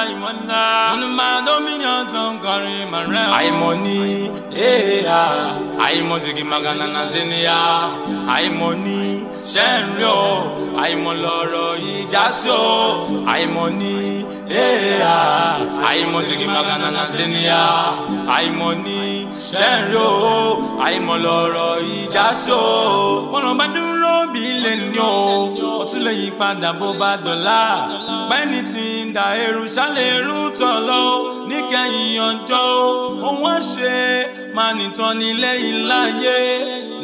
àìmọ̀ ńlá. Olùmọ̀ àdómìyàn tó ń kọrin màrẹ́ o. Àìmọ̀ ní èèyà, àìmọ̀ sìgì magana na ziniya. Àìmọ̀ ní ṣẹ́ńrí o, àìmọ̀ lọ̀rọ̀ ìjà sí o. magana na ziniya ṣe ń ro àìmọ̀ lọ̀rọ̀ ìjà sí o. ọ̀rọ̀ bá dúró bí ilé ni o ó lè yí padà bó bá dọ̀là báyìí ti ń da eru ṣálẹ̀ eru tọ̀ lọ níkẹyìn ọjọ́ òun á ṣe máa nìtàn nílé ìláyé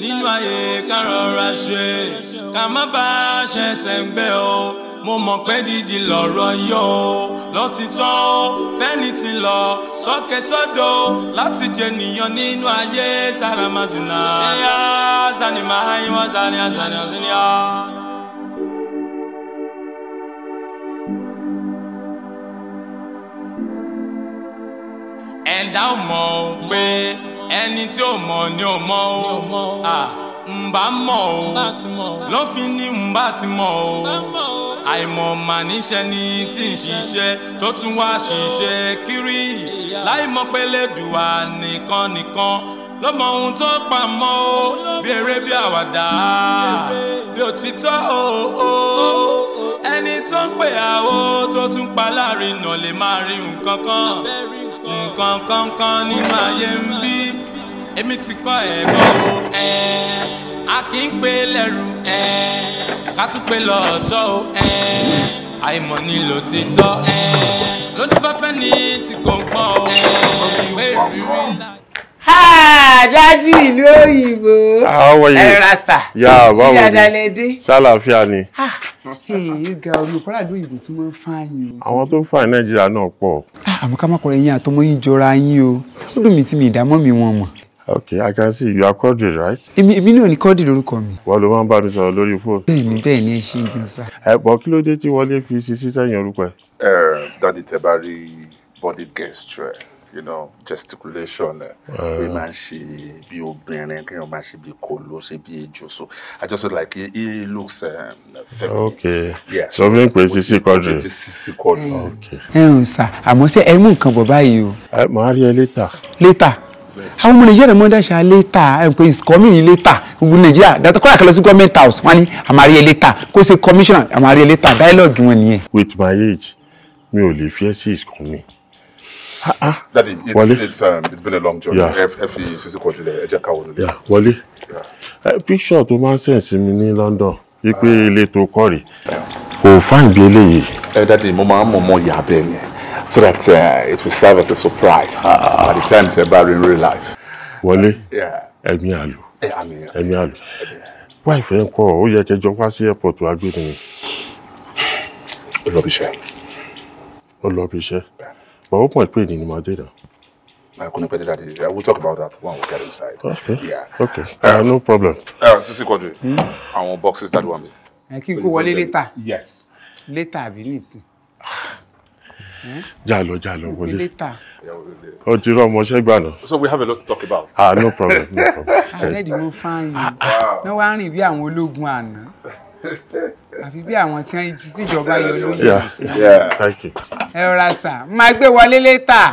nínú ayé ká rọra ṣe ká má bàa ṣẹ̀ṣẹ̀ gbé o mo mọ̀ pé dídì lọ̀rọ̀ yóò lọ́títọ́ fẹ́ni ti lọ sókè sódò láti jẹ nínú ayé zaramazina. ẹ̀yà zani máa ń wá zani azani ọ̀sìn yá. ẹ̀dá ò mọ̀ pé ẹni tí ò mọ̀ ni ò mọ̀ o nbà mọ̀ o lọ́fin ni nbà ti mọ̀ o àìmọ̀ mà níṣẹ́ ni tí ń ṣiṣẹ́ tó tún wá ṣiṣẹ́ kiri láìmọ̀ pé lẹ́dùá nìkan nìkan ló mọ ohun tó pa mọ́ o bí eré bí àwàdà bí òtítọ́ o ẹni tó ń pè àwo tó tún pa láàrin nà lè máa rí nǹkan kan nǹkan kan kan nínú ayé ń bí èmi ti kọ́ ẹ̀kọ́ o a kì í pé lẹ́rù ká tún pé lọ ọ̀ṣọ́ o àìmọ̀ ni lò ti tọ́ lójúfẹ́fẹ́ ni tí kò gbọ́n o pé rírí ńlá. Ha, dadi ìlú òyìnbó. Àwọn yìí. Ẹ̀rọ àṣà. Yà báwo ni. Ṣé dáadáa lè dé? Ṣàlàáfíà ni. Ìgà tí wọ́n ń fààyàn. Àwọn tó ń fààyàn Nàìjíríà náà pọ̀. Ah, àmọ́ ká má kọrin yín àtọmọ yín jọra yín o. Ó dùn mí tí mi ìdámọ́ mi wọn mọ̀. Okay, I can see you are cordial, right? Èmi náà ni Quadri lórúkọ mi. Wọ́n ló máa ń bá mi sọ̀rọ̀ lórí fóònù. Bẹ́ẹ̀ni bẹ́ẹ̀ni ẹ ṣe gan sa. Ẹ̀pọ̀ kí ló dé tí Wọlé fi sisi sẹ́yìn orúkọ ẹ̀? Dádì tẹ bá rí body gesture you know gesticulation ẹ ah. man she ṣe bí obìnrin kí wọ́n máa ṣe bí kolo ṣe bí ejò so I just feel like he, he looks um, feminine. Okay, yeah, so fi ń pè sisi Quadri. Fi sisi Quadri. Ẹ ǹ sà, àmọ́ ṣé ẹ mú nǹkan bọ̀ báyìí o. Màá rí ẹ létà. Létà àwọn ọmọ nàìjíríà mọ̀ dáṣà létà ẹ̀ pé létà gbogbo nàìjíríà dàtọ́ kọ́ra kẹlẹ́ sí government house wọ́n ní àmàrí ẹ̀ létà kó ṣe commissioner àmàrí ẹ̀ létà dialogue wọn nìyẹn. with my age mi ò lè fi ẹ́ sí ìsìnkú mi. Ah, ah. Daddy, it's, Wale. It's, um, it's been a long journey. Yeah. Ẹ fi sisi kọ jùlọ ẹ jẹ́ ká wọlé. Yeah, Wale. Yeah. Uh, picture tó máa ń sẹ̀nsì mi ní London wípé ah. ilé tó kọ́ rè kò fáìn bí eléyìí. Ẹ dádì, mo máa ń mọ̀ mọ́ ìyá so that uh, it will serve as a surprise ah. by the time to about in real life. Wale, yeah, àlù. Ẹ̀mí àlù. Wá ìfẹ́ ń kọ́ ọ, ó yẹ kẹjọ wá sí airport wá gbé nìyẹn. Ó lọ bí iṣẹ́. Ó lọ bí But ó pọ̀ pé èdè ni màá I couldn't put it at the We'll talk about that when we get inside. Okay. Yeah. Okay. Uh, uh, no problem. Uh, Sisi Quadri, hmm? àwọn boxes that wà me. I eh, kí n kó wọlé later. Yes. Later àbí nísìn já lọ já lọ wọlé o ti rọ ọmọọṣẹ gbà náà. so we have a lot to talk about. ah no problem no problem. I wo fáyín náà wá rìn bí àwọn ológun àná àfi bí àwọn tí wọ́n ti tíjọba yọ lóye sí. ẹ rọra sà máa gbé wọlé létà.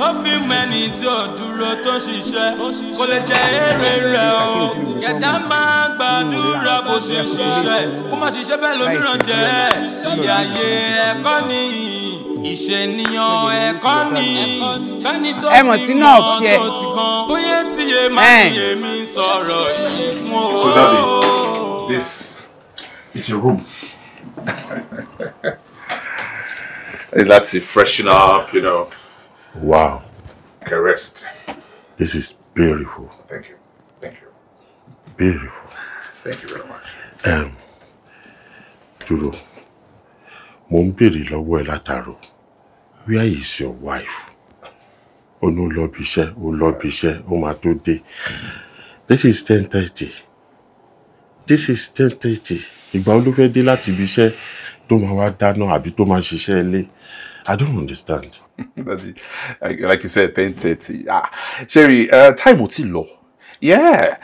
ló fi mẹ́ni tí ò dúró tó ṣiṣẹ́ kó lè jẹ́ èrè rẹ̀ o kẹ̀dá máa gbàdúrà ṣe ṣiṣẹ́ kó má ṣiṣẹ́ bẹ́ẹ̀ lómìíràn jẹ́ ìyá ayé ẹ̀kọ́ ni ìṣèníyàn ẹ̀kọ́ ni fẹ́ni tó ti mú tó ti gan tó yẹ ti yé máa yé mi sọ̀rọ̀ yìí fún o. So Daddy, this is your room. láti freshen up, you know. Wow. Can rest. This is beautiful. Thank you. Thank you. Beautiful. Thank you very much dúró mo ń béèrè lọ́wọ́ ẹ látàrọ where is your wife ó ní ó lọ́bi iṣẹ́ ó lọ́bi iṣẹ́ ó máa tó dé this is ten thirty this is ten thirty ìgbà wo ló fẹ́ dé láti ibi iṣẹ́ tó máa wá dáná àbí tó máa ṣiṣẹ́ ilé i don't understand. Daddy, like you said ten thirty ah Sherry uh, time ò tí lọ yeah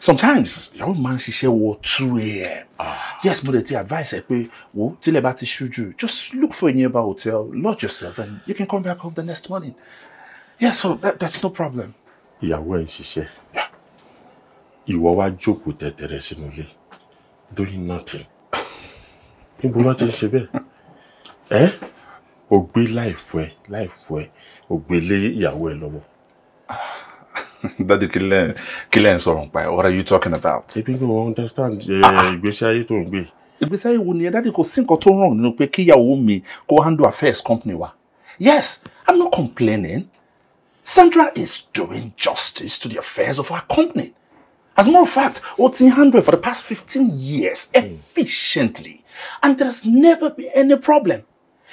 sometimes ìyàwó mi máa ń ṣiṣẹ́ wọ two a.m. Ah. yes mo dẹ̀ ti advice ẹ pé wo tílẹ̀ bá ti ṣú just look for a nearby hotel lodge yourself and you can come back home the next morning yeah so that, that's no problem. ìyàwó ẹ̀ ń ṣiṣẹ́ ìwọ wá jókòó tẹ̀tẹ̀rẹ̀ sínú ilé doing nothing níbo ló ti ń ṣe bẹ́ẹ̀ ẹ́ o gbé láìfọ́ ẹ láìfọ́ ẹ o gbé lé ìyàwó ẹ lọ́wọ́. Ah dádì kílẹ̀ kílẹ̀ ń sọ̀rọ̀ nípa ẹ̀ what are you talking about. èmi kò wọ́n understand eh, ah, ah. ìgbésí ayé tó ń gbé. ìgbésí ayé wo nìyẹn dádì kò sí nǹkan tó ràn nínú pé kíyàwó mi kó handle affairs company wa yes i'm not complaining Sandra is doing justice to the affairs of our company. As a matter of fact, Otin handled for the past fifteen years hmm. efficiently, and there has never been any problem.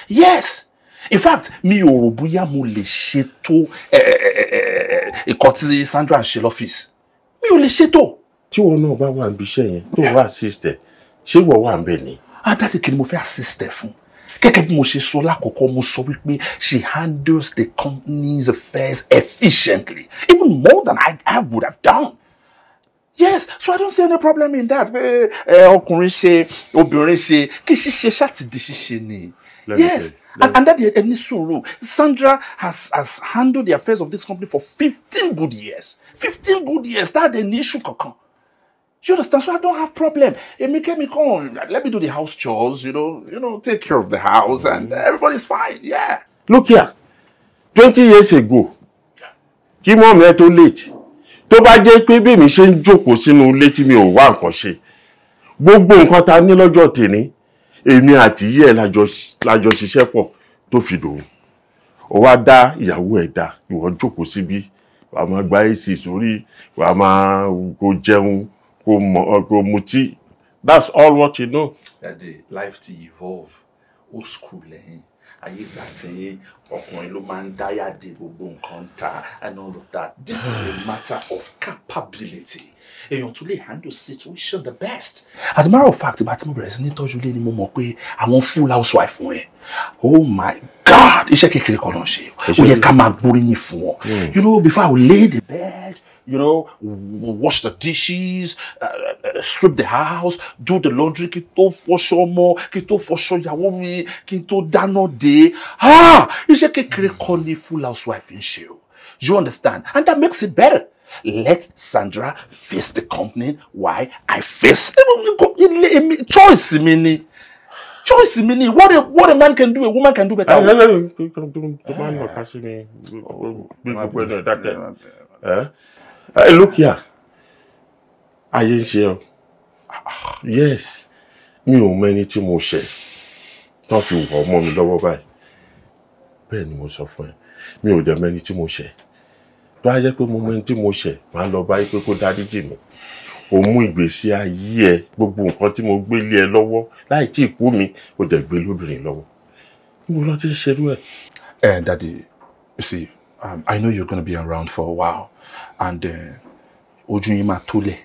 Yes, in fact mi ò rò bóyá mo lè ṣètò ìkan eh, eh, eh, tí Sandra ṣe lọ́fíìsì mi ò lè ṣètò. tí wọn náà bá wà níbi iṣẹ́ yẹn tó wà assist ẹ ṣé ìwọ wà níbẹ̀ ni. Ah, adájọ́ kí ni mo fẹ́ assist ẹ fún gẹ́gẹ́ bí mo ṣe sọ lákọ̀ọ́kọ́ mo sọ wípé she handles the company's affairs efficiently even more than I, I would have done yes so i don't see any problem in that pé ọkùnrin ṣe obìnrin ṣe kí ṣíṣe ṣàtìdí ṣíṣe ni yes. And, and that any suru. Sandra has, has handled the affairs of this company for 15 good years. 15 good years. That's an issue, Kokon. You understand? So I don't have problem. make me come, let me do the house chores, you know, you know, take care of the house mm -hmm. and mm-hmm. everybody's fine. Yeah. Look here. 20 years ago, kí mọ́ mi late. Tó bá jẹ́ pé bí mi ṣe ń jókòó sínú mi ò wá nǹkan ṣe. Gbogbo nǹkan ta ní lọ́jọ́ tèmi èmi àti yẹ lájọ ṣiṣẹ́ pọ̀ tó fi dòun ó wá dá ìyàwó ẹ̀ dá ìwọ jókòó síbí wà á máa gba ac sórí wà á máa kó jẹun kó mọ kó mutí that's all what you know. dade life ti evolve ó school lẹ́yìn ayé ìgbà tí ọkùnrin ló máa ń dáyà de gbogbo nǹkan ta and all of that this is a matter of capability èèyàn tún lè handle situation the best. as a matter of fact ìgbà tí mo bẹ̀rẹ̀ sí ní tọ́jú lé ni mo mọ̀ pé àwọn full housewife wọn yẹn oh my god iṣẹ́ kékeré kan náà ṣe ó yẹ ká máa gbóríyìn fún wọn hmm. you know before i would lay the bed you know, wash the dishes, uh, uh, sweep the house, do the laundry, kí tó fọṣọ ọmọ, kí tó fọṣọ ìyàwó mi, kí tó dáná dé. Ah, iṣẹ́ kékeré kan ni full housewife ń ṣe o. You understand? And that makes it better let Sandra face the company why I face choice mi ni choice mi ni what a what a man can do a woman can do better. Hey, look here ayé ń ṣe ọ yes mi ò mọ ẹni tí mo ṣe tán fi wọ ọmọ mi lọ́wọ́ báyìí bẹ́ẹ̀ ni mo sọ fún ẹ mi ò dẹ̀ mọ tí mo ṣe tó á jẹ́ pé mo mọ ẹni tí mo ṣẹ̀ máa lọ bá yí pé kó dáríjì mi o mú ìgbésí ayé ẹ gbogbo nǹkan tí mo gbé lé ẹ lọ́wọ́ láì tí ì kú mi o dẹ̀ gbé lóbìnrin lọ́wọ́ níbo ló ti ṣerú ẹ. ẹ eh, dadi you see um, i know you're gonna be around for a while and eh, ojú yín máa tólẹ̀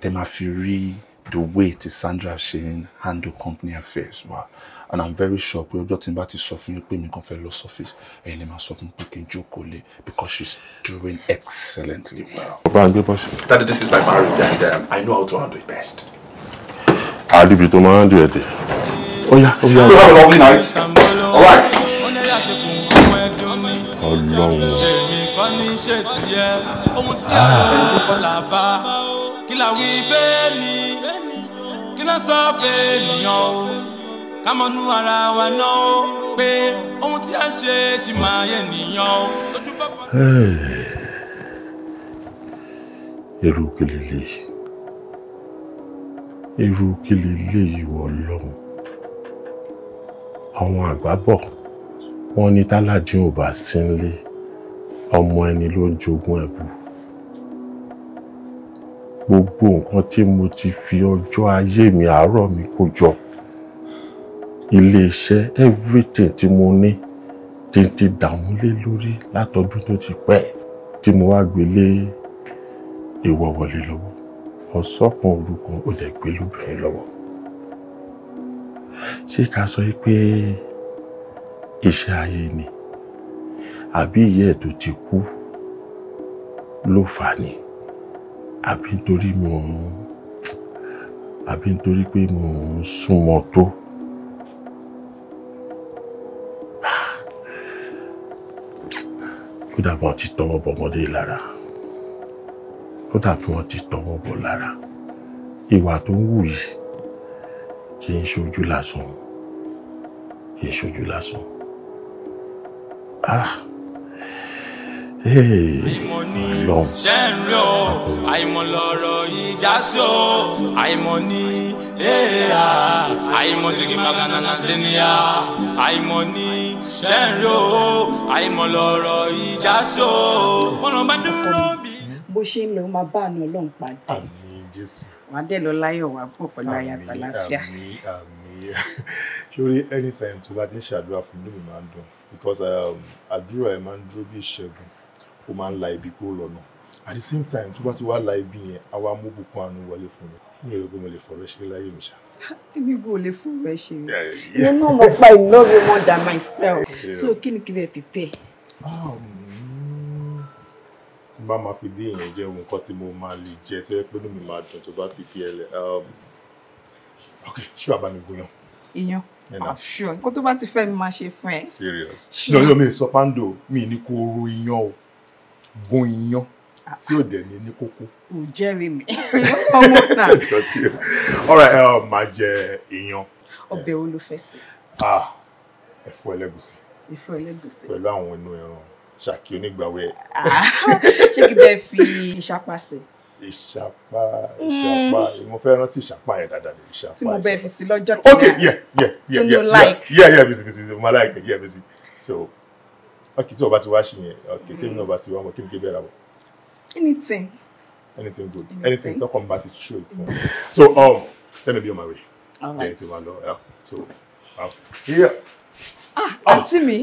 tẹ́ máa fi rí the way tí Sandra ṣe ń handle company affairs wa. Wow and i'm very sure pé ọjọ́ tí n bá ti sọ fún yín pé mi kàn fẹ́ lọ sọ́fíìsì ẹ̀yin lè máa sọ fún pé kí n jókòó lé because she's doing excellently well. brian gbé bọ́sì. daddy this is my marriage and um, i know how to handle it best. àdìbì tó máa ń dùn ẹ̀dẹ̀. ó yá ó ó yá. have a lovely night. all right ká mọnú ara wa náà ó pé ohun tí a ṣe ṣì máa yẹ nìyàn ó tójú bá fa. irú kí leléyìí irú lọ́hùn àwọn àgbà bọ̀ wọ́n ní táládín ò bá sí nílé ọmọ ẹni ló ń jogún ẹ̀bù gbogbo nǹkan tí mo ti fi ọjọ́ ayé mi àárọ̀ mi kó jọ ilé iṣẹ́ everything tí mo ní tí n ti dààmú lé lórí látọdún tó ti pẹ́ tí mo wá gbé lé ìwọ wọlé lọ́wọ́ ọ̀sọ́kan orúkún ó dẹ̀ gbé lóbìnrin lọ́wọ́ ṣé ká sọ pé iṣẹ́ ayé ni àbí ìyá ẹ̀ tó ti kú ló fà ní àbí nítorí mo àbí nítorí pé mo ń súnmọ́ tó. kódà bí wọ́n ti tọwọ́ bọ ọmọdé lára kódà bí wọ́n ti tọwọ́ bọ lára ìwà tó ń wù yìí kì í ṣojú lásán kì í ṣojú lásán. Ah àìmọ̀ ni ṣe ń rí o àìmọ̀ lọ̀rọ̀ ìjà sí o àìmọ̀ ni ah. àìmọ̀ sí kí maganana ṣe níyà àìmọ̀ ni ṣe ń ro àìmọ̀ lọ̀rọ̀ ìjà sí o ọ̀rọ̀ bá dúró bí. bó ṣe ń lọ máa bá àánú ọlọ́run pàdé wàá dẹ̀ lọ láyọ̀ wá pọ̀ pẹ̀lú aya tàlàáfíà. sórí anytime tó bá ti ń ṣàdúrà fún mi máa ń dùn because um, àdúrà ẹ máa ń dúró bí ìṣẹ́gun ó máa ń la ibi kúrò lọ́nà at the same time tó bá ti wá la ibi yẹn àwa mú bùkún àánú wọlé fún mi ní èrò pé mo lè fọ̀rọ̀ ṣe láyé mi ṣáà èmi kò lè fún rẹ ṣe mi mo náà mo pa ìlọ́rẹ̀ more than myself so kí ni kí bẹ́ẹ̀ prepare. Ah, mm. tí bá máa fi dé èèyàn jẹ́ ohun kan tí mo máa lè jẹ tí wọ́n pẹ́ ní mi máa dùn tó bá prepare lẹ̀ um, ok ṣé wàá bá mi gúnyán. iyán àṣọ ah, nǹkan tó bá ti fẹ́ mi máa ṣe fún ẹ. serious lọ́yọ̀ mi sọ pando mi ní kó ro iyán o gún iyán tí ò dẹ̀ ní ní kókó. ò jẹ́rìí mi ọmọ náà. ọ̀rẹ́ ẹ máa jẹ iyán. ọbẹ̀ wo ló fẹ́ sí. Ah, ẹ̀fọ́ ẹlẹ́gùsí. ẹ̀fọ́ ẹlẹ́gùsí. pẹ̀lú àwọn inú ẹran ṣàkí onígbàwẹ̀. Ah, ṣé kí bẹ́ẹ̀ fi ìṣàpá sí ìṣàpá ìṣàpá hmm. mo fẹ́ rántí ìṣàpá yẹn dáadáa ní ìṣàpá tí mo bẹ́ẹ̀ fi sí lọ́jọ́ kan okay yeah yeah yeah yeah yeah yeah like yeah bisi so okay tí o bá ti wá ṣe yẹn okay kí ni o bá ti wá mọ kí ni kí bẹ́ẹ̀ ra wọ anything. anything good anything, anything talk about It's true is fine mm. so um let me be on my way all right yeah, one, yeah. so um, yeah ah àǹtí ah. mi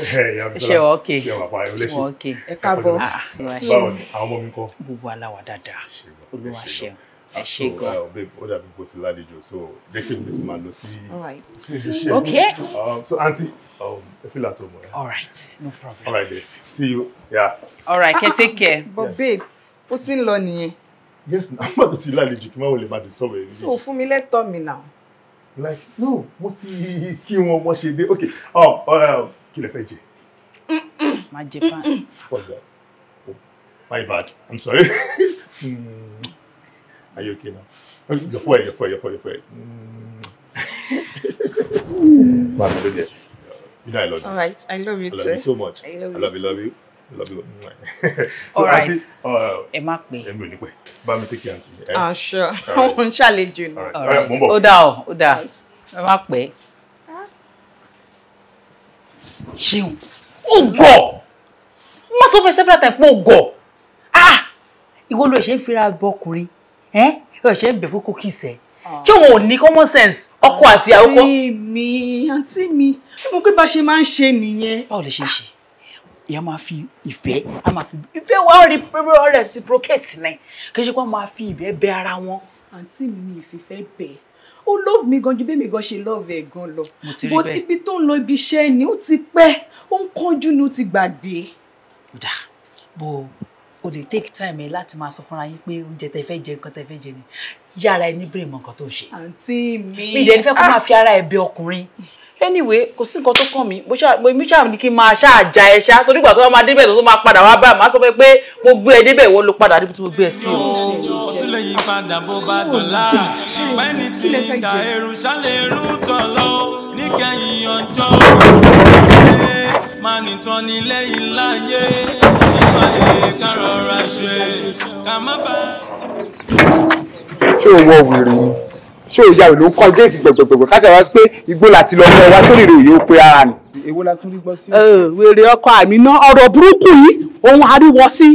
Sure. wọ Okay. ṣe wọ ọkẹ ẹ káàbọ̀ ah, báwo ni àwọn ọmọ mi kọ́. gbogbo aláwa dáadáa olúwa ṣeun ẹ ṣe gan. Um, ó dàbí kó sí lálejò so jẹ́ kí n tètè máa lọ sí sí iṣẹ́ okay um, so aunty um, ẹ fi làtọ̀ mọ́ ẹ. all right no problem. all right see you. Yeah. all right take care. but babe ó ti ń lọ nìyẹn. yes na má lọ sí lálejò kí n má wọlé má di sọ̀rọ̀ yẹn. o fún mi lẹ́tọ̀ọ́ mi náà. like no mo ti kí wọn wọn ṣe dé okay kí lè fẹ́ jẹ. má jẹ pan. what's that? Oh, my bad i'm sorry. mm. Are you okay now? Your forehead, your forehead, your forehead, your forehead. Mm. Man, I You know I love you. All right, I love you I love you so much. I love, I love you, love you. I love you. so, All right. Auntie, uh, ẹ má pè. Ẹ mú ní pẹ́. Bá mi take care aunty. Eh? Ah, sure. Mo ń ṣàlejò ni. All right. Ó dà Oda. ó dà. Ẹ má Ogo. Must ah. ó gọ̀. Má sọ fún ẹ separate time pé ó gọ̀. Ah! Ìwọ ló ṣe ń fira bọkùnrin ẹ ò ṣe ń bẹ fún cookies ẹ ah. ṣé òun ò ní common sense ọkọ àti àwọn. àǹtí mi àǹtí mi mo pé bá ṣe máa ń ṣe nìyẹn. báwo lè ṣe ah. ṣe ìyá máa fi ìfẹ́ a máa fi ìfẹ́ wá rí reciprocate ní kí ṣe pé wọ́n máa fi ìfẹ́ bẹ ara wọn. àǹtí mi mi ìfìfẹ́ bẹ̀ ó love mi gan ju bí mi gan ṣe love ẹ̀ gan lọ bó ti ibi tó ń lọ ibi iṣẹ́ ni ó ti pẹ́ ó ń kánjú ni ó ti gbàgbé. bó o o lè take time ẹ láti máa sọ fúnra yín pé oúnjẹ tẹ fẹ́ jẹ nǹkan tẹ fẹ́ jẹ ni yára ẹ ní bèrè mọ nǹkan tó ń ṣe. àǹtí mi mi ìdẹ́ni fẹ́ kó máa fi ara ẹ bẹ ọkùnrin anyway kò sí nǹkan tó kàn mí mo ṣáà ní kí n máa ṣáà ja ẹ ṣá torí ìgbà tó máa débẹ̀ tó máa padà wá báyìí máa sọ pé mo gbé ẹ débẹ̀ ìwọ ló padà níbi tí mo gbé ẹ sí. tílẹ̀yìn padà bó bá dọ̀là pẹ́ni tí ń da eru ṣálẹ̀ eru tọ̀ lọ níkẹyìn ọjọ́ máa nìtàn nílẹ̀ yìí láyé ṣé o wọ wèrè ni ṣé o yàwó ló ń kọ́ géèsì gbẹ̀gbẹ̀gbẹ̀ káṣí àwọn pé igbó láti lọ mọ wá tó lè rè yóò pé ara ni. èwo la tún rí gbọ́ sí. wèrè ọkọ àmì náà ọ̀rọ̀ burúkú yìí òun ariwo sí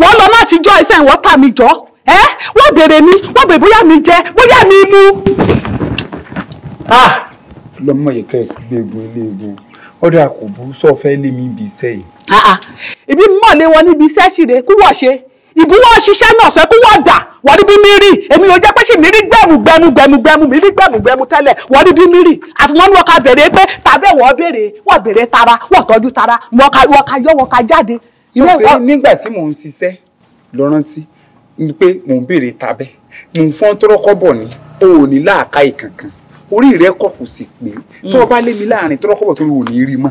wọ́n lọ láti jọ iṣẹ́ ìwọ́n tà mí jọ ẹ́ wọ́n béèrè mi wọ́n béèrè bóyá mi jẹ bóyá mi mu. Ah! lọ́mọ yìí kẹ́sì gbé egun ilé egun ọ̀dọ̀ àkùbù sọ fẹ́ lé mi ibi iṣẹ́ ìbí mọ̀lẹ́ wọn níbi iṣẹ́ ṣìrè kú wọ̀ ṣe ìbúwọ́ ṣiṣẹ́ náà sọ kú wọ̀ dà wọ́n níbi mírì èmi ò jẹ́ pé ṣì mírì gbẹ̀mù gbẹ̀mù gbẹ̀mù gbẹ̀mù mírì gbẹ̀mù gbẹ̀mù tẹ́lẹ̀ wọ́n níbi mírì àfimọ́nú ọkà bèrè pé tàbí wọ́n bèrè wọ́n bèrè tara wọ́n tọ́jú tara wọ́n ka yọ wọ́n ka jáde. sọ pé nígbà tí mò ń ṣiṣẹ́ lọ rántí pé mò ń bèrè tabẹ́ mò ń fọ́n tọ́rọ́kọ́ bọ̀ ni o ò ní láàká ìkankan orí rẹ kọ̀ kò sì pé mm. tó o bá lé mi láàrin tó lọ́kọ̀ọ̀ tó o ní rí mọ́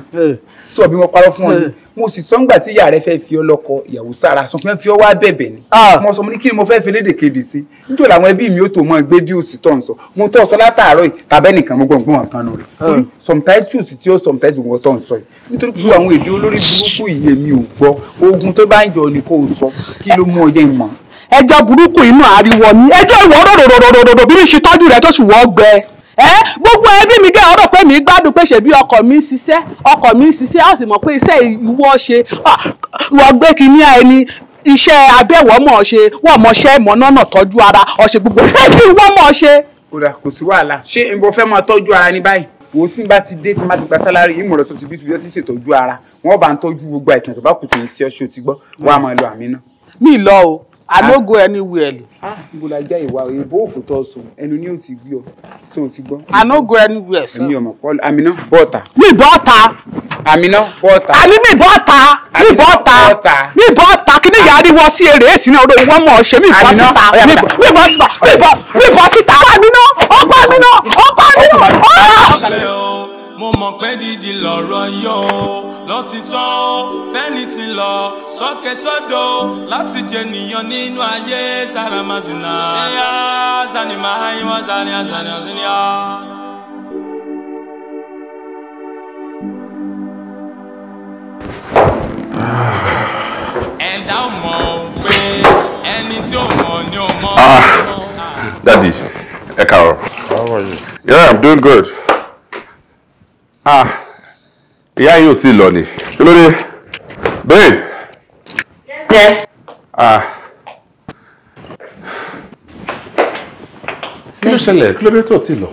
sọ bí wọ́n parọ́ fún ọ ni mm. mo sì sọ ńgbà tí ìyá rẹ fẹ́ fi ọ lọ́kọ ìyàwó sára sọ pé fi ọ wá bẹ̀bẹ̀ ni ah. mo sọ mo ní kí ni mo fẹ́ fi léde kéde sí níjọ́ làwọn ẹbí mi ó tó mọ́ gbé díòsì tó ń sọ mo tọ́ sọ látàárọ̀ yìí tàbẹ́ nìkan mo gbọ̀ngbọ̀n àkan nù rẹ̀ torí mm. sometimes tí ó sometimes wọ́n tó ń sọ yìí nítorí pé àwọn èdè olórí burúkú ìyè mi ò gbọ́ ogun tó bá ń jọ ni kò sọ kí ló mú ọ ìmọ̀ ẹjọ́ burúkú inú àríwọ ni ẹjọ́ ìwọ gbogbo ẹbí mi dé ọ̀rọ̀ pé mi gbádùn pé ṣèbí ọkọ mi ń ṣiṣẹ́ ọkọ mi ń ṣiṣẹ́ ó sì mọ̀ pé iṣẹ́ ìwọ ṣe wọ́n gbé kínní ẹni iṣẹ́ abẹ́wọ̀ mọ̀ ṣe wọ́n mọ̀ ṣe mọ̀ nọ́nà tọ́jú ara ọ̀ṣẹ̀ gbogbo ẹ̀ sì wọ́n mọ̀ ṣe. kódà kò sí wàhálà ṣé mo fẹ́ máa tọ́jú ara ní báyìí wo tí n bá ti dé tí n bá ti gba sálárì yìí mo lọ sọsì bí tubiyọ ti ṣètọ́jú ara wọn bá ń tọ́jú gbogbo àìsàn tó bá kù tí ń ṣe ọṣù ti gbọ́ wọn á máa lo àmì náà. mi lọ I no go anywhere. Ah, Ibola jẹ́ ìwà òyìnbó òfòtọ́ sùn, ẹnu ni ò ti gbé ọ, so ò ti gbọ́. I no go anywhere sir. Èmi ọmọ Paul, Amina bọ́ọ̀tà. Mi bọ́ọ̀tà. Amina bọ́ọ̀tà. Àní mi bọ́ọ̀tà. Mi bọ́ọ̀tà. Mi bọ́ọ̀tà. Kí ni ìyá ariwo sí eré èsì náà orí wọ́n mọ̀ ọ́ ṣe mí Mi bọ́ síta. Mi bọ́ síta. Ọ̀pá mi náà. Ọ̀pá mi náà. Ọ̀pá mi náà mo mọ̀ pé dídì lọ̀rọ̀ yóò lọ́títọ́ fẹ́ni ti lọ sókè sódò láti jẹ nìyàn nínú ayé saramazina. ẹ̀yà zani máa ń wá zani azani azania. ẹ̀dá ò mọ̀ pé ẹni tí ò mọ̀ ni ò mọ̀. Ah, Daddy, ẹ káàárọ̀. How are you? Yeah, I'm doing good ah ìyá yìí ò tí ì lọ ni kí ló dé babe. kẹ́. ah. kí ló ṣẹlẹ̀ kí ló dé tó tí ì lọ.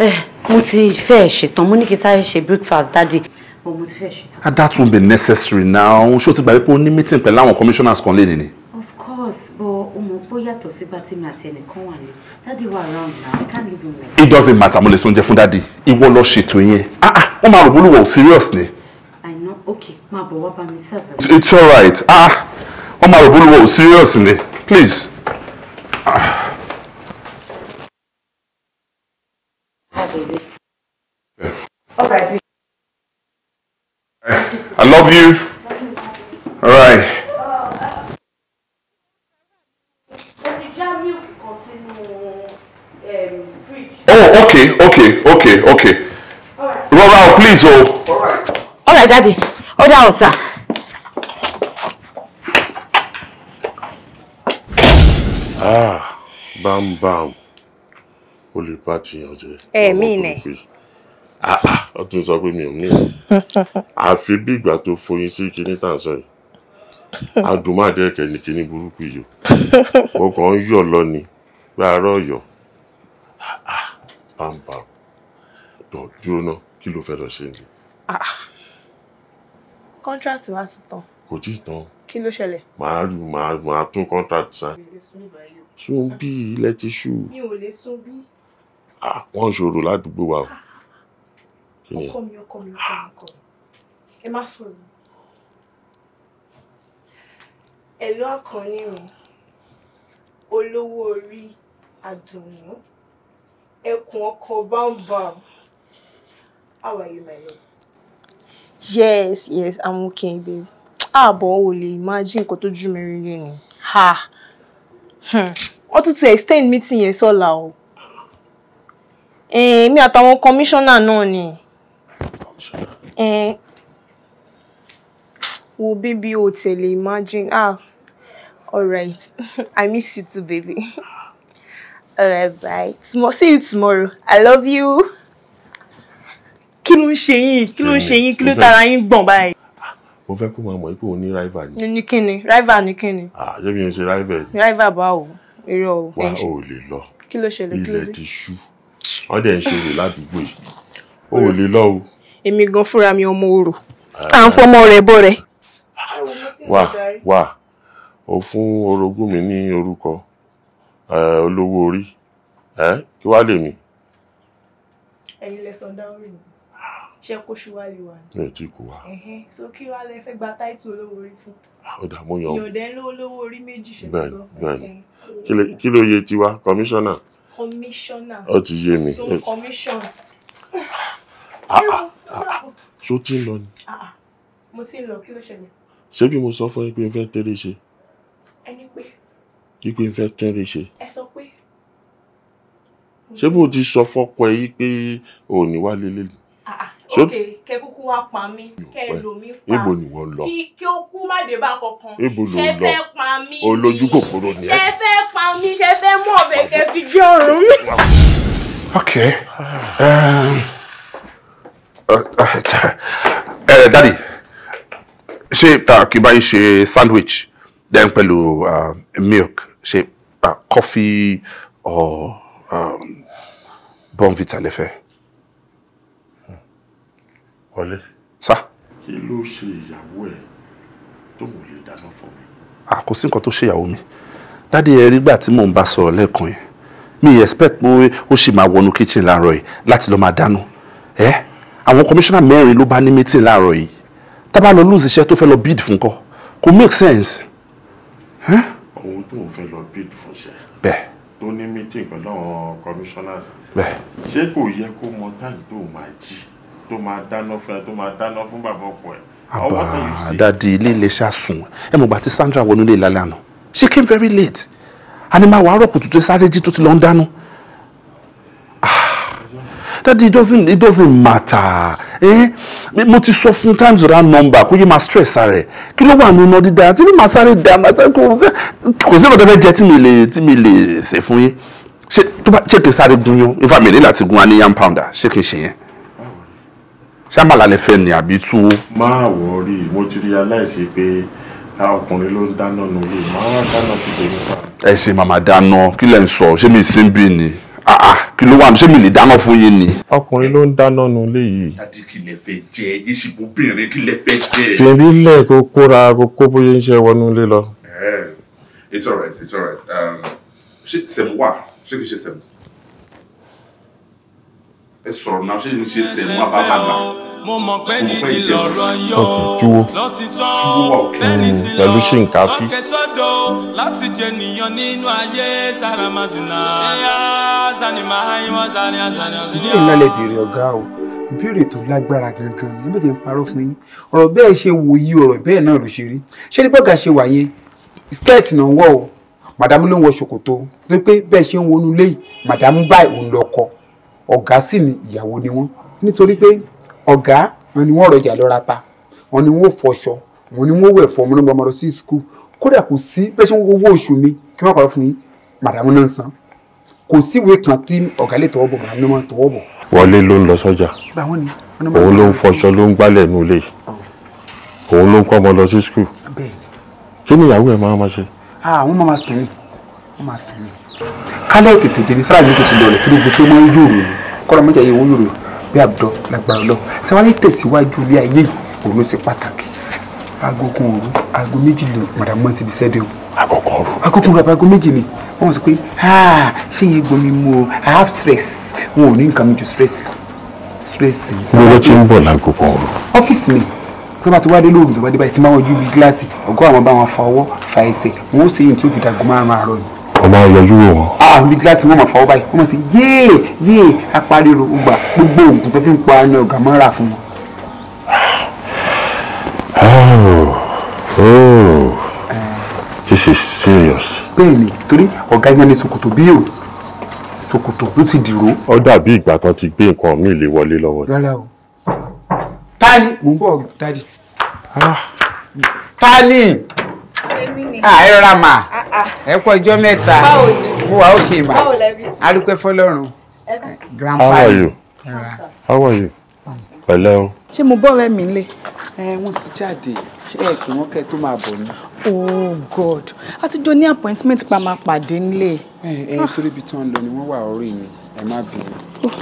ẹ eh, mo ti fẹ́ ṣetán mo ní kí n sáré ṣe breakfast dáàdi mo mo ti fẹ́ ah that won't be necessary now ṣé o ti gbàgbé pé o ní meeting pẹ̀lú àwọn commissioners kan lé nìyí. of course but o mọ̀ pé ó yàtọ̀ sí bá tèmi àti ẹnìkan wà ní dáàdi wà around now i can't leave him like. it doesn't matter mo lè sọ oúnjẹ fún dáàdi ìwọ lọ ṣètò yẹn ah ah wọ́n máa rò bó lùwọ̀ I know okay Ma, bọ̀ wá bá mi sẹ́fẹ̀. It's all right ah wọ́n máa rò bó lùwọ̀ please. Ah. Yeah. All I love you. please o. Oh. all right daddy order out sir. ah bam bam party lè bá tiyàn jẹ. Ah, I ó tún sọ pé mi ò ní. àfi bí ìgbà tó foyín sí kinní tàn sọ yìí adùnmáàdẹ́kẹ̀ ní kinní burúkú yìí o kàn ń yọ̀ lọ ni gbàrọ̀ ah, ah, bam bam dọ̀ you know? kí ló fẹ́ lọ ṣe nílé. kọ́ńtrátì ah, wa ti tán. kò tí ì tán. kí ló ṣẹlẹ̀. màá rí màá màá tún kọ́ńtrátì sáà. sún bí ilẹ̀ ti ṣú. mi ò lè sún bí. Ah, wọ́n ṣòro ládùúgbò wa o. ọkọ mi ọkọ mi ọkọ mi ọkọ mi ẹ má sọ̀rọ̀. ẹ̀lú àkànní mi olówó orí àdùnnú ẹkùn ọkọ̀ bámbàm. How are you, my love? Yes, yes, I'm okay, babe. Ah, but o imagine nǹkan tójú mi rí ni. Ha! Hmm. Wọ́n tún to extend meeting yẹn Eh, o. Èmi àtàwọn commissioner náà ni. Commissioner. Eh. Wo baby o tẹ̀lé imagine. Ah, alright. I miss you too, baby. Alright, bye. see you tomorrow. I love you kí ló ń ṣe yín kí ló ń ṣe yín kí ló tara yín gbọ̀n báyìí. Ah, mo fẹ́ kó máa mọ̀ pé òun ní rival ni. ní kí ni rival ní kí ni. àjẹ́ ah, mi ò ṣe rival ni. rival bá o eré o. wà á ò lè lọ kí ló ṣẹlẹ̀ kí ló dé. ilẹ̀ ti ṣú wọ́n dẹ̀ ń ṣòro ládùúgbò yìí o ò lè lọ o. èmi gan fúnra mi ọmọ orò ah. à ń fọmọ rẹ bọ rẹ. wà wà o fún orogún mi ní orúkọ olówó orí kí wàá lè mi. ẹ̀yin lẹsàn dáhùn rẹ ṣe kó ṣíwájú wa ni. bẹ́ẹ̀ tí kò wá. so kí wàá lẹ fẹ́ gba táìtù olówó orí fún. ọ̀dà ah, mo yàn. ìyọ̀dẹ̀ ń lo olówó orí méjì ṣe tó lọ. bẹ́ẹ̀ni bẹ́ẹ̀ni kí ló yẹ tiwa kọmíṣánná. kọmíṣánná. ó ti yé mi. tó kọmíṣán. Ah, ah, ṣó tí ń lọ ni. mo ti ń lọ kí ló ṣẹlẹ̀. ṣé bí mo sọ fún yín pé n fẹ́ tẹ́lẹ̀ ṣe. ẹni pé. kí pé n fẹ́ tẹ́lẹ̀ ṣe. ẹ sọ pé. ṣé bó ti sọ fọ́pọ̀ yìí pé òní wá lélẹ́yìn ok kẹ kúkú wá pa mí kẹ lò mí pa ibo ni wọn lọ kí ó kú má dé bá kankan ibo ló ń lọ ṣe fẹ́ pa mí ni olójú kòkòrò ni ẹ ṣe fẹ́ pa mí ṣe fẹ́ mú ọ̀bẹ kẹ fi gé ọrùn mi. ok ẹ ẹ dadi ṣé ah, kí n bá yín ṣe sandwich then pẹ̀lú ah, milk ṣe ah, coffee or um, bonvita lẹ́fẹ̀ẹ́ wọlé. sá. kí ló ṣe ìyàwó ẹ tó mò lè dáná fún mi. a kò sí nǹkan tó ṣe ìyàwó mi dáàdi ẹ rí gbà tí mò ń bá sọ̀rọ̀ lẹ́ẹ̀kan yẹn mi expect pé ó ṣì máa wọnú kitchen láàárọ̀ yìí láti lọ́ọ́ máa dáná ẹ àwọn kọmíṣánná mẹ́rin ló bá ní meeting láàárọ̀ yìí tábà lọ lose iṣẹ́ tó fẹ́ lọ bid fún kọ kò make sense. ohun tó ń fẹ́ lọ bid fún ṣe. bẹ́ẹ̀. tó ní meeting pẹ̀lú àwọn commissioners. bẹ́ẹ̀. ṣé kò yẹ kó mọ táyì tó máa jí tó máa dáná fún ẹ tó máa dáná fún bàbá ọkọ ẹ. àbá dadi ilé ilé ṣàsùn ẹ mọ̀gbà tí Sandra wọnú ilé lálẹ́ àná she came very late ànímọ̀ àwọn àárọ̀ kùtùtù sáré jí tó ti lọ ń dáná ah, dadi it doesn't it doesn't matter eh mo ti sọ fún times without number kó yé ma stress rẹ kí ló wà ní iná dídá kí ló ma sáré dá ma sáré kò sí kò sí ọ̀dọ́ fẹ́ jẹ tí mi lè tí mi lè ṣe fún yín ṣé tó bá ṣé kí n sáré gun yín ifá mi ní láti gun aníyàn pounder ṣé kí n ṣe yẹn ṣàmàlà lè fẹ́ ni àbí tú. má wọrí mo ti realize pé ọkùnrin ló ń dáná nu ilé máa ń dáná ti tèmi pa. ẹ ṣe màmá dáná kí lẹ ń sọ ṣé mi sí bí ni kí ló wà ṣé mi lè dáná fún yín ni. ọkùnrin ló ń dáná nu ilé yìí. àti kí lè fẹ́ jẹ yíṣubú bìnrin kí lè fẹ́ jẹ. fèrè ilẹ̀ kó kóra kó kó bóyá ń ṣe wọnú ilé lọ. Eh, it's alright it's alright um, ṣé sẹ̀mú wà ṣé kìí ṣe sẹ̀mú ẹ sọ̀rọ̀ náà ṣé mi ṣe ṣe wọn bá bá gbà mo mọ pé jíjí lọ́rọ̀ yóò lọtítọ bẹ́ẹ̀ni ti lọ sókè sódò láti jẹ nìyàn nínú ayé zaramazina zanima ayiwa zani azani ọsìn. ilé ìlàlẹ̀ bèrè ọ̀gá o ìbéèrè tó lágbára gangan ní tí ń parọ́ fún yín ọ̀rọ̀ bẹ́ẹ̀ ṣe wò yí ọ̀rọ̀ bẹ́ẹ̀ náà ló ṣe rí ṣé ní bọ́gà ṣe wà yẹn skirt náà wọ̀ o màdàmú ló ń wọ ṣòkòtò tó pé ṣe ń wọnú léyìí màdàmú báyìí òun lọ kọ́ ọ̀gá sì ni ìyàwó ni wọ́n nítorí pé ọ̀gá wọn ni wọ́n rọjà lọ́ra ta wọn ni wọ́n fọṣọ wọn ni wọ́n wẹ̀ fọ ọmọ náà lọ sí skul kódà kò sí bẹ́ẹ̀ sọ owó oṣù mi kí wọ́n kọ́ fún mi màdàmú náà san kò síwèé kan tí ọ̀gá lè tọwọ́ bọ̀ màdàmú náà máa tọwọ́ bọ̀. wọlé ló ń lọ sọ́jà òun ló ń fọṣọ ló ń gbálẹ̀ nù lé òun ló ń kọ́ ọmọ lọ sí skul kí ni ìyàwó ẹ̀ máa ma ṣe. àwọn ah, máa ma sùn ni wọ́n máa sùn ni. kálẹ̀ tètè débi sára ní tètè lọlẹ̀ kí gbogbo tí ó máa ń yòrò kọ́ra mọ́jà yìí yòrò bí lágbára lọ tẹ̀síwájú ilé ayé òun ti o. òru. aago méjì ni wọ́n sọ pé ah, ṣé gbomi mu o i have stress wọn ò ní nǹkan mi ju stress stress. ń bọ̀ òru. ọ́fíìsì mi ti wá dé lóòrùn tó bá dé báyìí ti máa wọ́n ju bí gíláàsì ọ̀gọ́ àwọn bá wọn fa ọmọ yọjú wò wọn. a ah, ní gíláàsì ni máa fọwọ́ báyìí wọ́n máa sọ yéè yéè apariwo gbà gbogbo oògùn tó fi ń pa ni ọ̀gá máa fún wọn. oh, oh. Eh. this is serious. bẹ́ẹ̀ni torí ọ̀gá yẹn ní ṣòkòtò bí yòó ṣòkòtò ló ti dìrò. ó dàbí ìgbà kan ti gbé nǹkan mi lè wọlé lọ́wọ́. rárá o ta ni mò ń bọ̀ dájì ah. ta ni ah, ẹ rọra mà. Ah. ẹ kú ọjọ́ mẹ́ta mo wà òkè mà arúgbó fọlọ́run grandpa. how are you how are you pẹ̀lẹ́ o. ṣé mo bọ́ ọ̀rẹ́ mi nílé. ẹ wọ́n ti jáde ṣé ẹ kí wọ́n kẹ́ tó máa bọ̀ ni. oh god a ti jọ ní appointment pa máa pàdé nílé. ẹ ẹ torí ibi tí wọ́n lọ ni wọ́n wà orí yín ẹ má bínú oh.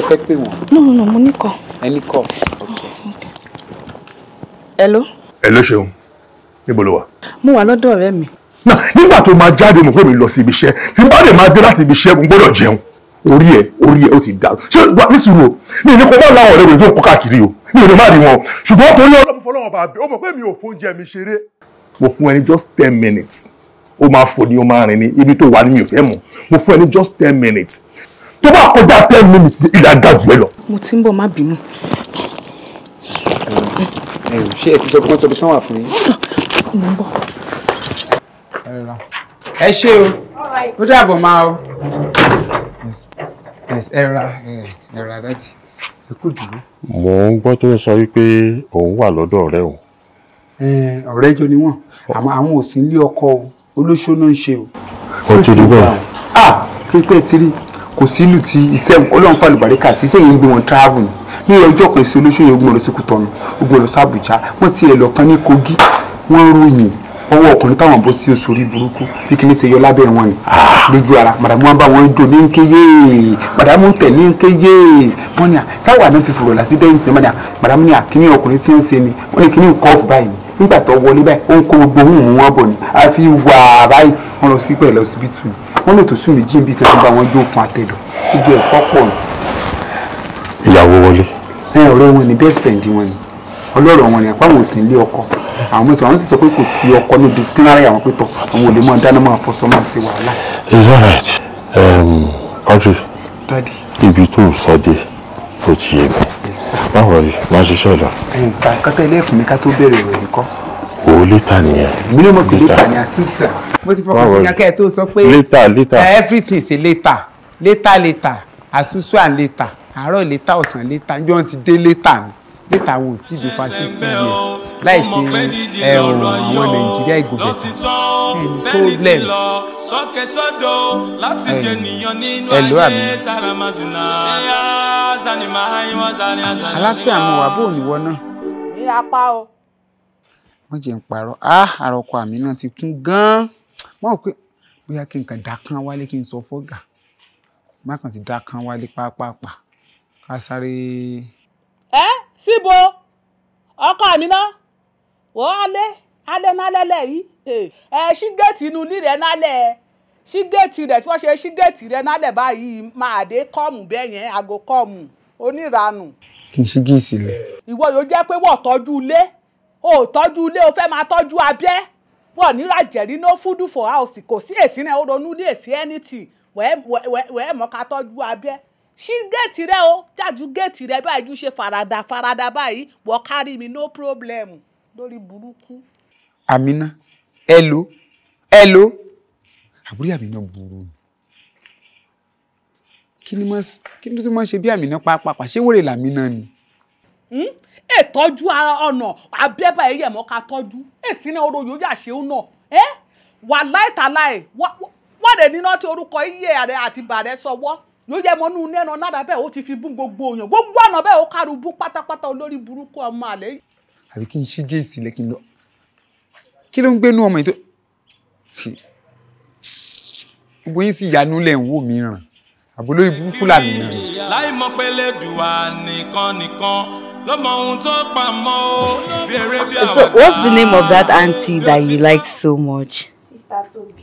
ẹ fẹ́ pè wọ́n. no no no mo ní kọ. ẹ ní kọ. hello. hello ṣeun níbo ló wà. mo wà lọ́dọ̀ ọ̀rẹ́ mi nígbà tó máa jáde mo pé mi lọ sí ibi iṣẹ́ tí n bá lè máa dé láti ibi iṣẹ́ mo gbọ́dọ̀ jẹun orí ẹ orí ẹ ó ti dàrú ṣé wà nísìnyí o mi ní kò bá láwọn ọ̀rẹ́ rẹ̀ tó ń kọ́ káàkiri o mi ò lè má rí wọn ṣùgbọ́n torí ọlọ́run fọlọ́wọ́n bá bẹ ó mọ̀ pé mi ò fóúnjẹ mi ṣeré. mo fún ẹ ní just ten minutes ó máa fò ní ó máa rìn ní ibi tó wà ní mi mọ̀ mo fún ẹ ní just ten minutes tó bá kọjá ten minutes ìlà dàjú ẹ lọ. mo ti ń bọ̀ má bínú. ẹ ò ṣe é ti sọ pé wọ́n sọ pé sáwọn àfúnni ẹ ṣé o ó dàbọ̀ máa o ẹ ra ẹ ra dájì ẹ kú dùnú. mo ń gbọ́ tó sọ wípé òun wà lọ́dọ̀ ọ̀rẹ́ o. ọ̀rẹ́ jọ ni wọ́n àmọ́ àwọn ò sí ilé ọkọ o olóṣó náà ń ṣe o. ó ti rí bẹ́ẹ̀. ah pípẹ́ ti rí kò sí ìlú ti iṣẹ́ ọlọ́run fàlùbáríkà sí iṣẹ́ yìí ń gbé wọn travel ni ní ọjọ́ kan sí olóṣèlú ogun ọ̀rọ̀ síkú tọ̀nù ogun ọ̀rọ̀ sí Àbújá wọ́n ti ẹ̀ lọ́tàn ní Kogi wọ́n ròyìn ọwọ́ ọkùnrin táwọn bó sí oṣù orí burúkú bí kìíní ṣe yọ lábẹ́ wọn ni ah. lójú ara màdàmú wọn bá wọn jò ní nkéyé màdàmú tẹ̀ ní nkéyé wọn ni sáwà náà fi fòrò lásídẹ́ǹtì náà màdàmú ni àkíní ọkùnrin tí ń ṣe ni wọn ni kíní nǹkan ọ̀fù báyìí nígbà tó wọlé báyìí ó ń kó gbogbo ohun mú wọn bọ̀ ni àfi wà báyìí wọn lọ sí pẹ̀ lọ síbi tù wọn lè tó sùn méjì níbi tẹ̀sán bá wọn jó fún àtẹ̀dọ̀ gbogbo ẹ̀fọ́ pọ̀ ni. ìyàwó wọlé. ẹ ọ̀rẹ́ wọn ni best friend wọn ni ọlọ́rọ̀ wọn ni àpá wọn ò sì ń lé ọkọ àwọn mọ̀sí àwọn sì sọ pé kò sí ọkọ ní disciplinary àwọn pé tọ̀ àwọn ò lè máa dáná máa fọṣọ máa ṣe wàhálà. it's alright um, Audrey ibi tó ń sọ dé ó ti yé mi báwo rí máa ṣiṣẹ́ lọ. ẹ̀sà kọ́tà ilé ìfúnmi ká tó bẹ̀rẹ̀ ìròyìn kọ́. o lítà nìyẹn. mi ló mọ̀ pé lítà ni àṣìṣà. mo ti fọkàn sí kankẹ́ tó sọ pé lítà lítà everything is lítà lítà lítà àṣìṣà lítà àárọ̀ lítà ọ̀sán lítà jọ́n ti dé lítà ni data wo ti do fa sixteen years láì sí ẹ̀rùn àwọn nàìjíríà ìgbòbẹ̀ problem ẹ̀lò àmì aláfíà mo wà bó ò ní wọ náà. ní apá o. wọ́n jẹ́ ń parọ́ á ah, àròkọ àmì náà ti kún gan-an wọ́n rò pé bóyá kí n kàn dá kan wálé kí n sọ fọ́gà má kàn sí dá kan wálé pápápá ká sáré. ẹ́ síbo ọkọ mi ná wọ́n alẹ́ alẹ́ nálẹ́ lẹ̀ yìí ẹ ṣí géètì inú ilé rẹ̀ nálẹ́ ṣí géètì rẹ̀ tí wọ́n ṣe ṣí géètì rẹ̀ nálẹ̀ báyìí máa dé kọ́ọ̀mù bẹ́ẹ̀ yẹn aago kọ́ọ̀mù oníranù. kì í ṣí gíìsì lẹ. ìwọ yóò jẹ pé wọ́n tọ́jú ilé o tọ́jú ilé o fẹ máa tọ́jú abẹ́ wọ́n níra jẹ̀rí no food for house kò sí èsì náà ó ronú ní èsì anything wẹ́ẹ́ mọ́ka tọ́jú abẹ́ ṣí géètì rẹ o jájú géètì rẹ báyìí ju ṣe farada farada báyìí wọ́n kárí mi no problem lórí burúkú. Amina ẹ lo ẹ lo àbúrò Amina burú ni kí ni tó máa ń ṣe bí Amina pápápá ṣé wèrè làmínà ni ètọ́jú hmm? ọ̀nà abẹ́bà ẹ̀yẹ̀ mọ́ ká tọ́jú èsì náà oró yóò yà ṣeun náà ẹ́ wà láìtàláì wà dé níná tí orúkọ iye ààrẹ àti bàrẹ sọwọ́ yóò yẹ mọ́nú nẹ́nu náírà bẹ́ẹ̀ ó ti fi bún gbogbo òyàn gbogbo ọ̀nà bẹ́ẹ̀ ó kárù bún pátápátá olórí burúkú ọmọ àlẹ́ àbí kí n ṣí géètì lẹ́kì lọ kí ló ń gbénú ọmọ yìí tó gbogbo yín sì yanu lẹ̀ ń wò mí ràn àbólóyè làmì ràn. láì mọ̀ pé lẹ́dùá nìkan nìkan lọ́mọ ohun tó pa mọ́ ó bí eré bí àwàdà. So what's the name of that auntie that you like so much? Sister Tobi.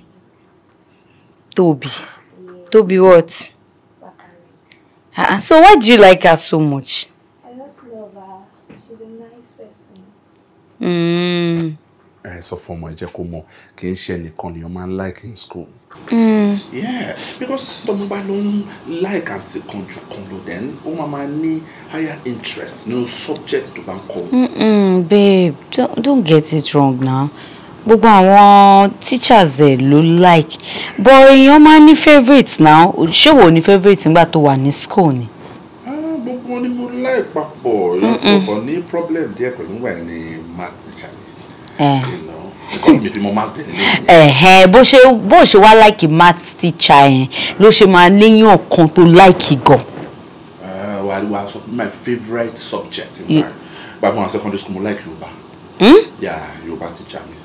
Tobi. Tobi what? Uh, so why do you like her so much? I just love her. She's a nice person. Mm. ẹ sọ fún ọmọ ẹ jẹ́ kó mọ̀ kì í ṣe like in school. Mm. yeah because the bá ló like àti kanjú country ló then, ó máa máa higher interest nínú subject tó bá ń kọ́. babe don't, don't get it wrong now gbogbo àwọn teachers ẹ ló like but èèyàn máa ń ní favourite náà ṣéwò ní favourite nígbà tó wà ní school ni. Ah, gbogbo ni mo like papọ̀ yọ̀tọ̀ ní problem díẹ̀ pẹ̀lú wà ní math teacher eh. ẹ̀hẹ́n bó ṣe bó ṣe wá láìkì math teacher yẹn ló ṣe máa léyàn kan tó láìkì gan. Eh, wà á wà á sọ pé my favourite subject in nípa gbàgbọ́n àwọn secondary school mo like Yorùbá. Hmm? Yorùbá teacher mi.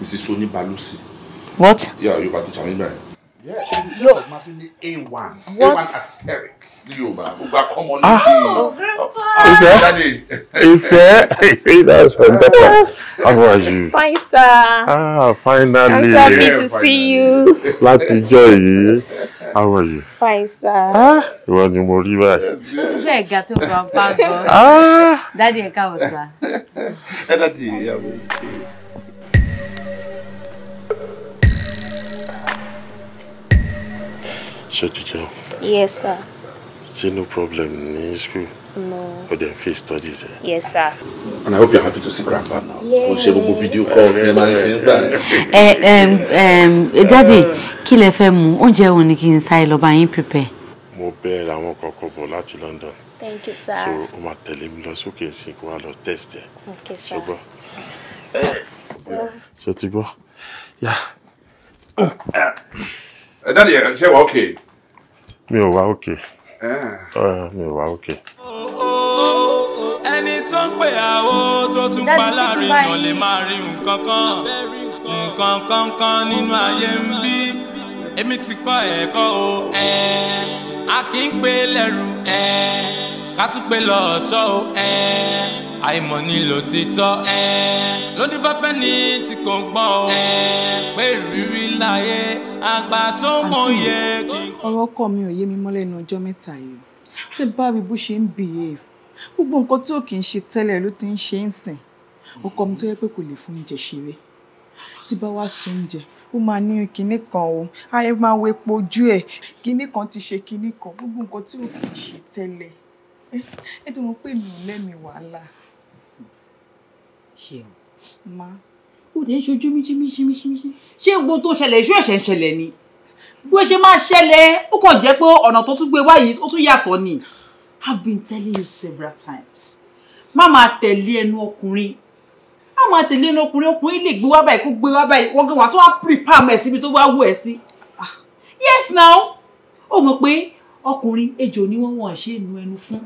Mrs. Soni Balusi. What? Yeah, Yorùbá teacher nígbà yẹn. Yo, Mafini A1. What? A1 asterisk. Yorùbá, gbogbo akọ́mọ ní ìfẹ́. Ìfẹ́. Ìfẹ́. That's my daughter. How are you? Fine, sir. Ah, finally. I'm happy yeah, to see you. Látijọ́ yìí. How are you? Fine, sir. Ah, ìwọ ni mo rí báyìí. Ó ti fẹ́ ẹ̀gá tó kàn pa gan. Ah. Dádì ẹ̀ka ọ̀tá. Ẹ dádì ìyàwó. ṣé o yes sir. See no problem in school. no. o dem face studies. Eh? yes sir. and i hope you're happy to see grandpa now. Yes, o ṣe gbogbo video calls ní ma ṣe ń gbà. Eh, eh, daddy kí lẹ fẹ́ mu oúnjẹ òun ni kí n sáré lọ́ọ́ bá yín prepare. mo bẹ́ẹ̀ ra àwọn kọ̀ọ̀kan bọ̀ láti London. Thank you, sir. So, o máa tẹ̀lé mi lọ sókè sí kó wá lọ test ẹ. Okay, sir. Ṣùgbọ́n. Eh. Ṣé o ti gbọ́? Ẹ dáàdi ẹ ṣe wà mi ò wá òkè eh. mi ò wá òkè. ẹni tó ń pè àwo tó tún pa láàrin náà lè máa rí nǹkan kan nǹkan kankan nínú ayé ń bí èmi ti kọ́ ẹ̀kọ́ o a kì í pè lẹ́rù ká tún pé lọ ọ̀ṣọ́ o àìmọ̀ nílò títọ́ lónífẹ́fẹ́ ni tí kò gbọ́ o pé rírí láyé àgbà tó mọ̀ye kì í. ọ̀rọ̀ ọkọ mi ò yé mi mọ́ lẹ́nu ọjọ́ mẹ́ta yìí tí bá rí bó ṣe ń behave gbogbo nǹkan tí ò kì í ṣe tẹ́lẹ̀ ló ti ń ṣe ń sìn ọkọ mi tó yẹ pé kò lè fún oúnjẹ ṣeré tí bá wá sun oúnjẹ ó máa ní kinní kan o ayé máa wo epo ojú ẹ kinní kan ti ṣe kinní kan gbogbo nǹkan tí ò kì í ṣe tẹ́lẹ̀ ẹ tó mọ pé mi ò lẹ́mìí wàhálà. ṣeun. má. ó dé ṣojú míjímíjímíjí ṣé gbogbo tó ṣẹlẹ̀ iṣu ẹ̀ṣẹ̀ ń ṣẹlẹ̀ ni bó ṣe máa ṣẹlẹ̀ ó kàn jẹ́ pé ọ̀nà tó tún gbé wáyé ó tún yàtọ̀ ni I've been telling you several times má máa tẹ̀lé ẹnu ọkùnrin má máa tẹ̀lé ẹnu ọkùnrin ọkùnrin lè gbé wá báyìí kó gbé wá báyìí wọ́n gbé wá tó wá prepare mẹ́ síbi tó wá wù ah. yes now ó mọ̀ pé ọkùnrin ejò ni wọ́n wọ́n ṣe nu ẹnu fún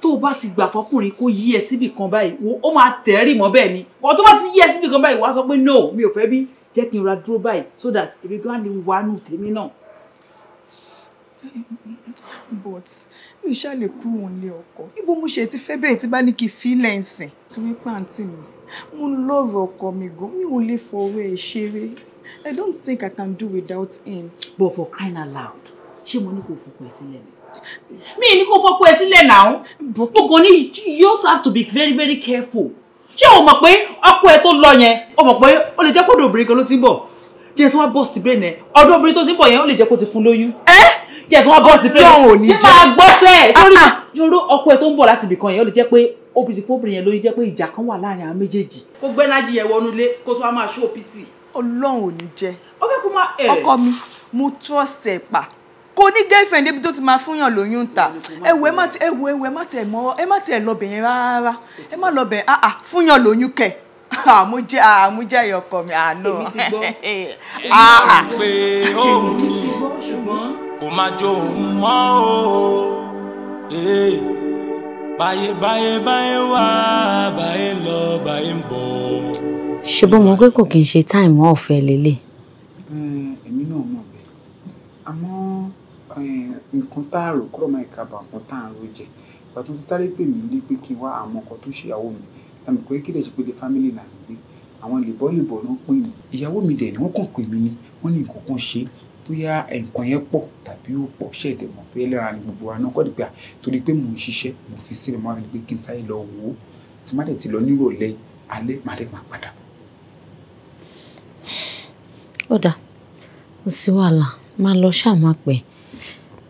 tó o bá ti gbà fọkùnrin kó yí ẹ síbì kan báyìí wo ó máa tẹ̀rì mọ́ bẹ́ẹ̀ ni wọ́n tó bá ti yí ẹ síbì kan báyìí wàá sọ pé no mi ò fẹ́ bí jẹ́ kí n ra dúró báyìí so that èmi gan lè wà nù tèmi náà. but mi ṣáà lè kú òun lé ọkọ ibo mo ṣe ti fẹ́ bẹ́ẹ̀ tí bá ní kí n fi lẹ́ǹsìn tí wọ́n pàǹtí mi mo ń love ọkọ mi gan mi ò lè fọwọ́ ẹ̀ ṣeré I don't think I can do without him. but for crying out loud ṣé mo ní kò fòpin sílẹ̀ ni Me, you go fọ́kọ ẹ sílẹ̀ now. But ní you also have to be very very careful ṣé o mọ̀ pé ọkọ ẹ tó lọ yẹn o mọ̀ pé o lè jẹ́ kó dòbìnrin kan ló ti ń bọ̀ jẹ́ tó wá bọ́ọ̀sì ti bẹ́ẹ̀ nẹ ọdún obìnrin tó ti ń bọ̀ yẹn o lè jẹ́ kó ti fún lóyún eh? jẹ́ tó wá bọ́ọ̀sì ti bẹ́ẹ̀ nẹ ṣé máa gbọ́ sẹ́ẹ̀ ah, torí yoró ah. ọkọ ẹ tó ń bọ̀ láti ibìkan yẹn o lè jẹ́ pé obìnrin fóbìnrin yẹn lóyún jẹ́ pé ìjà kan wà láàrin àwọn méjèèjì kó gbẹ́nájì yẹn wọnú ilé kó tó wá máa ṣó pìtì. ọlọ́run ò ní jẹ́ eh. ọkọ mi mo trust ẹ̀ pa kò ní girlfriend débi tó ti máa fún yàn lóyún ta ẹ wo ẹ wo ẹ má tiẹ̀ mọ́ ẹ má tiẹ̀ lọ bẹ̀yẹn rárá ẹ má lọ bẹ̀yẹn ah ah fún yàn lóyún kẹ̀ àmújẹ́ àmújẹ́ ìyọkọ mi àná. èmi ti gbọ́ pé òun ah, ah. kò máa jó òun mọ́ o eh, báyé báyé báyé wá báyé lọ báyé ń bọ̀. ṣe bó mọ kò kí n ṣe táìmù ọ̀fẹ́ lélẹ̀. nǹkan tá a rò kúrò máa ka bà nǹkan tá a rò jẹ ìgbà tó ti sáré pè mí ní pé kí n wá àwọn nǹkan tó ṣèyàwó mi ẹnì pé kí lè ṣe pé the family náà gbé àwọn lèbọ́lèbọ́ ló pè mí ìyàwó mi dẹ̀ ni wọ́n kàn pè mí ni wọ́n ní nǹkan kan ṣe bóyá nǹkan yẹn pọ̀ tàbí ó pọ̀ ṣe èdè mọ̀ bóyá lẹ́ra ni gbogbo àná kọ́ dìgbà torí pé mò ń ṣiṣẹ́ mo fi sílẹ̀ máa fi sí wàhálà máa lọ ṣáà máa pẹ́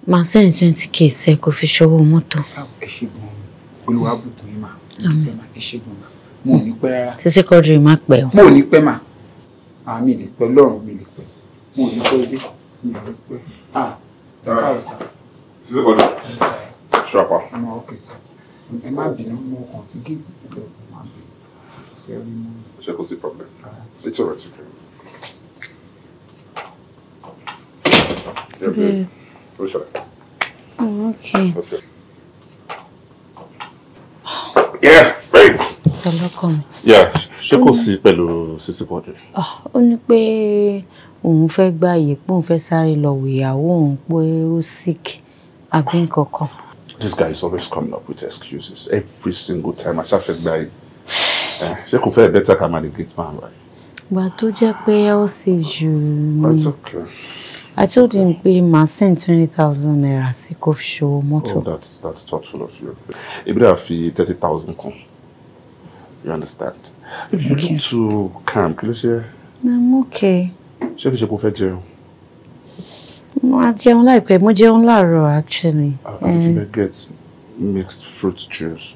máa sẹ́yìn twenty k ṣe kò fi ṣòwò mọ́tò. ẹ ṣe gan olùwà bùtò yín mà ẹ ṣe gan mo ò ní pẹ́ rárá. títí kọ́dùrì má pẹ́ o. mo ò ní pẹ́ mà àmì lè pẹ́ lọ́rùn mi lè pẹ́ mo ò ní pẹ́ ilé mi ò ní pẹ́ ah bàbá ìsà. títí kọ́dù ṣọ́pà. ọmọ ọkẹ sá ẹ má bínú mo kàn fi géètì sílẹ̀ ọ̀gbìn má bínú ṣe rí mú. ṣé kò sí problem it's alright. Yeah, babe tó ṣẹlẹ̀. okay. okay. yeah babe. ọlọ́kọ mi. yeah ṣé kò sí pẹ̀lú sisi pọ̀jù. ó ní pé òun fẹ́ gba àyè pé òun fẹ́ sáré lọ wo ìyàwó sick àbí nǹkan this guy is always coming up with excuses every single time aṣáfẹ́ gba àyè eh, ṣé kò fẹ́ better ká máa negate man right. ìgbà tó jẹ́ pé health issue ni. that's okay. I told him pé màá send twenty thousand naira sí kó fi ṣòwò Oh, that's that's thoughtful of you. Ebi dà fi thirty thousand kún. You understand? If You look too calm. Kí ló ṣe? I'm okay. Ṣé kìí ṣe kó fẹ́ jẹun? Mo á jẹun láìpẹ́. Mo jẹun láàárọ̀ actually. I ah, think get mixed fruit juice.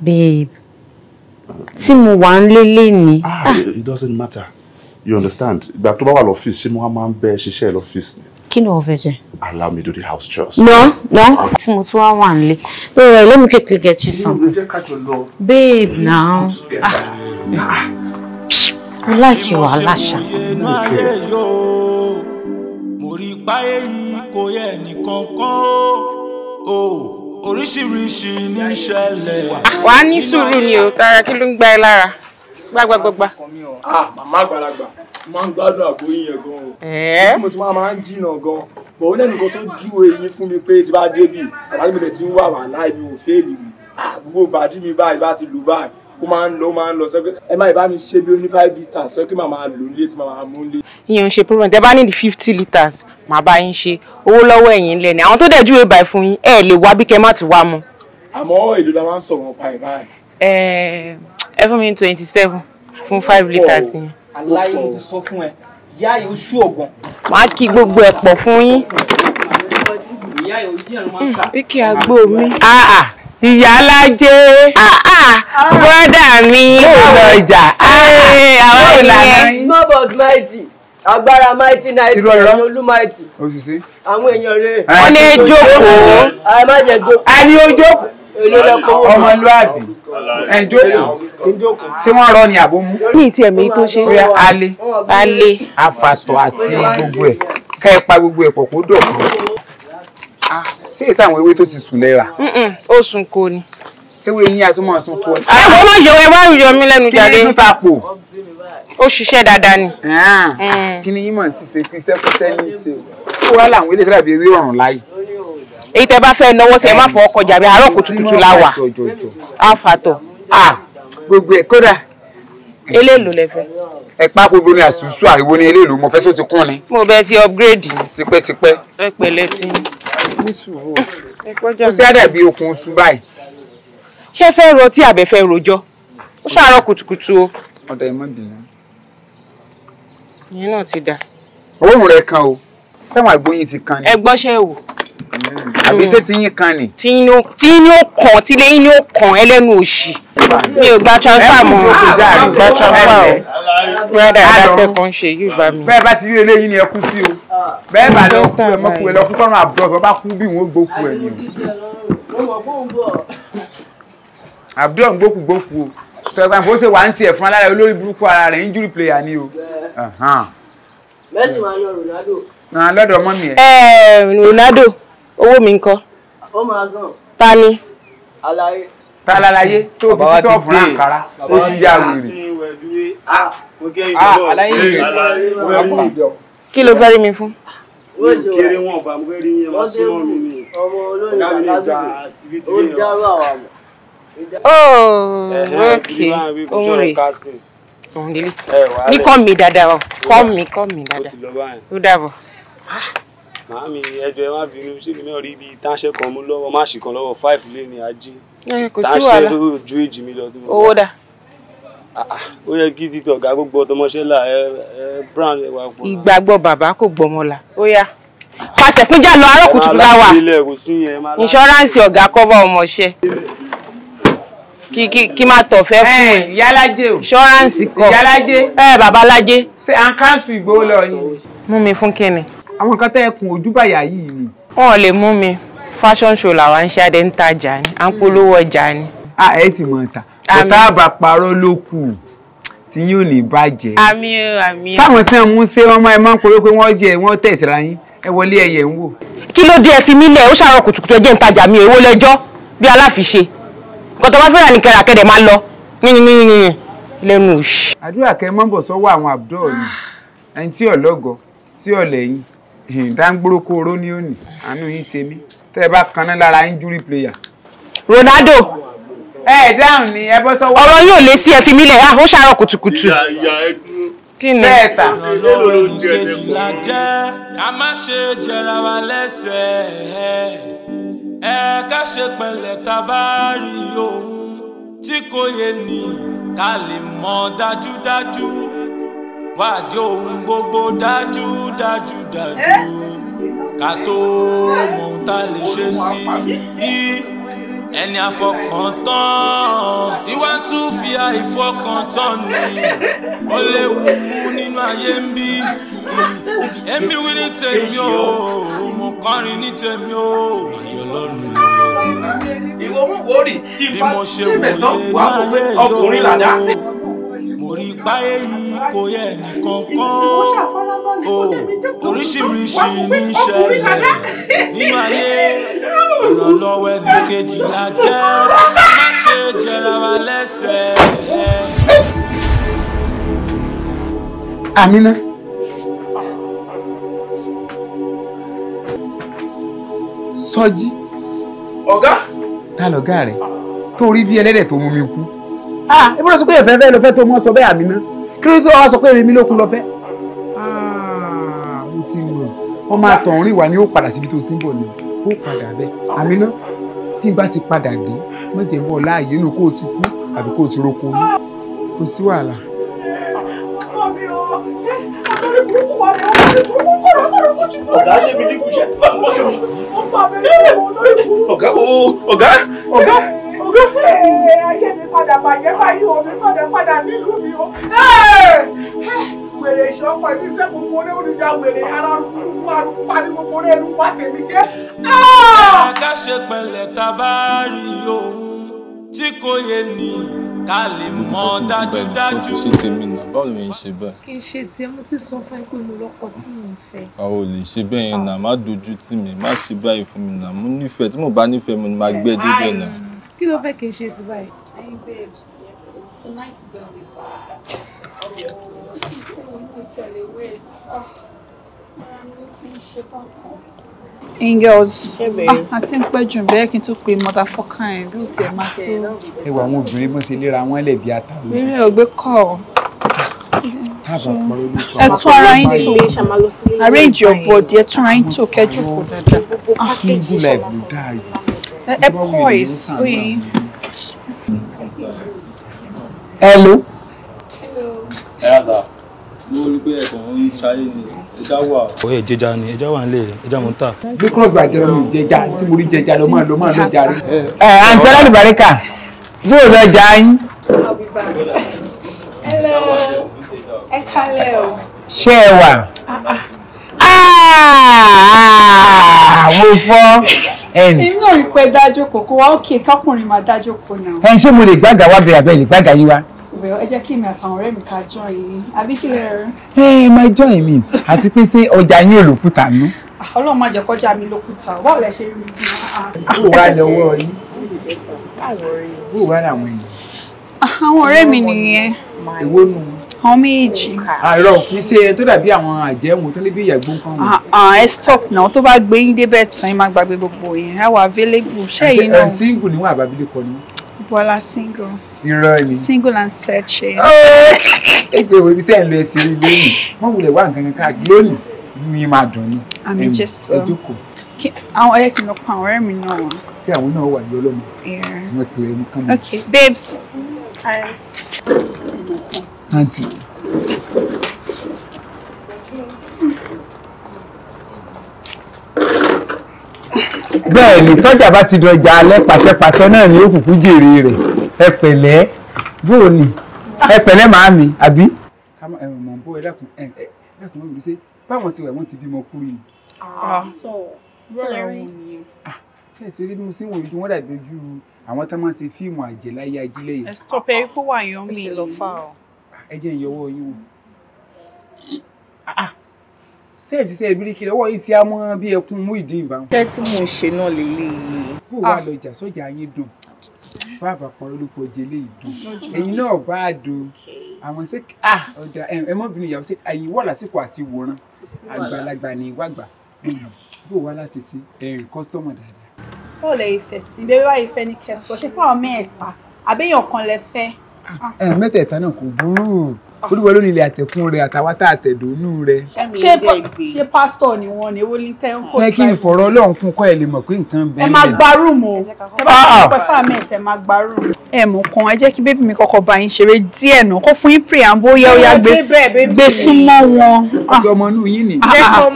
Babe, ah. tí mo wà ń ah, ah, it doesn't matter you understand ìgbà tó bá wà lọ́fíìsì ṣé mo wá máa ń bẹ ṣiṣẹ́ lọ́fíìsì ni. kí ni o fẹ́ jẹ. allow me do the house chores. no no tí mo tún wá wà nílé lórí let me quickly get you something. babe now ah. I like wàhálà ṣá. mo rí páyé yìí kò yẹ nìkan kan o oríṣiríṣi ní ìṣẹ̀lẹ̀. Ah, wàá ní sùúrù ni o tara kí ló ń gbá ẹ lára gbagbagba. ah màmá àgbàlagbà máa ń gbádùn àgbo yíyan gan o. tí mo ti wá máa ń jìnnà gan bọ̀ ó lẹ́nu kan tó ju eyín fún mi pé tí bá débì bàbá mi lè ti ń wà wà láì mi ò fẹ́ẹ̀lì mi àgbogbo ah, bàdí mi báyìí bá ti lù báyìí ó máa ń lọ ó máa ń lọ sẹ́kẹ́ ẹ má ìbá mi ṣe bí ó five litres sọ pé màmá lò nílé tí màmá mú nílé. ìyẹn ń ṣe problem tẹ bá ní fifty litres màá bá yín ṣe owó lọ́wọ́ ẹ̀yìn ńlẹ̀ ni àwọn tó dẹ̀ júwe báyìí fún yín ẹ̀ lè wá bí kẹ́ má ti wá mu. àmọ́ èlò la máa ń sọ̀rọ̀ pa ẹ̀ báyìí ẹ fún mi twenty seven fún five litres yẹn. aláyé mo ti sọ fún ẹ ìyá yìí ó ṣú ògùn. màá kí gbogbo ẹ̀ pọ̀ Ah yín. ìyá yìí ó jí ẹ̀rọ máa ń kà. ike àgbo mi. Ah, ah. ìyá alájẹ ah, bọ́dà mi lọ́jà àwọn ìlànà. small but mighty agbára mighty night ìrọ̀rọ̀ olúmighty òṣìṣẹ́ àwọn èèyàn rẹ̀. wọ́n ní jókòó. a má jẹ jókòó. a ní ó jókòó. èlò lẹ́kọ̀ọ́ ọmọlúwàbí ẹ̀jọ́ ṣé wọ́n rọ ni àbó mú. ní ìtì ẹ̀mí tó ṣe. bóyá alẹ́ alẹ́ afatọ̀ àti gbogbo ẹ̀ ká ẹ pa gbogbo ẹ̀ pọ̀ kó dọ̀kú. Ah, ṣé èsì àwọn ewé tó ti sùn lẹ́ra. ó sun kò ní. ṣé wo eyín àtúmọ̀ sun kò ní. àwọn ọmọ ìjọba ẹ wá yọ mí lẹ́nu jáde. kí ni dúta pò. ó ṣiṣẹ́ dáadáa ni. Ah, mm. kí ni yín mọ̀ sí ṣe kí iṣẹ́ kọ́ṣẹ́ ní í ṣe. ó wá láwọn ilé ìṣẹ́ èyí tẹ bá fẹ́ náwó sẹ má fọ ọkọ jàbí àárọ̀ kùtùkùtù la wà á fàtọ̀. gbogbo ẹ kódà. eléèlò lẹ ẹ pa gbogbo ní àṣùṣù àríwó ní eléèlò mo fẹ́ sọ ti kún ni. mo bẹ ti upgrade. tipẹ́tipẹ́. ẹ pẹ̀lẹ́ ti. ní sùúrù kò sí àdàbí okùn oṣù báyìí. ṣé fẹ́ rọ tí àbẹ̀ fẹ́ rojọ́ ó ṣàárọ̀ kùtùkùtù o. ọ̀dà ẹ̀ mọ́ bìnú. ìyẹn náà ti dà. owó rẹ̀ kan o fẹ́wọ̀n àgbóyin ti kan ni. ẹ gbọ́ṣẹ́ wò àbí ṣé tíyín kan ni. tíyín ni ó kàn tílé yín ni ó kàn ẹlẹ́nu òṣì mi ò gba transfer mọ́ gba transfer o rẹ́dà ìdáfẹ́ kan ṣe yìí bá mi. bẹ́ẹ̀ bá ti rí eléyìí ni ẹ kú sí o bẹ́ẹ̀ bá lọ kú ẹ mọ́ kú ẹ lọ kú sọ́nà àbúrò ọ̀sán bá kú bí wọ́n gbókù ẹ ni o. àbúrò gbókù gbókù o tọ́gbà bó ṣe wà ń tiẹ̀ fún alára olórí burúkú ara rẹ̀ injury player ni o. mẹ́sì máa lọ Ronaldo. lọ́dọ̀ ọmọ mi ẹ. Ronaldo owó mi ńkọ́. ó máa sàn. ta ni. àlàyé. ta lálàyé tó fi sí tọ́ọ̀fù àǹkárá ó ti yá ah, wèrè. Ah, ah, kí ló fẹ́ rí mi fún. kéré wọn bá fẹ́ rí yẹn máa súnmọ́ mi ọmọ olóyìn àlásìkò ó dárò àwọn àmọ́. Oh, okay. Omure. Omure. Ní kọ́ mi dáadáa o. Kọ́ mi, kọ́ mi dáadáa. Ó dàbọ̀ màámi ẹjọ ẹ má bínú ṣébi náà rí ibi táṣẹ kan mú lọ́wọ́ máàṣì kan lọ́wọ́ five lé ní ajé táṣẹ ló ju èjì mi lọ tí mo bá ah, ah, ó yẹ kí títọ ọgá gbogbo ọtọmọṣẹ là ẹ ẹ brown ẹ wà pọ. ìgbàgbọ́ bàbá kò gbọmọ la ó yá pàṣẹ fún jà lọ àárọ̀ kùtùkùtù la wà ìṣọ́ránsì ọ̀gá kọ́bà ọmọṣẹ́ kí kí kí máa tọ̀ fẹ́ fún ẹ. yálàjẹ o ṣọ́ránsì ẹ babalájẹ. ṣe mú mi fún kíni àwọn nǹkan tẹ́ ẹ kun ojú bàyà yìí ni. wọn ò lè mú mi fashion show làwọn ń ṣe adé ń tajà ni à ń polówó ọjà ni. a ẹ sì mọ̀ ta kò tá a bá parọ́ ló kù tí yóò ní bàjẹ́. àmì o àmì o. sáwọn tí wọn mú ṣé wọn máa ń pọ̀ pé wọ́n jẹ wọ́n tẹ̀síra yín ẹ wọlé ẹyẹ ń wò. kí ló dé ẹ fi ó ṣàrọ kùtùkùtù ẹ jẹ́ ń tajà mi èwo lẹ́jọ́ bí aláfiṣe nǹkan bá fẹ́ràn ní kẹrà máa lọ yínyínyínyín lẹ́nu òṣì. àdúrà kẹ mọ́ sọ́wọ́ àwọn àbúrò ni ẹni tí ọ̀lọ́gọ tí ọ̀lẹ́yìn ìdángbòrò kóró ní òní àánú yín ṣe mí tẹ́ ẹ bá kaná lára injury player. Ronaldo. ẹ ẹ dáhùn ni ẹ bọ́ sọ́wọ́. ọ̀rọ̀ yóò lé sí ẹ fi mílẹ̀ ah, ó ṣàárọ̀ kùtùkùtù. kí ni sẹ́ẹ̀tà. ọlọ́run ìkejì la jẹ́ ká má ṣe jẹra wa lẹ́sẹ̀ẹ́ ẹ ká ṣe pẹ̀lẹ́ tá bá rí ohun tí kò yé ni ká lè mọ̀ dájúdájú wádìí ohun gbogbo dájú dájú dájú ká tó mọ ohun tá a lè ṣe sí i ẹni àfọkàntán tí wàá tún fi àìfọkàntán ni ó léwu nínú ayé ń bí èmi wí ní tèmi o mo kọrin ní tèmi o ayọ̀ lọ́rùn lọ ìwọ mú wò rí tí bá tí mẹtọ wà kó pé mo rí páyé yìí kò yẹ nìkan kan o oríṣiríṣi ní ṣẹlẹ̀ nínú ayé ìrànlọ́wọ́ ẹnìkejì la jẹ́ má ṣe jẹra wa lẹ́sẹ̀. Amina. Sọjí. ọ̀gá. ta lọ̀gá rẹ̀ tó rí bí ẹlẹ́dẹ̀ tó mú mi kú ah ebi lọ sọ pé ẹ̀fẹ́ fẹ́ lọ fẹ́ tó mọ́ sọ bẹ́ẹ̀ àmì ná kí ló wá sọ pé èmi lókun lọ fẹ́. Ah, mo ti mọ̀ wọ́n máa tọ̀ ọ̀rìn wà ní ó padà síbi tó sí ń bọ̀ ni ó padà bẹ́ẹ̀ àmì ná tí n bá ti padà dé wọ́n jẹ́ bọ́ láàyè inú kó o ti kú àbí kó o ti roko ní kò sí wàhálà. ọ̀gá lè mi ní kùsẹ́ ọ̀gá ọ̀gá ọ̀gá olùgbé ayé mi padà bàjẹ́ báyìí omi padà padà nílùú mi o wèrè ìṣọ́pọ̀ ẹbí fẹ́ gbogbo orí oníjà wèrè ara rúkú arúkú parí gbogbo orí ẹrú pa tèmi jẹ́. Ah! ká ṣe pẹ̀lẹ́ tá a bá rí ohun tí kò yé ni ká lè mọ dájúdájú. kò ṣe tèmi náà báwo lè ṣe bẹ́ẹ̀. kì í ṣe tiẹ̀ mo ti sọ fún ẹ pé mo lọ́kọ tí mò ń fẹ́. a ṣe bẹ́ẹ̀ yẹn náà má dojú tì mí má ṣe báyìí fún mi náà mo nífẹ̀ẹ́ tí mo bá nífẹ̀ẹ́ mo ni máa gbé débẹ̀ náà kí ló fẹ́ kí n ṣe sí báyìí. Hey babes, tonight is gonna be bad. Seriously. Òun kò tẹ̀lé wait. Ara mi ti ń ṣe bákan. Ingels, àti ń pẹ́ jù bẹ́ẹ̀ kí n tún pe mọ́tàfọ́kà ẹ̀ bí ó tiẹ̀ máa tó. Ẹwà àwọn obìnrin mọ̀ sí léra wọn lẹ̀ bí ata. Eré ògbé kọ̀ ọ́. Ẹ tún ara yín tò. Arrange your body, ẹ tún ara yín tò kẹ́jú kò dáadáa. Single life ló dáa yìí. É pois, oyin. hello. ẹ ra mo rí pé ẹ̀kọ́ ń ṣayé ni ẹja wà. ọyọ ìjẹjà ni ẹja wà nílé ẹja mo ń tà. bí kúrọ̀bù àjẹrọ mi ìjẹjà tí mo rí Hello. ló máa ló máa ló jarí. ẹ àǹtí alábìbáríkà yóò lọ jà yín. ẹ kálẹ̀ o. ṣé ẹ wà. Ah, ah. Ah, mo fọ́ ẹ̀rìn. èmi ò rí pé dájú kò kó wa ókè kákùnrin máa dájú kò náà. ẹ ṣé mo lè gbàgà wá bẹ̀rẹ̀ àbẹ̀ lè gbàgà yín wá. Well, ẹ jẹ́ kí èmi àtàwọn ọ̀rẹ́ mi ká join yín àbí kí lè rẹ. ẹ ẹ máa join mi àti pé ṣé ọjà yín ò lòkúta nú. Ah, Ọlọ́run máa jẹ́ kọjá mi lòkúta báwo lẹ ṣe rí mi bí. bó lọ́wọ́ yín ah, àwọn ọ̀rẹ́ mi nìyẹn. ìwọ àwọn méjì. àìrọ ah, kì í ṣe ẹni tó dàbí àwọn àjẹun tó níbi ìyàgbó nǹkan wọn. Ah, ah, ẹ stop náà tó bá gbé yín débẹ̀ tán ẹ má gbàgbé gbogbo yẹn á wà available ṣẹ́yìn náà. single níwọ̀n àbábílẹ̀ kọ ni. Bọ́lá single. Single ni. Single and searching. Ẹgbẹ́ ìwé ibi tẹ́ ń lọ ẹ ti rí lónìí. Wọ́n wulẹ̀ wá nǹkan kankan lónìí. Inú yín máa dùn ni. Àmì Jésù. Ẹ jókòó. Àwọn ẹyẹ kì í lọ pa àwọn ọ̀rẹ́ mi náà wá. Ṣé àwọn náà wà yọ lọ́mọ? Wọ́n pe ẹmu kán Okay babes. Hi àǹtí. bẹ́ẹ̀ ni tọ́jà bá ti dọjà alẹ́ pàtẹ́pàtẹ́ náà ni ó kúkú jèrè rẹ̀ ẹ pẹ̀lẹ́ bóò ni ẹ pẹ̀lẹ́ màá mi àbí. kámọ́ ẹ̀rùn mọ̀ ń bọ́ ẹ dákun ẹ̀ ẹ̀ dákun mọ̀ mi ṣe báwọn ṣe wà wọ́n ti bímọ kúrò ni. sọ bọ́lá wọn ni. kẹ́sì rí ah, mo sì ń wòye ju wọ́n dàbí ojú àwọn tá máa ń ṣe fíìmù àjẹláyé ajílẹ̀ yìí. ẹ stop ẹ ipò wà yọ mí lọ fà ẹ jẹ́ ìyọwọ́ yín wò sẹ́ẹ̀sì sẹ́ẹ̀ bíríkìlẹ̀ ọwọ́ yìí ti á mọ́ bí ẹkún mú ìdí ìbá. iṣẹ́ tí mò ń ṣe náà lélẹ́yìí. bó o wá ah. lọ jà sọ́jà yín dùn bàbá kan olùkọ́ jẹlé ìdùn ẹ̀yin náà bá a dùn àwọn ṣe ah, ọ̀dà ẹ̀mọ́bìnrin ìyàwó ṣe àyíwọ́ lásìkò àti wòran àgbàlagbà ní wàgbà bó o wá láṣìṣe ẹ̀rìn kọ́sítọ́mù dáadáa. bọ́ọ̀lù ẹ̀yìn fẹ̀sì bẹ́ẹ̀ wá ìfẹ́ ní kẹsàn-án ṣe fún àwọn mẹ́ẹ̀ta àbẹ́yàn kan lẹ fẹ́ mẹ́tẹ̀ẹ̀ta náà kò burú olúwa ló ní ilẹ̀ àtẹ̀kùn rẹ̀ àtàwọn tá àtẹ̀dónú rẹ̀. ṣé pásítọ̀ ni wọ́n ní wọ́n ní tẹ́ńkọ́. ẹ kí n fọ̀rọ̀ ọlọ́run kún kọ́ ẹ lè mọ̀ pé nǹkan bẹ́ẹ̀. ẹ máa gba rúùmù o ẹ bá fẹ́ ah. pẹ́ fáàmì ẹ̀ tẹ́ máa gba rúùmù. ẹ mọ̀ kan ẹ jẹ́ kí bébì mi kọ́kọ́ bá yín ṣeré díẹ̀ náà kó fún yín pray and bó yá ọyá gbé súnmọ́ wọn. ọjọ́ ọmọ inú yín ni. Ah, ah,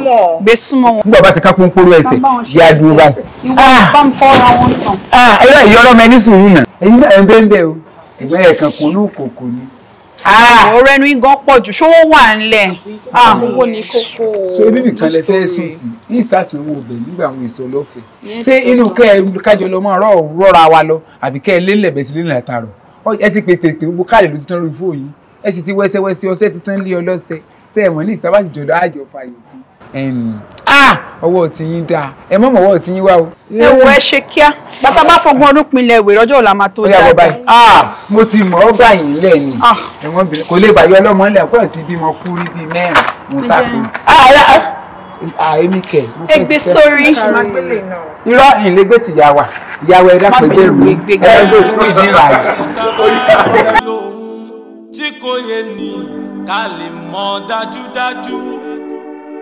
gbé súnmọ́ wọn. nígbà bá ti ká pọ́npọ́rú ẹsẹ̀ yá dúró báyìí. ìwọ bá ń fọ́ra wọn sàn. ẹ ṣùgbọ́n ẹ̀ẹ̀kan kun ní òkòkò ni. Ah! ọ̀rẹ́ nu igan pọ̀ jù ṣówó wà ńlẹ̀ ah! ah! owó ni kókó. so ibi nìkan lè fẹ́ sùn sí ní ìsàsìnwó ọbẹ̀ nígbà àwọn èso lọ́fẹ̀ẹ́ ṣé inú kẹ́ ẹ kájọ lọ máa rọra wa lọ àbí kẹ́ ẹ lélẹ̀ bẹ́ẹ̀ sí lélẹ̀ àtàrọ̀ ẹ ti pèpè pé gbogbo káàdì ló ti tán lórí fóònù yìí ẹ sì ti wẹ́sẹ́wẹ́sẹ́ ọṣẹ ti tán lé ọlọ́sẹ̀ ṣé ẹ̀wọ̀n ní ìtàbá sì jọ̀dọ̀ àjọ fàyè Ah! ọwọ́ tí yín dáa ẹ mọ̀ mọ̀wọ́ tí yín wá o. ẹ wo ẹ ṣe kíá bàbá bá fọgbọ́n ọdún pinlẹ̀ ìwé rọ́jọ́ ọ̀la máa tó dáadáa. Ah! mo ti mọ̀ ọ́ báyìí lẹ́ẹ̀ni ah! ẹ̀wọ̀n bìnrin kò lè bàyọ́ ọlọ́mọ ilẹ̀ ọ̀pẹ́ àti bímọ kú rí bíi mẹ́rin mo ta pé. èmi kẹ̀ mo fẹ́ sẹ́ ẹgbẹ́ sórí irọ́ ìlégbé ti yà wà ìyá wa ẹ̀dá pẹ̀lú ẹ̀rù ẹ̀rù tí kò yé ni ká lè mọ̀ dájúdájú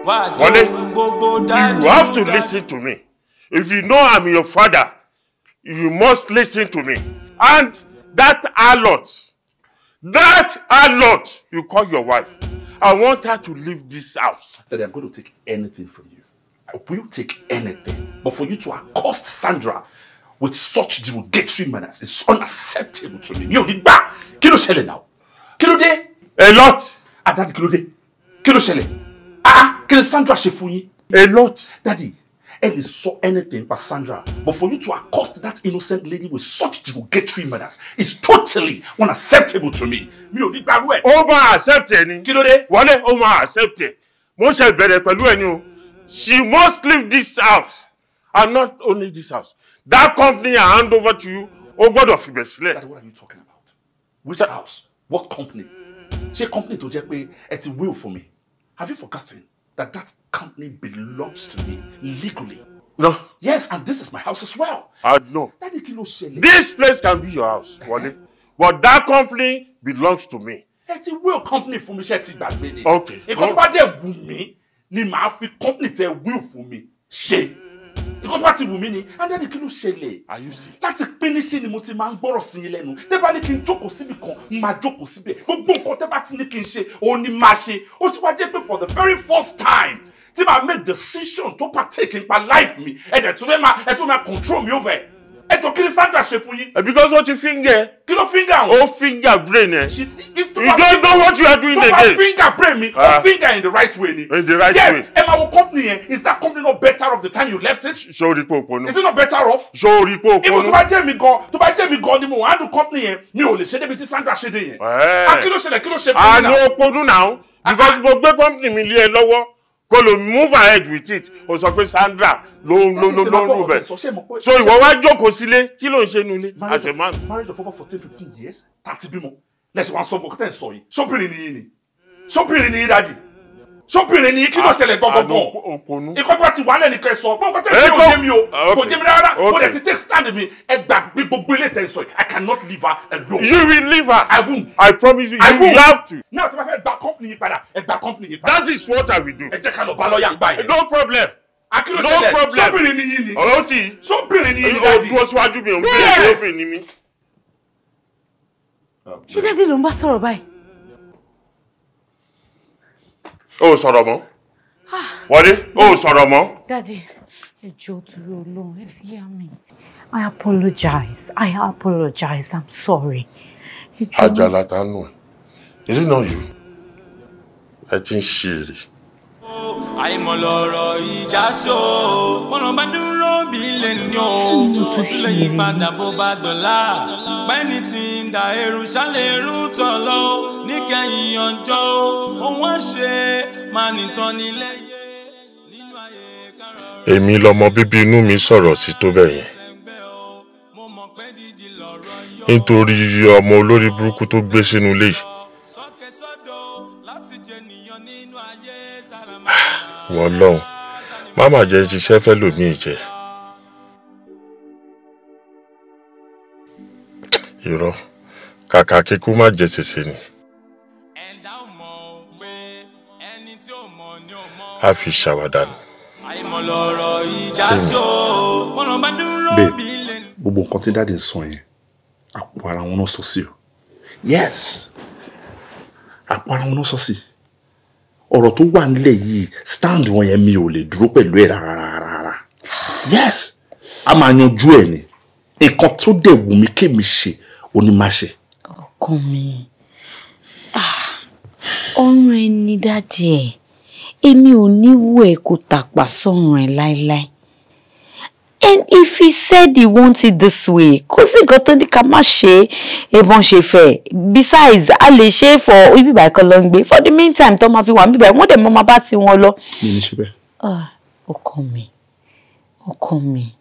Wale, you have to listen to me. If you know I'm your father, you must listen to me. And that allot, that allot, you call your wife, I want her to leave this house. Daddy, I'm going to take anything from you. I will take anything. But for you to accost Sandra with such derogatory manners is unacceptable to me. You need back. Kí ló now. Kí ló dé? A lot. Adad, kí ló dé? Kí kí Sandra ṣe fún yín. a lot. daddy ẹ saw anything about Sandra but for you to accost that innocent lady with such derogatory manners is totally unacceptable to me. Me ò ní gbàgbọ́ ẹ. ó máa accept Wale ni. kí ló dé. wọlé ó she must leave this house and not only this house that company i hand over to you Oh God, fìbẹ̀ sílẹ̀. daddy what are you talking about which house what company She company to jẹ́ pé ẹ will for me have you forgotten that that company belongs to me legally. No. Yes, and this is my house as well. I know. Daddy Kilo Shele. This place can be your house, eh, eh. Wale. But that company belongs to me. Ẹ ti will company for me. ṣe ti Okay. Nǹkan tó bá dẹ̀ me, mí ni màá fi company tẹ will for me. She. Because what bá ti wù mí ni, and Daddy Kilo Shele. Are you see? That's Láti pé níṣẹ́ ni mo ti máa ń gbọ́rọ̀ sí yín lẹ́nu tẹ́ bá ní kí n jókòó síbi kan máa jókòó síbẹ̀ gbogbo nǹkan tẹ́ bá ti ní kí n ṣe òun ni máa ṣe ó ti wá jẹ́ pé for the very first time tí màá make decision tó partake nípa life mi ẹ̀jẹ̀ tó fẹ́ máa ẹ̀ tó máa control mi over ẹ jọ kí ni Sandra ṣe fún yín. Eh, because ó ti finger. kí ló finger àwọn. ó finger brain ẹ. you don't know what you are doing again. tó bá finger brain mi ó ah. finger in the right way ni. in the right yes, way. yes ẹ máa wo company yẹn is that company not better off the time you left it. ṣé o rí pé òponu. is it not better off. ṣé o rí pé òponu. ibo tó bá jẹ́ mi gan tó bá jẹ́ mi gan ni mo handle company yẹn mi ò lè ṣe débi tí Sandra ṣe dé yẹn. Eh. a ah, kí ló ṣẹlẹ̀ kí ló ṣe fún mi náà. àná òponu náà because ah. mo gbé company mi lé ẹ lọ́wọ́ kó ló move ahead with it o sọ pé Sandra ló ló ló ló ń rú bẹ so ìwọ wá jókòó sílé kí ló ń ṣe nulẹ as a man. marriage of over fourteen fifteen years tàti bímọ lẹ́sìn wá sọ bọ̀ kọ́tẹ́ sọ yìí ṣọ́pìnrin nìyí ni ṣọ́pìnrin nìyí dáàdì sóbìnrin ni kí ló ah, ṣẹlẹ̀ gbọ́gbọ́gbọ́ ìkọ́kọ́ ti wà lẹ́nu kẹsọ gbọ́kọ́ tẹ̀ ṣe òye mi o ah, kò jẹ́ mi rárá o dẹ̀ ti take stand mi ẹ gbà gbogbo ilé tẹ̀ sọ I cannot live her alone. you will live. her. I won't. I promise you I you will have to. Now, tí wọ́n fẹ́ gba company yìí padà ẹ gba company yìí padà. that is what I will do. ẹ jẹ́ ká lọ bá lọ́ọ̀yà ń yẹn. no problem akérò tẹlẹ sóbìnrin ni yìí ni ọ̀rọ̀ ti sóbìnrin ni yìí ni dáàdi o dúró síwájú mi ò ń bí ẹ̀ lóbìnrin ni mí. ṣé dáàdi ló ń bá sọ̀rọ̀ báyìí. o sọ̀rọ̀ mọ́ wọlé o sọ̀rọ̀ mọ́. dadi ẹjọ turu Ọlọ́run ẹ fi yá mi. i apologize i apologize i'm sorry. àjàlá tánú ẹ is it not you ẹ ti ń ṣe èrè àìmọ̀ lọ̀rọ̀ ìjà sọ mọ̀ràn bá dúró bí ilé ní o sílẹ̀ yí padà bó bá dọ̀là bẹ́ẹ̀ni ti ń da eru ṣálẹ̀ eru tọ̀ lọ níkẹyìn ọjọ́ òun ṣe máa nìtàn nílẹ̀ èmi lọmọ bíbí inú mi sọ̀rọ̀ sí tó bẹ́ẹ̀ yẹn nítorí ọmọ olórí burúkú tó gbé sínú ilé wọ Ọlọ́run má má jẹ́ ṣiṣẹ́ fẹ́ lòmíì jẹ. irọ́ kàkà kíkú má jẹ ṣèṣe ni. a fi ṣàwádà ni. bẹ́ẹ̀ gbogbo nǹkan tí dáàdi sọ yẹn àpò ara wọn náà sọ sí o yes àpò ara wọn náà sọ sí i ọ̀rọ̀ tó wà nílẹ̀ yìí stand wọn yẹn mi ò lè dúró pẹ̀lú ẹ̀ rárá yes a máa yanjú ẹ̀ ni nǹkan tó dẹ̀ wù mí kémi ṣe òní máa ṣe. ọkàn mi ah, ọrùn ẹni dáadé ẹ èmi ò ní wo ẹ kó tàpá sọrùn ẹ láéláé and if he said he wants it this way cause he got tó ní ká má ṣe ebọn ṣe besides I'll share for we be by ń gbé for the meantime tó máa fi want níbìbà wọ́n dẹ̀ mọ́ máa bá ti wọn lọ. mi ní ṣe bẹ́ẹ̀. Ah, ọkọ mi ọkọ mi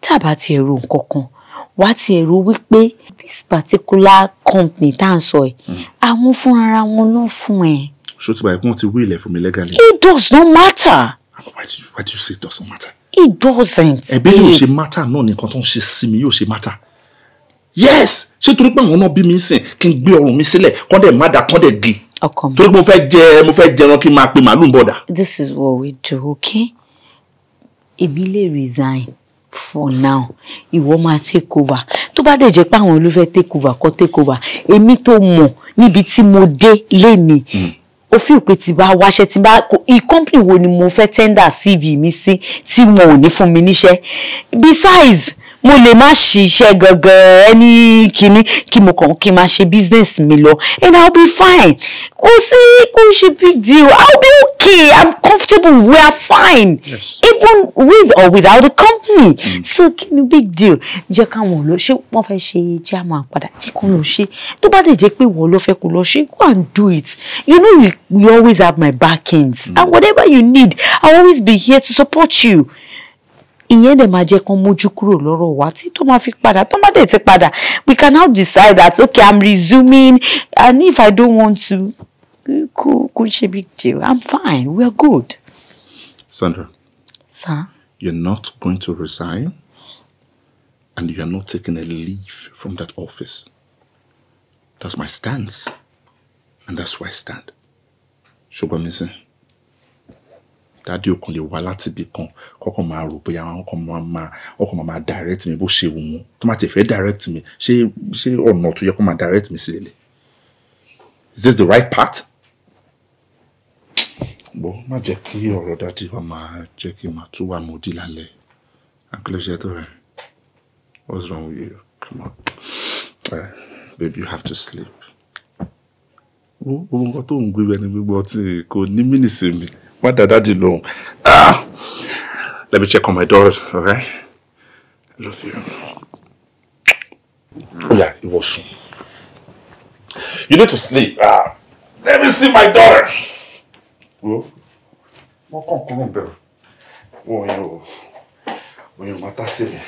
tá a bá ti your nǹkan kan wá this particular company tá I ń sọ around, hmm. àwọn fúnra wọn náà fún ẹ̀. ṣó ti báyìí kí wọ́n ti it does not matter. why do you, why do you say it doesn't matter? it doesn't. ẹ̀bẹ̀ yóò ṣe matter náà nìkan tó ń ṣe sí mi yóò ṣe matter yes ṣé torí pé àwọn náà bí mi sìn kí n gbé ọrùn mi sílẹ̀ kán dẹ̀ má da kán dẹ̀ gé ọkàn mi torí pé mo fẹ́ jẹ mo fẹ́ jẹran kí n máa pe màálù ń bọ̀dà. this is what we do okay èmi lè resign for now ìwọ máa take over tó bá dẹ̀ jẹ́ pé àwọn olùfẹ́ take over kọ́ take over èmi tó mọ̀ níbi tí mo dé lénìí hmm ó fi pé tí bá wáṣẹ́ tí bá company wo ni mo fẹ́ tender CV mi sí tí wọn ò ní fún mi níṣẹ́ besides mo lè má ṣiṣẹ́ gangan ẹni kìíní kí mo kàn kí n máa ṣe business mi lọ and i'll be fine kò sí kò ṣe big deal i'll be okay i'm comfortable we are fine yes. even with or without a company mm. so kí ni big deal jẹ́ káwọn lọ ṣé wọ́n fẹ́ ṣe chairman padà jẹ́ kó lọ ṣe tó bá lè jẹ́ pé wọ́n lọ fẹ́ kó lọ ṣe go and do it you know you, you always have my backings mm. and whatever you need i'll always be here to support you ìyẹn dẹ̀ máa jẹ́ kán mójú kúrò lọ́rọ̀ wa tí tó máa fi padà tó máa dẹ̀ ti padà we can now decide that okay i'm resuming and if i don't want to kò kò ṣe big deal i'm fine we are good. Sandra. Sir. You're not going to resign and you're not taking a leave from that office. That's my stance and that's where I stand. Shubham is dádì òkan lè wá láti ibì kan kọ́kọ́ máa rò bóyá àwọn ọkọ̀ máa máa ọkọ̀ máa máa direct mi bó ṣe wù wọ́n tó máa tẹ̀ fẹ́ direct mi ṣé ṣé ọ̀nà tó yẹ kó máa direct mi sí lélẹ̀ is this the right part? bó má jẹ́ kí ọ̀rọ̀ dádì wa máa jẹ́ kí n tún wà mọ́dí lálẹ́ àkílẹ̀ṣẹ́ tó rẹ̀ what's wrong with you come on uh, babe you have to sleep. gbogbo nǹkan tó ń gbé bẹ́ẹ̀ ni gbogbo ọtí kò ní mínísì mi. What did daddy know? Ah! Let me check on my daughter, alright? I love you. Oh, yeah, it was soon. You need to sleep. Ah. Let me see my daughter. Whoa. Wọ́n kàn kúrò ń bẹ̀rù. Wọ́n yẹn o. Wọ́n yẹn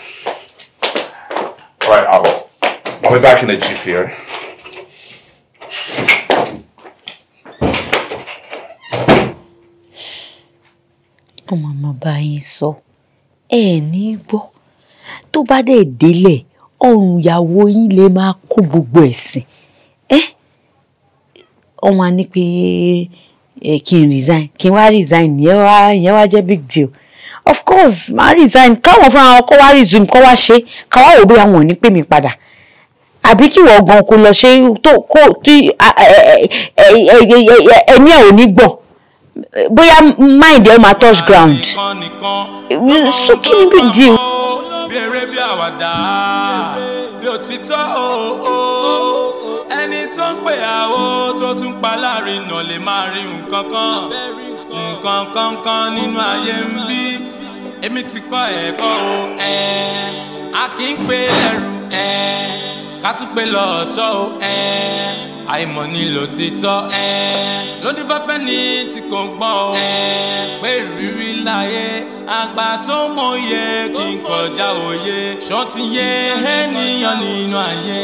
All right, I'll, I'll be back in the jiffy, all right? wọ́n máa máa bá yín sọ ẹ ní gbọ́ tó bá dẹ̀ délẹ̀ ọrùn ìyàwó yín lè máa kó gbogbo ẹ̀sìn ẹ́ wọ́n máa ní pé kí n resign kí n wá resign yẹn wá yẹn wá jẹ́ big deal of course máa resign káwọn fúnra wọn kó wá resume kó wá ṣe káwá wò bóyá wọn ò ní pè mí padà àbí kí wọ́n gan kó lọ ṣe tó kó tí ẹ̀mí ẹ̀ ò ní gbọ̀n bóyá mind ẹ máa touch ground so kí ni big deal. bí eré bí àwàdà bí òtítọ́ ẹni tó ń pè àwo tó tún pa láàrin náà lè máa rí nǹkan kan nǹkan kan kan nínú ayé ń bí èmi ti kọ́ ẹ̀kọ́ o a kì í pe ẹrù ká tún pe lọ ọ̀ṣọ́ o àìmọ̀ nílò títọ́ lóní fẹ́fẹ́ ni tí kò gbọ́n o pé rírí láyé àgbà tó mọ̀ye kí n kọjá òye ṣọ́ọ̀tì yé ènìyàn nínú ayé.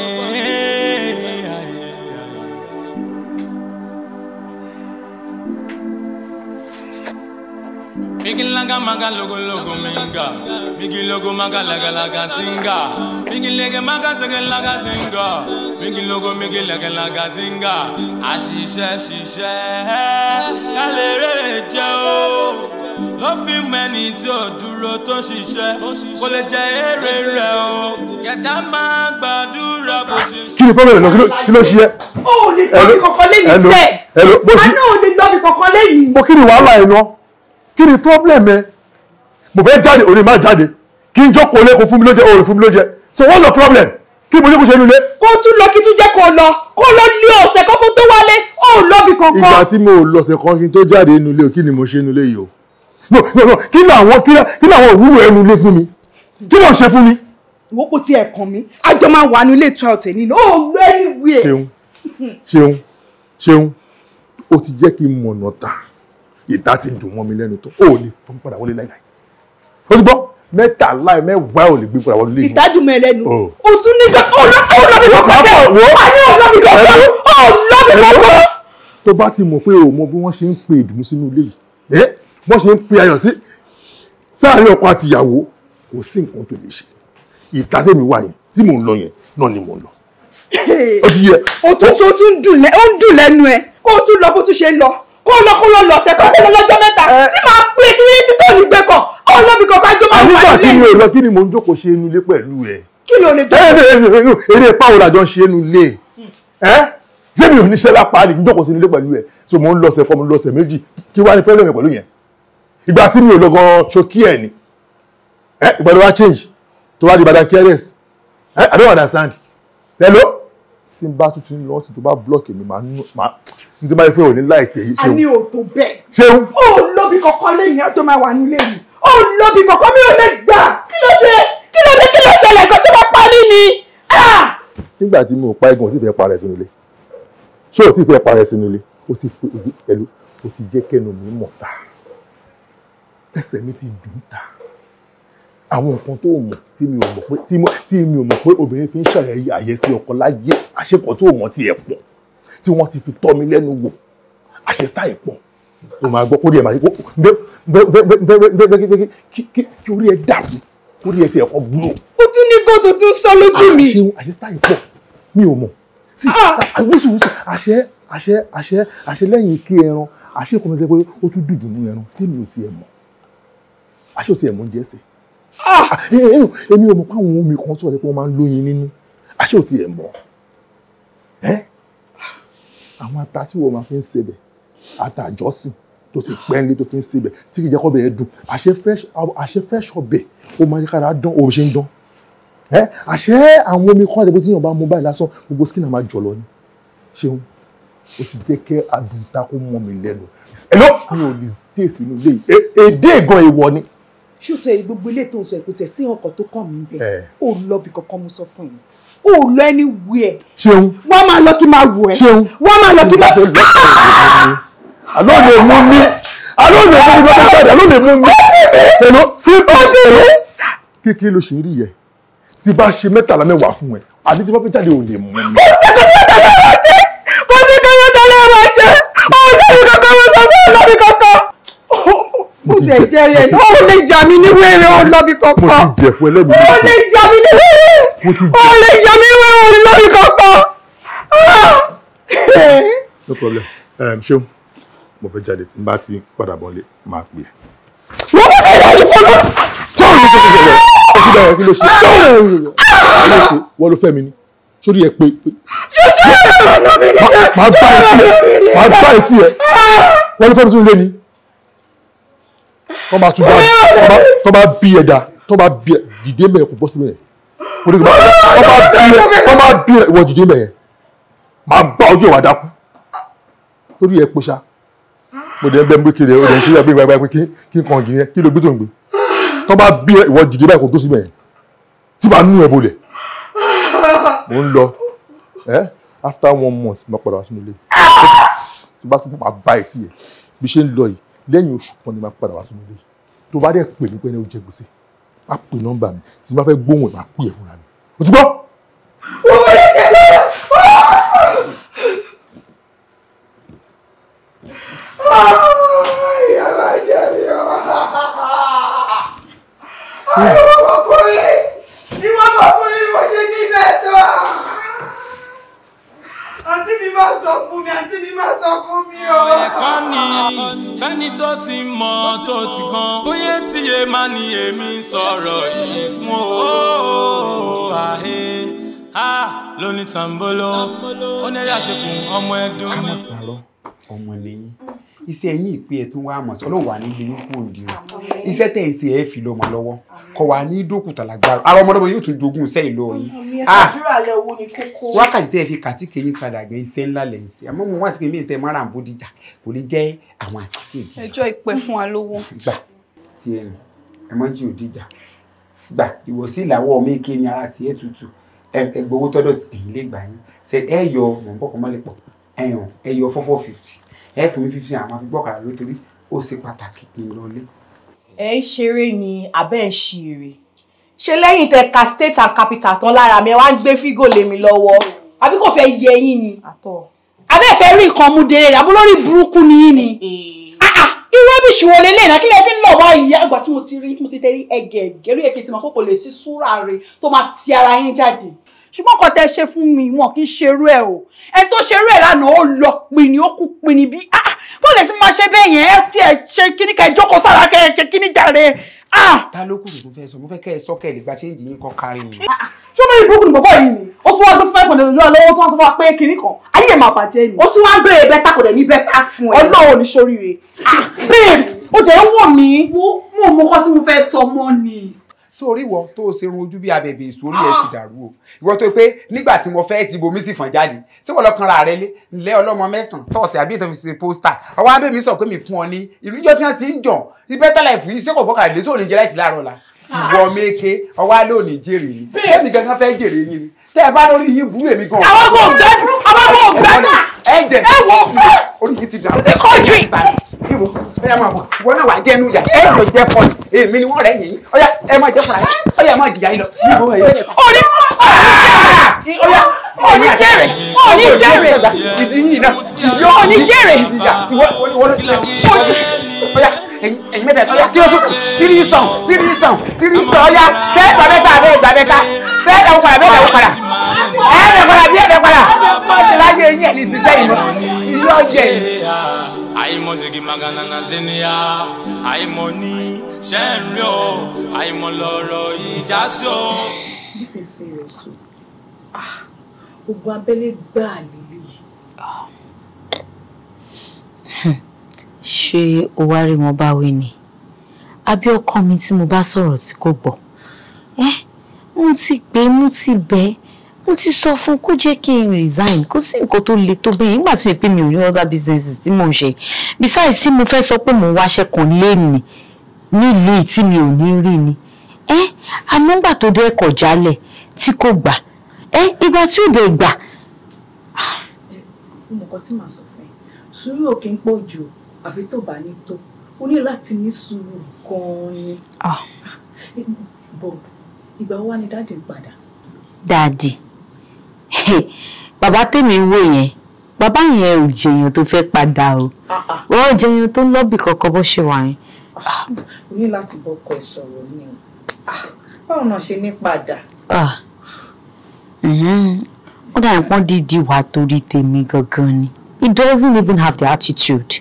Migilaga maga logo logo minga Migilogo maga laga laga singa Migilege maga zege laga zinga Migilogo migilege laga zinga Àṣìṣe ṣìṣe Kálẹ̀rẹ̀ jẹ́ o Ló fi mẹ́ni tí ò dúró tó ṣiṣẹ́ Kò lè jẹ èrè rẹ̀ o Kẹ̀dá máa gbàdúrà bó ṣe. Kí ni pọ́nbẹ̀rẹ̀ lọ? Kí ló O ò lè gbọ́ mi kankan lẹ́yìn sẹ́ẹ̀. Àná ò ni wàhálà ẹ̀ náà? kí ni problem ẹ mo fẹ́ jáde òní má jáde kí n jókòó lé kó fún mi lóúnjẹ òòrùn fún mi lóúnjẹ so what's the problem kí mo ní kó ṣe nulẹ̀. kó tún lọ kí tún jẹ́ kó lọ kó lọ lé ọ̀sẹ̀ kókó tó wálé ó lọ bí kankan. ìgbà tí mo lọ̀sẹ̀ kan kí n tó jáde inú ilé o kí ni mo ṣe inú ilé yìí o no no no kí ni àwọn kí ni àwọn òwúrò ẹnu ilé fún mi kí ló ń ṣe fún mi. ìwọ kò tiẹ̀ kàn mí àjọ máa wà ní ilé ìtura ọ̀tẹ̀ nínú ó lọ ẹni wí ẹ̀. ṣeun ṣeun ṣeun o ti jẹ́ kí n mọ̀nà tà ìta ti dùn mọ́ mi lẹ́nu tó o lè fún padà wọlé láìláì o ti gbọ́ mẹ́ta láì mẹ́wàá ò lè gbé padà wọlé yìí. ìtajú mẹ́ lẹ́nu oh. o tún ní ká ọlọ́bì kọ́kọ́ tẹ̀ àní ọlọ́bì kọ́kọ́ ọlọ́bì kọ́kọ́. tó bá ti mọ̀ pé o mọ bí wọ́n ṣe ń pe ìdùnnú sínú ilé yìí ẹ bọ́n ṣe ń pe ayọ̀ sí sáàrin ọkọ àti ìyàwó kò sí nǹkan tó lè ṣe ìta tèmi wà yẹn tí mò ń lọ yẹn náà ni mò ń lọ. o ti yẹ. o tún so tún dùn lẹ́nu ẹ kó o tún lọ bó tún ṣe ń lọ kó lọ kó lọ lọ̀sẹ̀ kan kó lọ lọ́jọ́ mẹ́ta tí màá pé kí ní títọ́ ní gbé kan ọlọ́bì kankan jó máa wà sílẹ̀. àbúkà kí ni òòlọ kí ni mò ń jókòó ṣe inú ilé pẹ̀lú ẹ. kí ló lè jẹ́. eré pàwọ́ làjọ ṣe inú ilé ẹ́ ṣé mi ò ní sẹ́lá parí ń jókòó sínú ilé pẹ̀lú ẹ̀ so mò ń lọ́sẹ̀ fọ́ mo lọ́sẹ̀ méjì kí wá ní pẹ́lẹ́mì ẹ ìgbà n ti máa fẹ́ òní láìkè yìí ṣeun. a ní òtò bẹ́ẹ̀. ṣeun. ó lóbi kọ̀ọ̀kan lẹ́yìn ẹ tó máa wà nílé mi ó lóbi kọ̀ọ̀kan mi ò lè gbà. kí ló dé kí ló dé kí ló ṣẹlẹ̀ nǹkan tó máa pa mí ni. Ah! nígbà tí mo pa igun ò tí fẹ́ parẹ́ sínú ilé ṣé ò tí fẹ́ parẹ́ sínú ilé ó ti fi ojú pẹ̀lú ó ti jẹ́ kẹ́nu mi mọ̀ ta ẹsẹ̀ mi ti dùn ta àwọn nǹkan tó mọ̀ tí mi ò mọ̀ pé obìnrin fi ń ṣàyẹ̀yẹ àyẹ̀sí ọkọ láyé àṣepọ̀ tó mọ̀ ti ẹ̀ pọ̀ tí wọ́n ti fi tọ́ mi lẹ́nu wò àṣetá ẹ̀ pọ̀ tó máa gbọ́ kórìí ẹ̀ máa ṣe kí orí ẹ̀ dàrú kórìí ẹ̀ fi ẹ̀kọ́ gbúrò. ó tún ní kó tó tún sọ lójú mi. àṣetá ẹ̀ pọ̀ mi ò mọ̀ sí àgbésùwùsù ah! àṣẹ àṣẹ àṣẹ àṣẹ lẹ́yìn ike ẹran àṣẹ kò mọ̀ pé ó tún dùdù nínú ẹran tèmi ò tiẹ̀ mọ̀ àṣẹ ò tiẹ̀ mọ̀ oúnjẹ ah! ah, ẹsẹ̀ èmi ò mọ̀ pé àwọn omi kan tó wà ní pé wọ́n máa ń lóyin nínú àṣẹ ò tiẹ̀ mọ̀ ẹ́ àwọn ata tí wọ́n máa fi ń sebẹ̀ àtàjọ́sìn tó ti pẹ́ńlé tó fi ń sebẹ̀ tí kìí jẹ́ kọ́ bẹ̀rẹ̀ dùn àṣẹ fresh àṣẹ fresh ọbẹ̀ ó máa jẹ́ kára dán òun ṣe ń dán ẹ àṣẹ àwọn omi kọ́ àdébó tí yàn bá mú báyìí lásán gbogbo skin náà máa jọ̀lọ̀ ni ṣeun ó ti jẹ́ kẹ́ adùn ta kó mọ́ mi lẹ́nu ẹ̀lọ́ mi ò lè stay sínú ilé yìí e, èdè gan èèwọ̀ ni. ṣùtọ̀ gbogbo ilé tó ń sọ ìpìtẹ̀ sí ọkọ̀ tó kàn mí bẹ́ẹ̀ ó lọ́ọ̀bì kankan mú sọ fún mi o ò lọ anywhere. ṣeun wọ́n máa lọ kí n máa wò ẹ́. ṣeun wọ́n máa lọ kí n máa fẹ́ lọ. àlọ́ lè mú mi àlọ́ lè mú mi lọ́dọ̀ tàbí àlọ́ lè mú mi. èlò fífà èlò kékeré ló ṣe rí yẹ tí bá ṣe mẹ́tàlá mẹ́wàá fún ẹ àti tí bá fi jáde ò lè mú mi. kò sí kẹ́kẹ́ tẹ́lẹ̀ máa ṣe kò sí kẹ́kẹ́ tẹ́lẹ̀ máa ṣe ọ̀dọ́ ìlú kankan mo sọ fún ọlọ́bì kankan. mo sì jẹ́ yẹn ó lè jà mí ní wẹ́rẹ́ ọlọ́bì kankan. mo ti jẹ̀ fún ẹlẹ́mìí. ó lè jà mí ní mo ti jẹ́. ọ̀rẹ́ ìyá mi wẹ̀ orí lórí kankan. no problem ṣeun mo fẹ́ jáde tí n bá ti padà bọ̀ lé máa pè é. mo bá ṣe ìdájú fọlọ. jọ́wọ́ ló ṣe jẹ̀rẹ̀ o ṣe bẹ̀rẹ̀ kí ló ṣe jọ́wọ́ ló ṣe wọ́n ló fẹ́ mi ni sórí ẹ pé. màá bá etí ẹ màá bá etí ẹ wọ́n ló fẹ́ mi sínú ilé ni wọ́n bá tún bá tọ́ bá bí ẹ̀dá tọ́ bá bí ẹ̀ dìde mẹ́ẹ̀kú bọ́ sí mẹ́ẹ̀ orí kìí ah, wọ́n máa bí rẹ̀ wọ́n jìdí mẹ́yẹn máa gbá ojú ìwà dákú lórí ẹ̀ pọ́ṣá mo dẹ̀ ń bẹ́ ń gbé kiri ẹ̀ ọ̀dẹ̀ ń ṣílẹ̀ gbégbá gbé kí n kàn jìnnì kí ló gbé tó ń gbé tó bá bí rẹ̀ wọ́n jìdí báyìí kò tó sí mẹ́yẹn tí bá nú ẹ̀ bolẹ̀ mo ń lọ ẹ́ after one month mo padà wá sínú ilé tó bá tún máa bá ẹ̀ tí yẹ bí ṣe ń lọ yìí lẹ́yìn oṣù kan ni á pè nọ́mbà mi tí n bá fẹ́ gbóhùn ẹ̀ máa pè é fúnra mi o ti gbọ́. owó lè jẹ lọ́wọ́. ìyàrá jẹ mi o. àwọn ọmọkùnrin ni wọn kọkùnrin mo ṣe níbẹ̀ tó àǹtí mi máa sọ fún mi àǹtí mi máa sọ fún mi o. ẹ̀kọ́ ni fẹ́ni tó ti mọ̀ tó ti gbọ́n bóyá tíye máa ní èmi sọ̀rọ̀ yìí fún o. Oh, àhẹ a lóní tàǹbóló ó ní ẹ̀yà ṣe kùn ọmọ ẹ̀dùn. ọmọ ẹ̀dùn ọmọ ẹ̀dùn iṣẹ́ yín ìpè ẹ̀ tó wá mọ̀ sí ọlọ́run wà ní ilé yín kúrò nídìí o iṣẹ́ tẹ̀ ń ṣe ẹ̀ fi lọ́mọ lọ́wọ́ kọ wà ní dókùtà lágbára ara ọmọdébọ yóò tún jogún iṣẹ́ ìlú ọyìn ah! wákàtí tẹ́ ẹ fi kàtíkè yín padà gbé iṣẹ́ ńlá lẹ̀ ń ṣe àmọ́ mo wá àtìkè mí tẹ́ mara àbó dìjà kò ní jẹ́ àwọn àtìkè ìdíjà. ẹjọ́ ìpẹ́ fún wa lówó. gbà tiẹ̀ tutù ẹgbẹ̀wó ẹ fún mi fífi àwọn afigbọ́kàrà ló torí ó ṣe pàtàkì kí n lọlé. ẹ ń ṣeré ni abẹ́ ń ṣe eré ṣe lẹ́yìn tẹ ka state and capital tán lára mi ẹ wá ń gbé fígò lèmi lọ́wọ́ àbí kò fẹ́ yẹ yín ni abẹ́ fẹ́ rí nǹkan mú délé àbú lórí burúkú ni yín ni ah, ah, irú rubbish wo lélẹ̀ náà kí lè fi ń lọ wá ìyá àgbà tí mo ti rí tí mo ti tẹ́rí ẹgẹ̀ẹ́gẹ́ lóye kí n ti kò lè sí súra rẹ̀ tó máa ti ara yín jáde ṣùgbọ́n kò tẹ́ ṣe fún mi wọn kì í ṣerú ẹ̀ o ẹ tó ṣerú ẹ̀ lánàá ó lọ pinni ó kú pinni bí ah bó lè ṣe máa ṣe bẹ́ẹ̀ yẹn ẹ ṣe kíní ká ẹ jókòó sára kẹ ẹ ṣe kíní jàre ah. ta ló kùrù tó fẹ́ mo fẹ́ kẹ́ ẹ sọ kẹ́ ẹ lè yín kọ́ kárí mi. Ah, ah. ṣé o bẹ́ẹ̀ ìbúkú ni bàbá yìí ni ó tún wá gbé fún ẹ̀kọ́ lọ́wọ́ lọ́wọ́ tó wá sọ fún wa pé kíní kan ayé máa bàjẹ́ ni. ó tún wá gbé bẹ́tà kò dẹ̀ ní bẹ́tà fún ẹ. ọlọ́run ò ní ṣoríire. Ah, babes ó jẹ́ wọ̀n mi. mo mọ̀ kọ́ tí mo fẹ́ sọ mọ́ ni sórí ìwọ tó o ṣerun ojú bí abẹ̀bẹ̀ ìsórí ẹ ah! ti dàrú o ìwọ tó pé nígbà tí mo fẹ́ ti bomi sì fọ̀n jáde sí wọ́n lọ́kàn ra rẹ lé ńlẹ́ ọlọ́mọ mẹ́sàn-án tọ̀sẹ̀ àbí ìtàn fi ṣe pósítà àwọn abẹ́ mi sọ pé mi fún ọ ní ìlú jọ tí wọ́n ti ń jàn ibẹ̀ tẹ́lẹ̀ fún iṣẹ́ kò bọ́kà lé sóòní jẹ́ láìsí láàárọ̀ la ah! ìwọ méke ọwọ́ alóòní jèrè ni bẹ́ẹ̀ ni gangan fẹ́ jèrè yín ni tẹ́ ẹ bá lórí yín burú èmi gan. àwọn kò gbẹ àwọn kò gbẹ náà. ẹ jẹ ẹ wọ orí yìí ti dàrú. sísè kọ́ńtì. ìwọ ẹ máa bọ̀ ìwọ náà wà á jẹnu yà ẹ yọ jẹ pọ́n èmi ni wọ́n rẹ̀ yìí ọ̀yà ẹ máa jẹ fúnra yẹn ọ̀yà máa jìyà yìí lọ. orí òní jèrè òní jèrè ìdí yìí náà òní jèrè ìdí yà ìwọ òní ẹ̀yin mẹ́tẹ̀ẹ̀ta ọ̀yá sí ojú sírí sàn sírí sàn sírí sàn ọ̀yá sẹ́ ẹ̀gbà mẹ́ta àbẹ́ ẹ̀gbà mẹ́ta sẹ́ ẹ̀dẹ̀wò padà bẹ́ẹ̀ ẹ̀dẹ̀wò padà ẹ̀ẹ́dẹ̀ padà bí ẹ̀dẹ̀ padà láyé eyín ẹ̀ ní sísẹ́ ìmọ̀ ìyá ọ̀jẹ̀ yìí. àìmọ̀ sèkì magana na zenia àìmọ̀ ní sẹ́ńrì o àìmọ̀ ìjà sí This is serious o. ogun abẹ́lé gbáà lélẹ́yìí ṣé o wá rí wọn bá wí ni àbí ọkọ mi tí mo bá sọ̀rọ̀ tí kò gbọ́ ẹ́ mo ti gbé mo ti bẹ́ mo ti sọ fún kó jẹ́ kí n resign kó sí nǹkan tó le tó bẹ́ẹ̀ nígbà tó yẹ pé mi ò ní other businesses tí mò ń ṣe besides tí mo fẹ́ sọ pé mò ń kan léènì nílùú tí mi ò ní rí ni ẹ́ anúgbà tó dé ẹ̀kọ́ jálẹ̀ tí kò gbà ẹ́ ìgbà tí ò dé gbà. Ah, mo mọ̀ kọ́ tí màá sọ fún ẹ sùúrù òkè ń pọ̀ jù o àfi tó bá ní tó o ní láti ní sùúrù gan-an ni ah. but ìgbà wo wá ni dáàdì ń padà. dáàdì bàbá tèmi wò yẹn bàbá yẹn ò jẹyàn tó fẹ́ padà o wọn ò jẹyàn tó ń lọ́bì kankan bó ṣe wà yẹn. Ah, o ní láti bọ́kọ ẹ̀ sọ̀rọ̀ ni o ah, báwo náà ṣe ní padà. ó dà pọ́n dídí wà torí tèmi gangan ni he doesn't even have the attitude.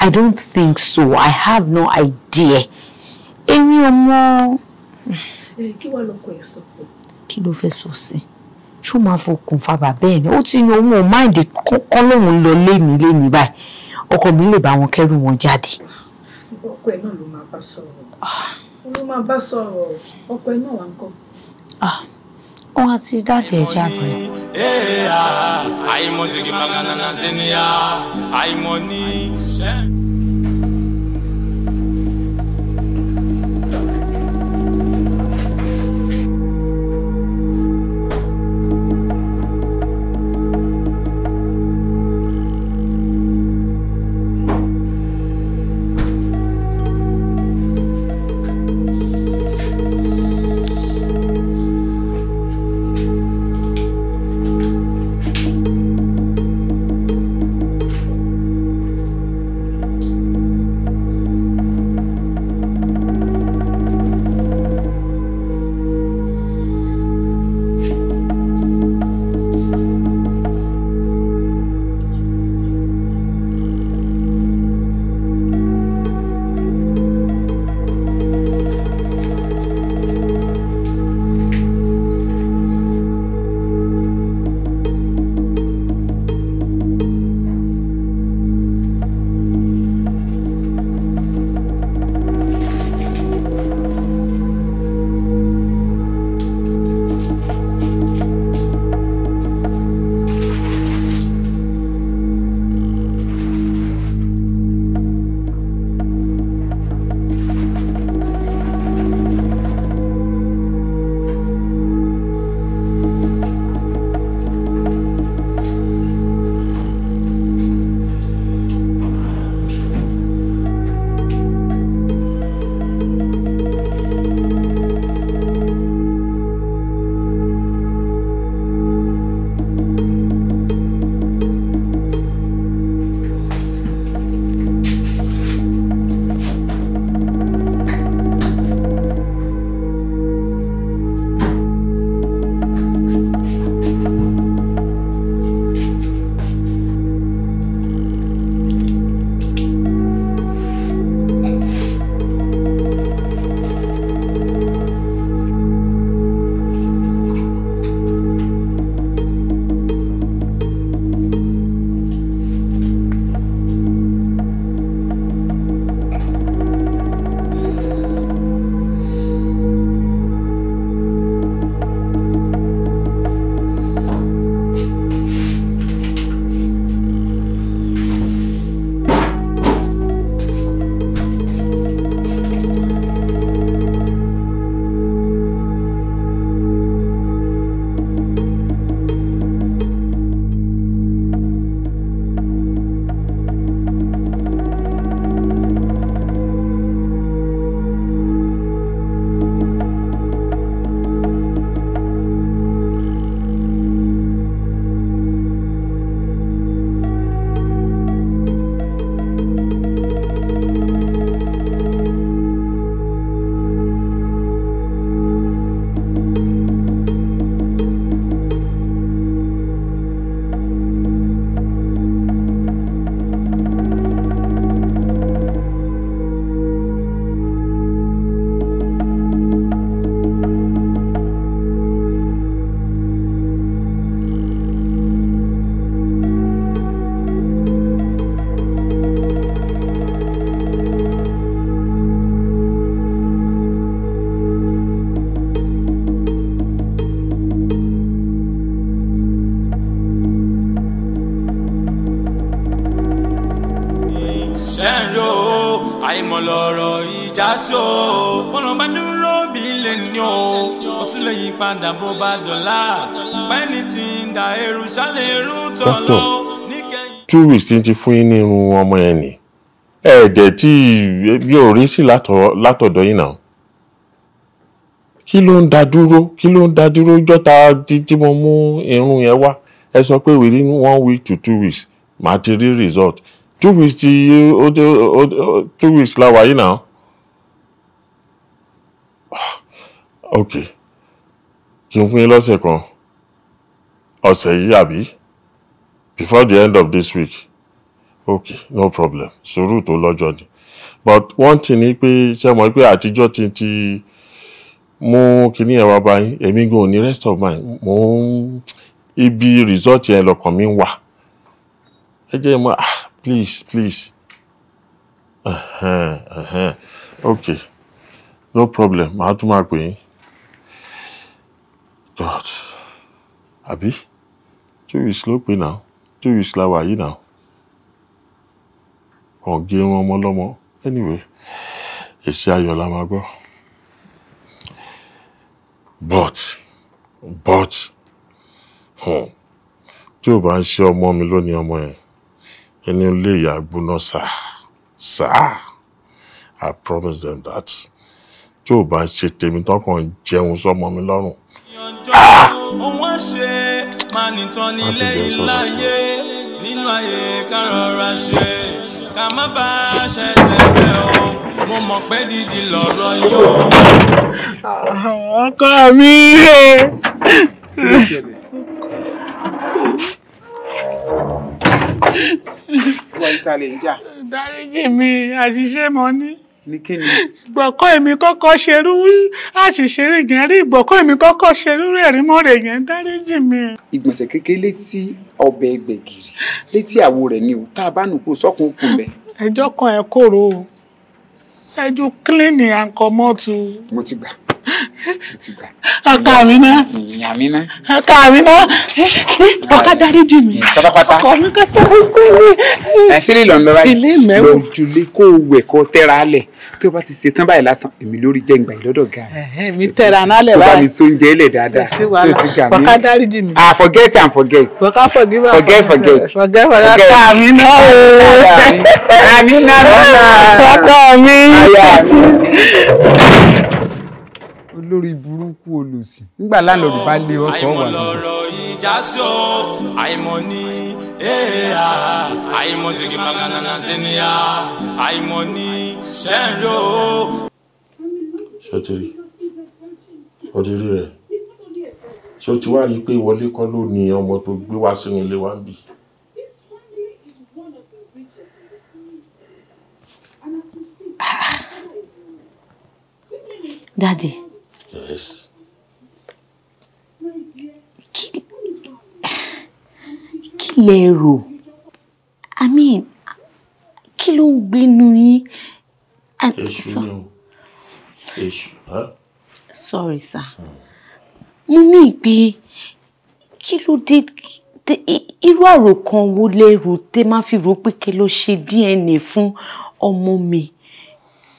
I don't think so. I have no idea. Èmi ò mọ̀. Kí wá lọ́kọ ẹ̀ sọ sí? Kí ló fẹ́ sọ sí? Ṣó máa fokùn fa bàbá ẹ̀ ni? Ó ti ní òun ò máìndì kọ́ lóun lọ lémi lémi báyìí. Ọkọ mi lè bá wọn kẹ́rù wọn jáde. Ọkọ ẹ̀ náà ló máa bá sọ̀rọ̀. Ah. Ló máa bá sọ̀rọ̀. Ọkọ ẹ̀ náà wà ń kọ́. Ah wọn àti dáàdì jáde. àìmọ̀ ṣègbè magana náà ṣe ni àìmọ̀ ní. padà bó bá dọ̀là pẹ́ẹ́lí ti ń da eru ṣálẹ̀ eru tọ̀ lọ. two weeks ti ti fún yín ní irun ọmọ ẹ̀ nì ẹ dẹ̀ tí yóò rí sí látọ̀dọ̀ yín náà kí ló ń da dúró kí ló ń da dúró jọ́ta tí mo mú irun yẹn wá ẹ sọ pé within one week to two weeks màá ti rí result two weeks ti two weeks la wà yìí náà ok kí n fún yín lọ́sẹ̀ kan ọ̀sẹ̀ yìí àbí before the end of this week okay no problem sùúrù tó lọ́jọ́ ni but one thing ni pé ṣe mọ̀ pé àtijọ́ ti ti mú kíní ẹ̀ wá báyìí èmi gan ní rest of mind mò ń ibi resort yẹn lọ́kàn mi wà ẹ jẹ́ mọ́ ah please please uh-huh, uh-huh. okay no problem màá tún máa pè yín. God. Àbí? Two weeks ló pé náà. Two weeks la wà yìí náà. Ọ̀gẹ́ wọn ọmọ lọ́mọ. Anyway, èsì ayọ̀ la máa gbọ́. But, but, hmm, tí ò bá ń ṣe ọmọ mi lónìí ọmọ yẹn, ẹni ilé ìyá gbóná sáà, sáà. I promise them that. Tí ò bá ń ṣe tèmi tọkàn jẹun sọmọ mi lọ́rùn òun ah! ṣe máa nìtàn ọkọ mi rè. dáríjì mi àṣìṣe mọ́ ní ní kíni. gbọ̀kọ́ èmi kọ́kọ́ ṣerú àṣìṣe rẹ̀ yẹn rí gbọ̀kọ́ èmi kọ́kọ́ ṣerú rẹ̀ rí mọ́ rẹ̀ yẹn dáríjì mi. ìgbọ̀nsẹ̀ kékeré létí ọbẹ̀ gbẹ̀gìrì létí àwo rẹ̀ ni o tá a bá nù kó sọ́kùn kùn bẹ́ẹ̀. ẹjọ́ kan ẹ kóró o ẹjú clean and comot o. mo ti gbà ọkọ mi mọ ọkọ mi mọ ọkọ dáríjì mi ọkọ mi kọ tó wípé. ẹ sílẹ̀ lọ́nà báyìí ilé mẹ́wò lójúlé kó o wẹ̀ kó o tẹ́ra lẹ̀ tí o bá ti ṣetán báyìí lásán èmi lórí jẹ́ ìgbà ìlọ́dọ̀ ga. mi tẹ̀ra nálẹ̀ báyìí tó bá mi so oúnjẹ ilẹ̀ dáadáa tí o ti mí. ah forget and forget. bọ́ká forgive forget. forget forget. forget ọkọ mi náà o. àmì ọkọ mi. olórí burúkú olùsìn nígbà láńlọ́ọ̀dù bá lé ọkọ̀ wà lọ́wọ́ jásí o àìmọ̀ ní èèyà àìmọ̀ ṣègbè maganana zeniya àìmọ̀ ní ṣẹ́ńrò. ṣọtiri òdìrí rẹ ṣé o ti wá yí pé kọ́ ló ní ọmọ tó gbé wá sínú ilé wa ń bì. Daddy. Yes. Kí lẹ rò? I mean, kí ló ń gbénu yín? Èṣù ni o. Èṣù. Sorry sir. Hmm. Mo ní ìgbé kí ló dé irú àròkàn wo lẹ rò máa fi rò pé kí ló ṣe DNA fún ọmọ mi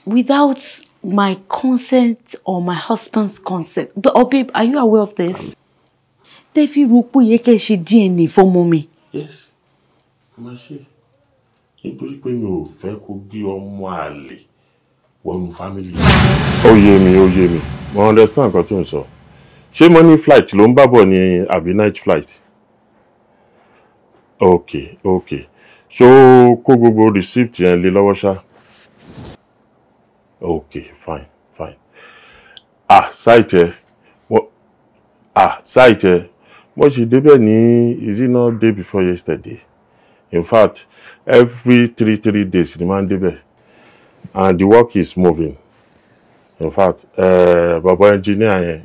without my consent or my husband's consent. But oh babe, are you aware of this? Tẹ́ fi rò pé yẹ kẹ́ ṣe DNA fọ́mọ mi. Yes, màá ṣe. Nítorí pé mi ò fẹ́ kó gbé ọmọ àlè wọnú fámìlì. Ó yé mi, ó yé mi. Mo understand nǹkan tó ń sọ. Ṣé flight ló ń bá ni àbí night flight? Okay, okay. So kó gbogbo receipt yẹn lé lọ́wọ́ ṣáá? okay fine fine ah site ẹ ah site ẹ wọ́n ṣì ní is it not day before yesterday in fact every three three days ni man ń and the work is moving in fact uh, eh, baba engineer yẹn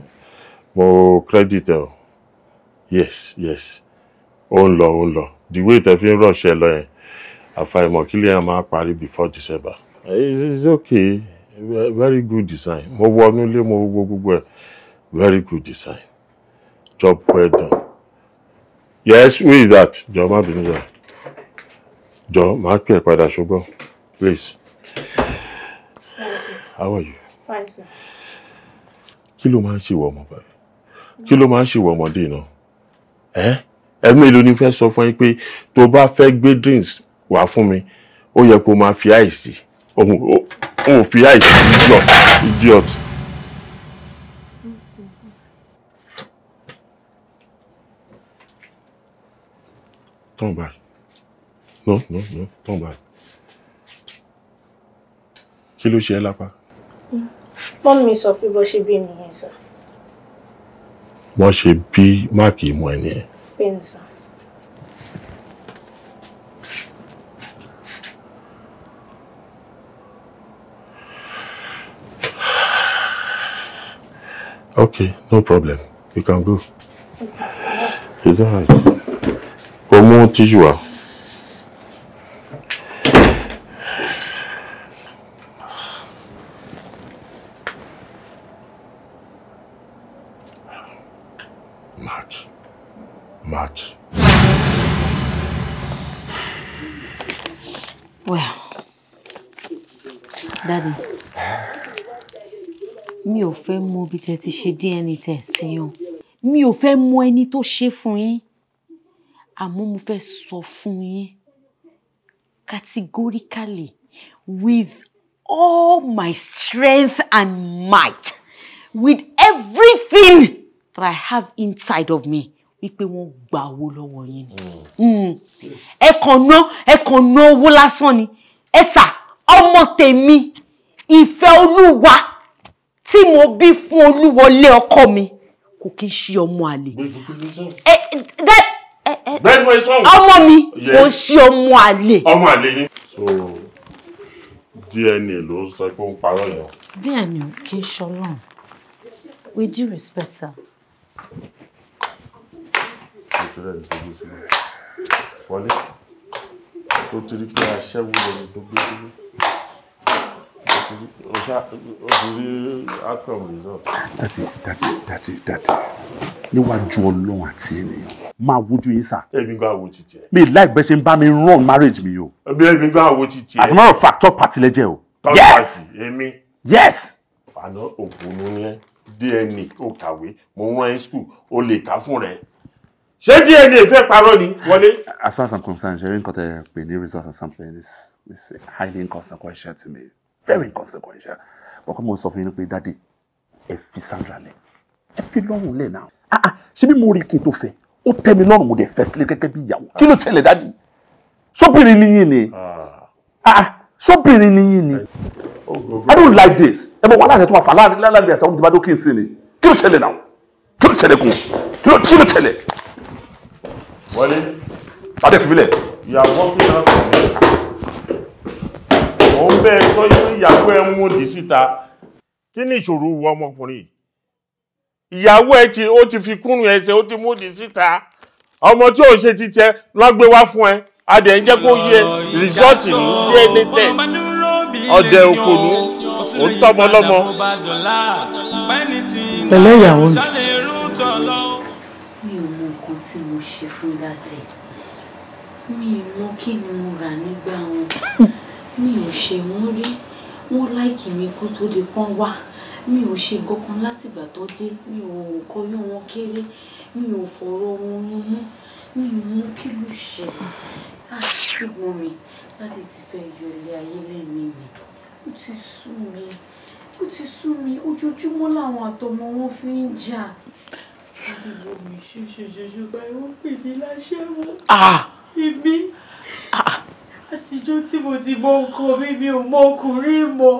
mo credit ẹ o yes yes ó ń lọ ó ń lọ the way tẹ fi ń rọ̀ṣẹ́ lọ yẹn àfàìmọ̀ kílíọ̀n máa parí before December eh, it's, it's okay very good design mo wọnú ilé mo wo gbogbo ẹ̀ very good design job well done yes who is that jọ̀ọ́ má bínú jọ̀ọ́ jọ̀ọ́ máa pè é padà ṣùgbọ́n please how are you. fine sir. kí ló máa ń ṣèwọ ọmọ báyìí kí ló máa ń ṣèwọ ọmọdé náà ẹ ẹmí èlò ni fẹ́ sọ fún yín pé tó bá fẹ́ gbé drinks wá fún mi ó yẹ kó máa fi àìsí ohun Oh ò fi àìsí idiot idiot. Turn back. No, no, no, turn back. Kí ló ṣe ẹ́ lápá? Mọ́mí sọ pé se ṣe bí nìyẹn sà. Wọ́n ṣe bí máàkì ìmọ̀ ẹ̀ nìyẹn. Bẹ́ẹ̀ni Okay, no problem. You can go. Okay. It's all right. Comment tu joues tẹ́ ti ṣe DNA test yàn mi ò fẹ́ mọ ẹni tó ṣe fún yín àmọ́ mo fẹ́ sọ fún yín categorically with all my strength and might with everything that I have inside of me wípé wọ́n gba owó lọ́wọ́ yín ni hmm. ẹ kàn ná ẹ kàn ná owó lásán ni ẹ sà ọmọ tèmi ìfẹ́ olúwa tí mo bí fún olúwọlé ọkọ mi kò kí n ṣe ọmọ àlè. bẹ́ẹ̀ni ẹ sọ̀rọ̀ ọmọ mi kò ṣe ọmọ àlè. ọmọ àlè yín. so DNA ló ń sọ pé ó ń parọ́ yẹn. DNA ò kí n ṣọlọ́run with due respect sir. ìtura ẹ̀ ti gbé sílẹ̀ wọlé tó ti rí pé aṣẹ́wó lẹni tó gbé sílẹ̀ ti o ṣá o ti rí outcome result. dati dati dati dati níwájú ọlọ́run àti ènìyàn máa wojú yín sà. èmi gba àwo títì ẹ. mi láì bẹ́ẹ̀ ṣe ń bá mi run marriage mi o. èmi gba àwo títì ẹ. as a matter of fact top party lẹ jẹ o. top party èmi. yes. àná òkùnrin yẹn dna ó kàwé mo ń rán ẹ school o lè kà fún rẹ ṣé dna fẹ́ parọ́ ni wọlé. as far as i'm concerned sharing nkan tẹ pé ní result or something is is highly inconsequential to me very consequential ọkọ mo sọ fún yín pé dáàdi ẹ fi Sandra lẹ ẹ fi lọ́rùn lẹ̀ náà ah ah ṣé bí mo rí kí n tó fẹ́ ó tẹ́ mi lọ́rùn mo dẹ̀ fẹ́ sílé gẹ́gẹ́ bí ìyàwó kí ló tẹ̀lé dáàdi ṣọ́bìnrin ni yín ni ah ah ṣọ́bìnrin ni yín ni I don't like this ẹ bọ wàhálà àti ẹtọ́ àfàlà láàrin àti àwọn ìdìbàdàn kí n sí ni kí ló tẹ̀lé náà kí ló tẹ̀lé kù kí ló tẹ̀lé. wọlé. adé fi mi lẹ. you are working out bẹ́ẹ̀ sọ yóò ìyàwó ẹ mú dì síta kí ni ìṣòro wọ ọmọkùnrin ìyàwó ẹ ti ó ti fi kúrùn ẹsẹ̀ ó ti mú dì síta ọmọ tí ò ṣe ti tẹ lọ́gbé wá fún ẹ adẹ̀ ń jẹ́ kó yẹ rìsọ́ọ̀tì ní DNA test ọdẹ òkòlù ò ń tọ́mọ pẹ̀lẹ́ ìyàwó mi. mi ò mọ nǹkan tí mo ṣe fún dáadé mi ò mọ kí ni mo rà nígbà wọn mi ò ṣe wọ́n rí wọ́n láìkì mi kó tó di pọ́n wá mi ò ṣe nǹkan kan látìgbà tó dé mi ò kọyán wọn kéré mi ò fọ̀rọ̀ wọn mú mi ò mú kí ló ṣe àṣìwọ̀n mi láti ti fẹ́ yọ ilé ayé lẹ́mí mi ó ti sú mi ó ti sú mi ojoojúmọ́ làwọn àtọmọ wọn fi ń jà àdìbò mi ṣoṣoṣoṣo báyìí wọ́n pè mí láṣẹ́wọ́ ibi. Ah! àtijọ́ tí mo ti mọ nǹkan mi mi ò mọ ọkùnrin mọ́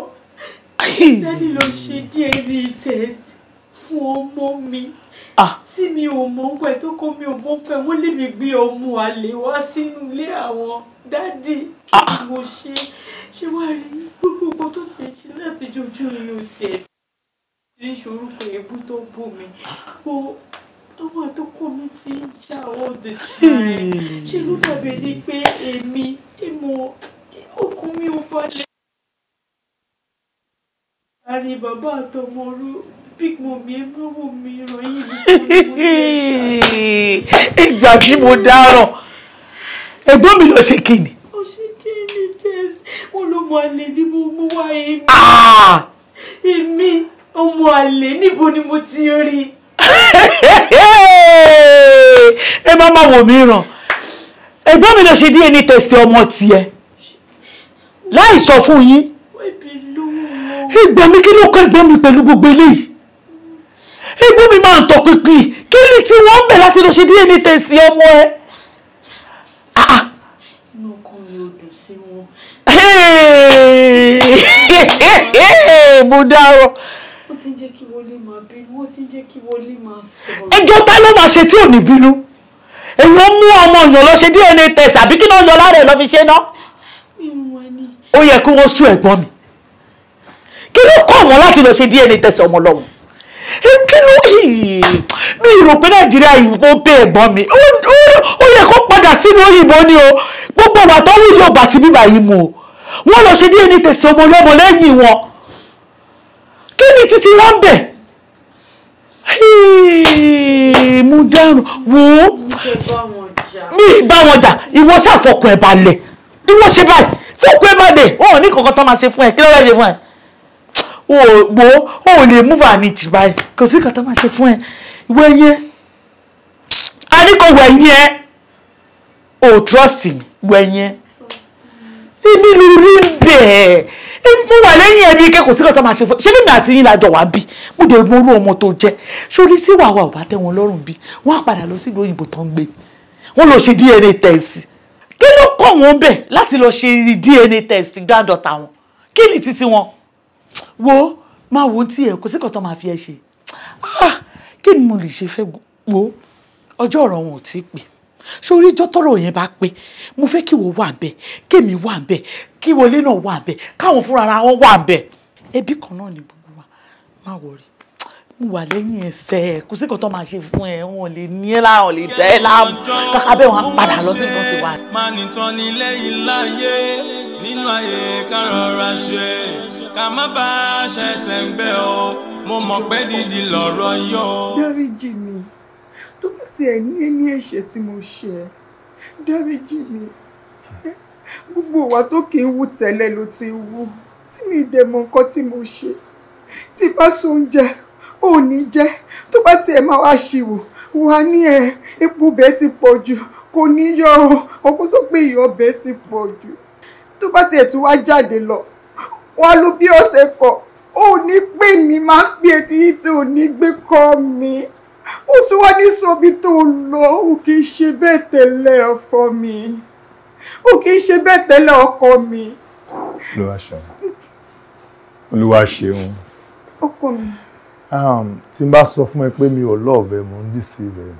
dádì ló ṣe DNA test fún ọmọ mi ah. tí mi ò mọ pẹ tó kó mi ò mọ pẹ wọ́n lè mi gbé ọmọ àlè wá sínú ilé àwọn dádì kí mo ṣe ṣé wàá rí gbogbo nǹkan tó ti ṣe láti jojú iye òsè ní ìṣòro pé ebú tó bù mí àwọn àtọkọ mi ti ń jà all the time hmm. ṣe ló dàbí ẹni pé èmi ìmọ̀ okùn mi ò balẹ̀. àárín bàbá àtọmọ rú big mom mi ẹmọ́wọ́ mi ràn yín. ìgbà bí mo dáràn ẹ̀gbọ́n mi ló ṣe kí ni. ó ṣe daily test wọn ló mọ àlè ní mo mú wá èmi. Ah! èmi ọmọ àlè níbo ni mo ti rí i ẹ má má wò mí ràn ẹ̀gbọ́n mi ló ṣe DNA test ọmọ tiẹ̀ láì sọ fún yín ẹ̀gbọ́n mi kí ló kọ ẹ̀gbọ́n mi pẹ̀lú gbogbo eléyìí ẹ̀gbọ́n mi máa ń tọpinpin kí ni tí wọ́n ń bẹ̀ láti lọ ṣe DNA test ọmọ ẹ. Ah, ah. inú ọkọ mi ò dùn ẹjọ́ tá ló máa ṣe tí ò ní bínú èyí ó mú ọmọ èèyàn lọ ṣe DNA test àbí kí náà yọ lára ẹ̀ lọ́ fi ṣe ná ó yẹ kí wọ́n sún ẹ̀gbọ́n mi kí ló kọ́ wọn láti lọ ṣe DNA test ọmọ lọ́wọ́ kí ló mi rò pé nàìjíríà ìbò bẹ ẹ̀gbọ́n mi ó yẹ kó padà sínú òyìnbó ni o gbogbo wa tó wù yóò bá ti bíbà yìí mu o wọ́n lọ ṣe DNA test ọmọ lọ́mọ lẹ́yìn wọn kí ni títí wọn bẹ̀ mo dárùn wo mi bá wọn jà ìwọ ṣáà fọkàn ẹ balẹ̀ bí wọ́n ṣe báyìí fọkàn ẹ balẹ̀ wọn ò ní kankan tó máa ṣe fún ẹ kí ló fẹ́ ṣe fún ẹ o wo o ò lè move an inch báyìí kò sí kankan tó máa ṣe fún ẹ ìwọ ẹyẹ a ní kò wẹ̀ yẹn o trust me wẹ̀ yẹn èmi ló rí bẹ́ẹ̀ mo wà lẹ́yìn ẹbí kẹ́kọ̀ọ́ sí kọ́ta máa ṣe fún ṣé nígbà tí yín lajọ wá bí mo dẹ̀ mọ orú ọmọ tó jẹ́ sórí sí wàá wà ò bá tẹ́ wọn lọ́rùn bí wọ́n á padà lọ sílùú òyìnbó tó ń gbé wọ́n lọ ṣe DNA test kí ló kọ́ wọn bẹ̀ láti lọ ṣe DNA test granddaughter wọn kí ni títí wọn wo máa wo tí ẹ sí kọ́ta máa fi ẹ ṣe ah, kí ni mo lè ṣe fẹ́ wo ọjọ́ ọ̀rọ̀ wọn ò tí ì pè sórí ìjọ tọrọ yẹn bá pé mo fẹ́ kí wo wà ń bẹ kémi wà ń bẹ kí wọlé náà wà ń bẹ káwọn fúnra ara wọn wà ń bẹ ẹbí kan náà ni gbogbo wa má wọrí mo wà lẹ́yìn ẹsẹ̀ kò sí nǹkan tó máa ṣe fún ẹ wọn lè ní ẹ láwọn lè dá ẹ láàmú kàkà bẹ́ẹ̀ wọ́n á padà lọ sí nǹkan ti wà. máa ní tán ní lẹ́yìn láyé nínú ayé ká rọra ṣe ká má bàa ṣẹ̀ṣẹ̀ ń gbẹ o mo mọ̀ pé dídì lọ̀rọ̀ yọ. dáríjì mi tó bá ti ẹ̀ ní ní ẹ̀ṣẹ̀ tí mo ṣe ẹ́ dáríjì mi gbogbo ìwà tó kì í wù tẹ́lẹ̀ ló ti wù tí mi dẹ̀ mọ nǹkan tí mo ṣe tí bá so oúnjẹ ò ní jẹ tó bá tiẹ̀ máa wá ṣìwò wà ní ẹ epo bẹ́ẹ̀ ti pọ̀ jù kò ní yọ ọkọ sọ pé ìyọ bẹ́ẹ̀ ti pọ̀ jù tó bá tiẹ̀ tún wá jáde lọ wà ló bí ọ̀sẹ̀ kọ̀ ò ní pè mí máa ń pè etí yìí ò ní gbé kọ́ mi ó tún wá ní sóbi tó lọ ó kì í ṣe bẹ́ẹ̀ tẹ́lẹ̀ ọkọ mi ó kì í ṣe bẹ́ẹ̀ tẹ́lẹ̀ ọkọ mi. olúwa ṣeun olúwa ṣeun. ọkọ mi. Um, tí n bá sọ fún ẹ pé mi ò lọ́ọ̀vẹ́ mo ń deceive ẹ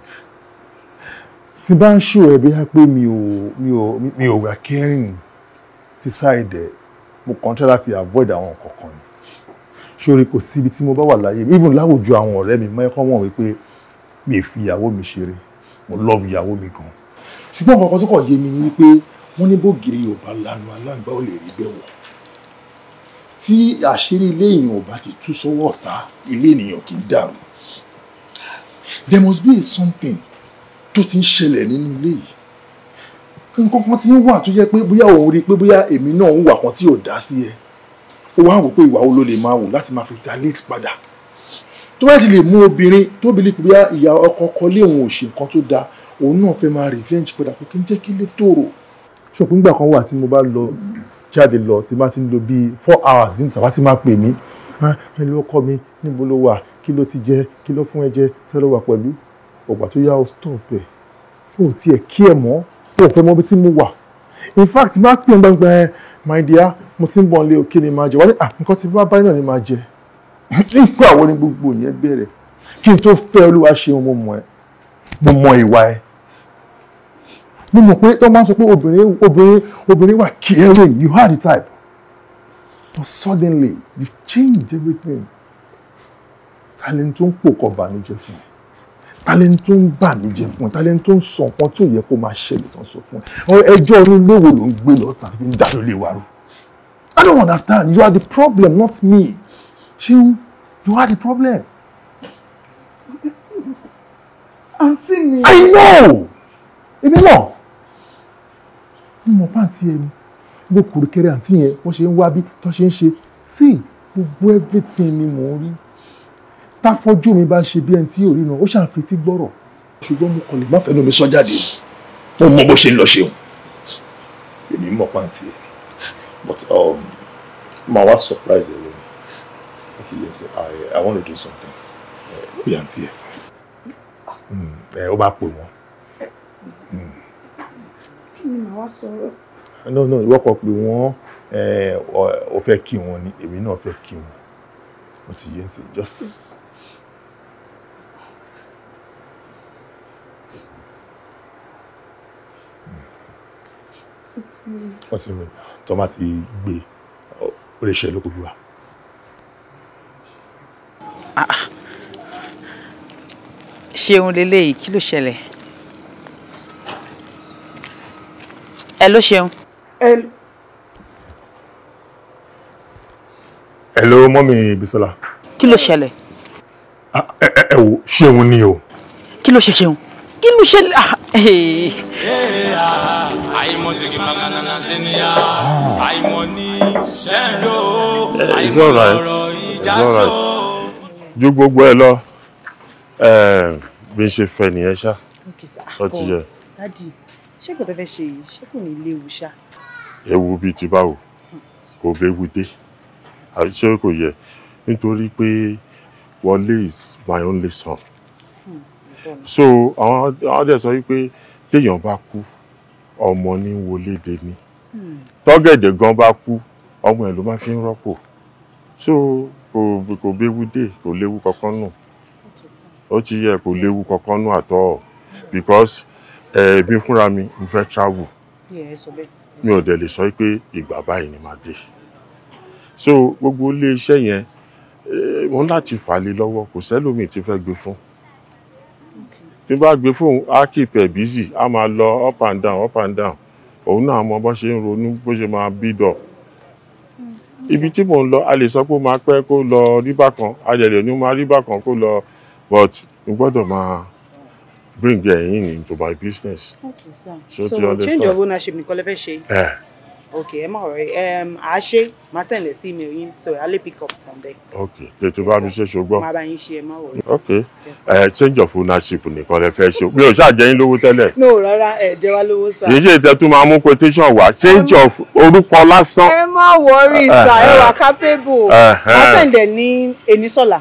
tí n bá ń ṣò ẹ bí pé mi ò wà kẹrin sí ṣáìdẹ mo kàn tẹ́ láti avoid àwọn nǹkan kan ni ṣorí kò síbi tí mo bá wà láyé even láwùjọ àwọn ọ̀rẹ́ mi mọ́ ẹ̀kọ́ wọn wípé mi fi ìyàwó mi ṣeré mo love ìyàwó mi gan. ṣùgbọ́n nǹkan kan tó kọ̀ yé mi ni pé wọ́n ní bògiri yorùbá lanu aláǹgbá ò lè rí bẹ́ẹ̀ wọ̀ tí àṣírí ilé èèyàn ò bá ti tú sọ́wọ́ ọ̀tá ilé ènìyàn kì í dàrú there must be something tó ti ń ṣẹlẹ̀ nínú ilé yìí nǹkan kan ti ń wà tó jẹ́ pé bóyá òun rí i pé bóyá èmi náà ń wà kan tí ò dá sí ẹ ó wá wò pé ìwà wo ló lè máa wò láti máa fi retaliate padà tó bá ti lè mú obìnrin tóbìnrin pé ìyá ọkọ kọlé òun ò ṣe nǹkan tó dáa òun náà fẹ́ máa revenge padà pé kí n jẹ́ kí lè tòrò. ṣòpin ìgbà kan wà tí mo bá lọ jáde lọ tí bá ti lo bíi four hours ní tàbá ti máa pè mí ẹ ló kọ́ mi níbo ló wà kí ló ti jẹ kí ló fún ẹ jẹ tẹ́ ló wà pẹ̀lú ọ̀gbà tó yá o stop ẹ̀ o tiẹ̀ kí ẹ̀ mọ́ o fẹ́ mọ̀ bí tí mo wà in fact má pè ọ́n gbàgbà ẹ̀ eh, my dear mo ti ń bọ̀ ọ́n lé òkè ni máa jẹ wọ́n ní à ah, nǹkan tí bá báyìí náà ni máa jẹ nígbà wo ni gbogbo yẹn bẹ̀rẹ̀ kí n tó fẹ́ olúwa ṣeun mo mọ̀ ẹ́ mo mọ ìwà ẹ̀ mo mọ̀ pé tó máa ń sọ pé obìnrin obìnrin obìnrin wà caring you had the type but suddenly you changed everything talent tó ń pòkọ̀ bànújẹ́ fún ẹ talent tó ń bà mí jẹ́ fún ẹ talent tó ń sọ nǹkan tí ò yẹ kó máa ṣẹlẹ̀ tán sọ fún ẹ ẹjọ́ inú léwo ló ń gbé lọ tàbí ń dá lólè wa rú I don't understand you are the problem not me. Ṣeun, you are the problem. Auntie me. I know! Èmi náà. Mo mọ̀ pàǹtí ẹni. Gbogbo kùrùkẹrẹ àǹtí yẹn, wọ́n ṣe ń wá bí tọ́ ṣe ń ṣe. See, gbogbo everything ni mò ń rí. Táfọ́jú mi bá ṣe bí ẹni tí yóò rí náà, ó ṣàǹfetí gbọ́rọ̀. Ṣùgbọ́n mo kàn lè má fẹ́nu mi sọ jáde. Mo mọ bó ṣe ń lọ ṣeun. Èmi mọ̀ pàǹtí ẹni. But um, my was surprised yes i i want to do something pé àǹtí ẹ hmm, ẹ ó bá pè wọn. kí ni màá no no ìwọ kọ pé wọn ò fẹ́ kí wọn ni èmi náà fẹ́ kí wọn mo ti yé ń just. wọ́n ti rìn tó má ti gbé ó lè ṣe lóko gbúra. Ah. ṣeun leléyìí kí ló ṣẹlẹ̀ ẹ ló ṣeun. ẹ ló mọ́mí Bisola. kí ló ṣẹlẹ̀. Ah, ẹ wo ṣeun ni o. kí ló ṣe ṣeun kí ló ṣẹlẹ̀. It's all right. It's all right ju gbogbo ẹ lọ bí n ṣe fẹ́ nìyẹn ṣá. Ah, ó ti yẹ. dádì ṣé kò tẹ́ fẹ́ ṣe yìí ṣé kò ní léwu ṣá. ewu bíi ti báwo kò béwu dé àbí ṣé kò yẹ nítorí pé Wọlé is my only son. Hmm, so àwọn àwọn dẹ̀ sọ wípé téèyàn bá kú ọmọ ní wọlé dé ni hmm. tọ́gẹ̀dẹ̀ gan bá kú ọmọ ẹ̀ ló máa fi ń rọ́pò so kò kò béwu dé kò léwu kankan nù ó ti yẹ kò léwu kankan nù àtọ because eh, èmi fúnra mi mo fẹ́ travel mi ò dẹ̀ lè sọ pé ìgbà báyìí ni màá dé so gbogbo ilé iṣẹ́ yẹn wọn eh, láti fà lé lọwọ kò sẹ́lòmíì ti fẹ́ gbé fún tí bá gbé fóun á keep ẹ̀ busy á máa lọ up and down up and down òun náà mọ bá ṣe ń ronú bó ṣe máa bí up ibi tí mò ń lọ a lè sọ pé ó máa pẹ́ kó lọ rí bákan a lè lè ní máa rí bákan kó lọ but n gbọ́dọ̀ máa bring their in into my business. okay sir so, so change of ownership nìkan lè fẹ́ ṣe. Eh okay I'm má worry àá ṣe máa send sí email yín so I'll pick up from there. okay tètè bá mi ṣe ṣùgbọ́n. máa Okay, yín ṣe ẹ má worry. okay ẹ eh, change of ownership nìkan lẹ fẹ́ ṣe mi ò ṣàjẹ́ yín lówó no rárá ẹ jẹ wá lówó sá. kì í ṣe ìtẹ́tù quotation wá change of old lásán. ẹ má worry sá eh, eh, ẹ wà capable máa send ní enísọ̀la.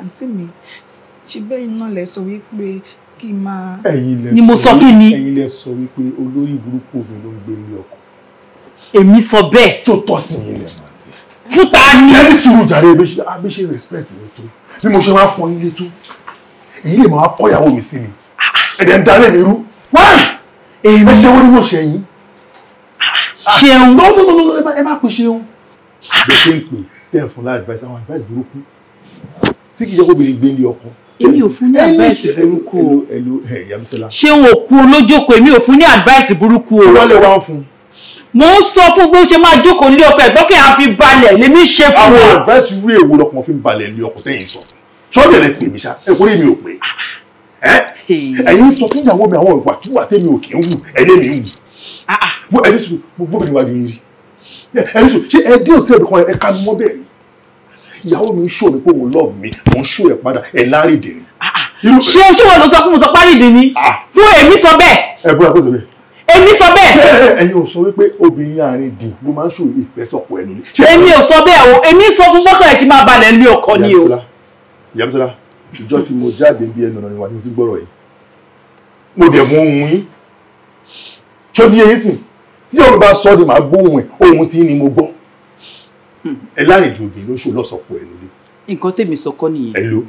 àǹtí mi ṣe bẹ́yìn náà lẹ sọ wípé kí n máa. ẹ̀yin lẹ sọ ni mo sọ kí ni. ẹ̀yin lẹ sọ wípé olórí burúkú mi ló ń gbé ilé ọkọ. èmi sọ bẹ́ẹ̀. tó tọ́ sí yín lẹ̀ máa ti. fúta ni. ẹni sùúrù jàre bí ṣe respect mi tó bí mo ṣe máa pọn ilé tó èyí lè máa kọ́ ìyàwó mi sí mi ẹ̀dẹ̀ ń darẹ̀ mi rú wáyé ẹ ṣe wọ́n ní mo ṣẹ̀yìn. ṣeun. lọ́wọ́ lọ́wọ́ ẹ má pè ṣeun. bẹ́ẹ̀ ṣe ń pè tẹ̀ fún láàdìbáyé sáwọn àdìbáyé burúkú tí kì í ṣe kó obìnrin gbé ní ọkọ. èmi ò fún ní advice burúkú o ṣé n ò kú olójókòó èmi ò fún ní advice burúkú o. wọ́n lè wá fún. mo ń sọ fún pé ó ṣe máa jókòó ní ọkọ ẹ̀gbọ́n kí a fi balẹ̀ lèmi ṣe fún o. àwọn advice rí èwo lọkùnrin fi ń balẹ̀ ní ọkọ tẹ́yìn sọ ṣọ́ọ̀dì rẹ̀ pè mí ṣá ẹ̀kọ́ rí mi ò pè é ẹ̀yin sọ fún ìyàwó mi àwọn ìwà tí wà tẹ́mi ò kì í wù ẹ̀dẹ́ mi wù ẹ̀dẹ́ sọ gbogbo mi wá di rí ẹ̀dẹ́ sọ ṣé ẹ̀dẹ́ òtẹ́ẹ̀lì kan ẹ̀ka mi mọ́ bẹ́ẹ̀ ìyàwó mi ń ṣó mi pé òun love mi mò ń ṣó ẹ̀ padà ẹ̀ lárídìí ni. Ah, ah. ṣé ṣé wọn ló sọ fún mo sọ párídìí ni ah. fún èmi sọ bẹ́ẹ̀. ẹ bọ́ra kó tó bẹ́ẹ̀ èmi sọ bẹ́ẹ̀. ẹ̀yin ò sọ wípé obìnrin àárín dì ló máa ń ṣòro ìfẹsọ̀pọ̀ ẹnu ni. èmi ò sọ bẹ́ẹ̀ o èmi sọ fún bọ́kàn ẹ̀ ṣì máa balẹ̀ lé ọkọ ni o. ìyàmísọ́lá ìjọ tí mo jáde bí ẹnu ọ̀nà ìwádìí sí gbọ́rọ̀ yìí mo dẹ̀ mú ohun yín ṣó ti yẹ yín sìn tí Yorùbá sọ ọ́ di ẹlárìndò obìnrin ló ṣòlọ́ sọ̀pọ̀ ẹ̀ lóde. nǹkan tèmi sọ kọ́ nìyẹn. ẹ lo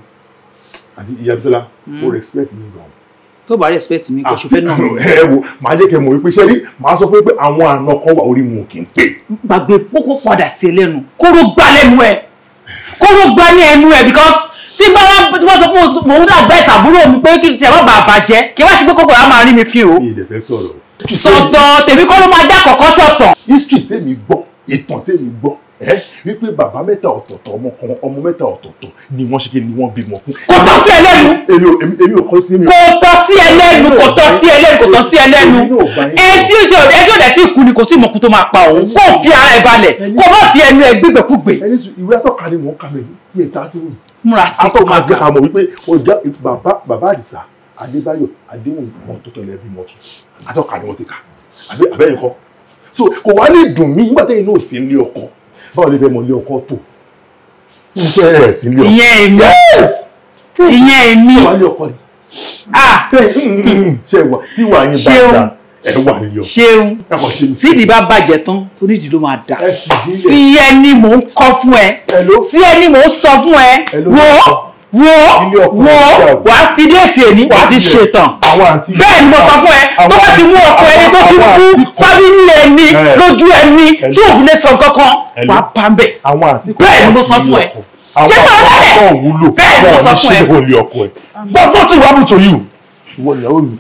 àti ìyá Bísọ́lá ó hmm. respect yín gan. tó bá respect mi kò ah, ṣùfẹ́ náà. ẹ wo màá jẹ́ kẹ́ mọ̀ wípé ṣẹ́rí màá sọ fún yín pé àwọn àna kan wà orí mu kì í pè. gbàgbé kókó padà sí ẹ lẹ́nu kóró gbá lẹ́nu ẹ kóró gbá ní ẹnu ẹ because tí bá wá tí wọ́n sọ fún mo ń dàgbà ẹ̀sà àbúrò mi pé kí n tiẹ̀ má bàa bàjẹ́ kí wá ṣe pé kókò á máa rí mi fi o. mi ì dẹ̀ fẹ́ sọ̀rọ̀. sọ̀tọ̀ tèmi kọ́ ló máa dá kọ̀kọ́ sọ̀tọ̀. history tèmi gbọ́ ìtàn tèmi gbọ́ ẹ wípé bàbá mẹ́ta ọ̀tọ̀ọ̀tọ̀ ọmọ kan ọmọ mẹ́ta ọ̀tọ̀ọ̀tọ̀ ni wọ́n ṣe kí ni wọ́n bímọ fún. kò tọ́ sí ẹlẹ́nu. èmi ò èmi ò kọ́ sí mi. kò tọ́ sí ẹlẹ́nu kò tọ́ sí ẹlẹ́nu kò tọ́ sí ẹlẹ́nu. ẹ tí ó jẹ ẹ tí ó dẹ̀ sí ikú ni kò sí ìmọ̀kú tó máa pa òun kò fi ara ẹ̀ balẹ̀ kò má fi ẹnu ẹ gbígbẹ̀kúgbẹ̀. ẹni ìwé atọ́ka ni mò ń kà mí ní ìta sí mi. múra sí kọ́ka. atọ́ka jẹ́ ká mọ̀ wípé bàbá àdìsá adébáyọ̀ adéhùn ọ̀hún tó tọ̀lẹ̀ ẹbí mọ́ atọ́ka ni wọ́n ti kà báwo lè fẹ́ mọ ilé ọkọ tó n tẹ́ ẹ̀ sí ilé ọkọ. ìyẹn èmi ìyẹn èmi. ṣé wàá lé ọkọ ni. ṣé wà tí wàá yín dáadáa ẹ wà nílé ọkọ. ṣeun sídìí bá bàjẹ́ tán tó nídìí ló máa dà tí ẹni mò ń kọ́ fún ẹ tí ẹni mò ń sọ fún ẹ wò ó wo wo wà á fi déètì èní wà á fi ṣètàn bẹ́ẹ̀ ni mo sọ fún ẹ tó bá ti mú ọkọ ẹni tó ti kú fábílì ẹni lójú ẹni tí òun lè sọ kankan wà á pa mbẹ bẹ́ẹ̀ ni mo sọ fún ẹ ṣé tó ń bẹ̀rẹ̀ bẹ́ẹ̀ ni mo sọ fún ẹ. but nothing will happen to you. ìwọ ìyàwó mi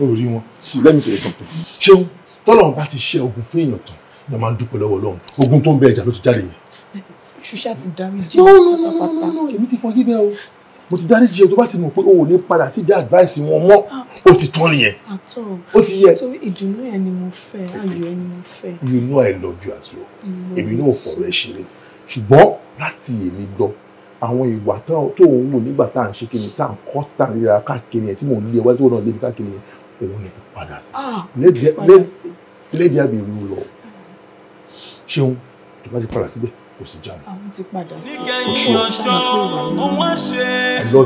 ò rí wọn see let me tell you something. ṣeun tọ́lọ́run bá ti ṣe ogun fún èèyàn tán ni wọ́n máa ń dúpẹ́ lọ́wọ́ Ọlọ́run ogun tó ń bẹ ẹja ló ti jáde yẹn ṣùṣà ti no, no. èmi ti forgive ẹ o mo ti dáríjì ẹ tó bá ti mọ̀ pé o ò ní padà sí ìdí advice wọn mọ́ o ti tán nìyẹn. àtọ o ti yẹ. torí ìdùnnú ẹ ni mo fẹ́ ayọ̀ ẹ ni mo fẹ́. you know i love you as well èmi náà fọ̀rọ̀ ẹ ṣeré ṣùgbọ́n láti èmi gbọ́ àwọn ìwà tó ń wò nígbà tá à ń ṣe kí ni tá à ń kọ́ tá à ń ríra káàkiri yẹn tí mò ń lé ẹ wájú tó náà lé mi káàkiri yẹn òun ni kò padà sí. lẹ́dí àbí ìlú lọ ṣeun tó bá ti padà síbẹ̀ kò sí jà mọ́. àwọn ti padà sí ìṣòro ọjọ́ wọn ṣe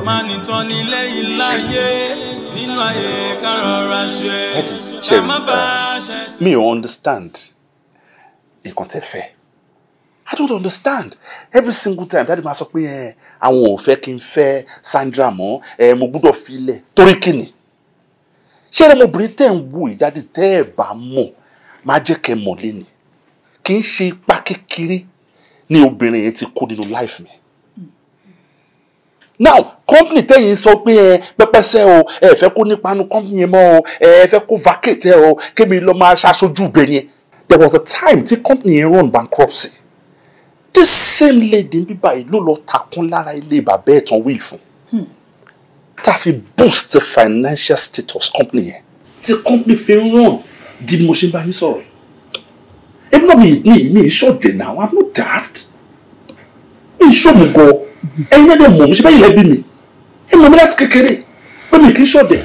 máa nìtàn nílé iláyé nínú ayé kárọ̀ra ṣe ká má bá a uh, ṣe. mi ò understand nǹkan tẹ́ fẹ́ i don't understand every single time dáàdi máa sọ pé ẹ eh, àwọn ò fẹ́ kí n fẹ́ Sandra mọ́ ẹ eh, mo gbúdọ̀ filẹ̀ torí kìnnì ṣé ẹni ọmọbìnrin tẹ́ ń wù ìdádi tẹ́ ẹ bá mọ̀ máa jẹ́ kẹ́ mọ̀ lẹ́nu kì í ṣe ipa kékeré ni obìnrin yẹn ti kó nínú life mi now company tẹ́yìn sọ pé ẹ pẹ́pẹ́sẹ́ o ẹ fẹ́ kó nípa nu company yẹn mọ́ o ẹ fẹ́ kó vacate ẹ o kémi lọ máa ṣaṣojú ibẹ̀ there was a time tí company yẹn run bankruptcy this same lady ń bíbá yìí ló lọ takún lára ilé bàbá ẹ̀ tán wí fún tá fi boost the financial status company yẹn tí company fi ń ràn di mo ṣe bá yín sọ̀rọ̀ èmi náà me, me. Show ṣọ̀dẹ̀ now. i'm not daft Me show me go. náà dẹ̀ mọ̀ mi ṣe bẹ́ẹ̀ yẹn bí mi ẹ̀ mọ̀ mi láti kékeré pé mi kì í ṣọ̀dẹ̀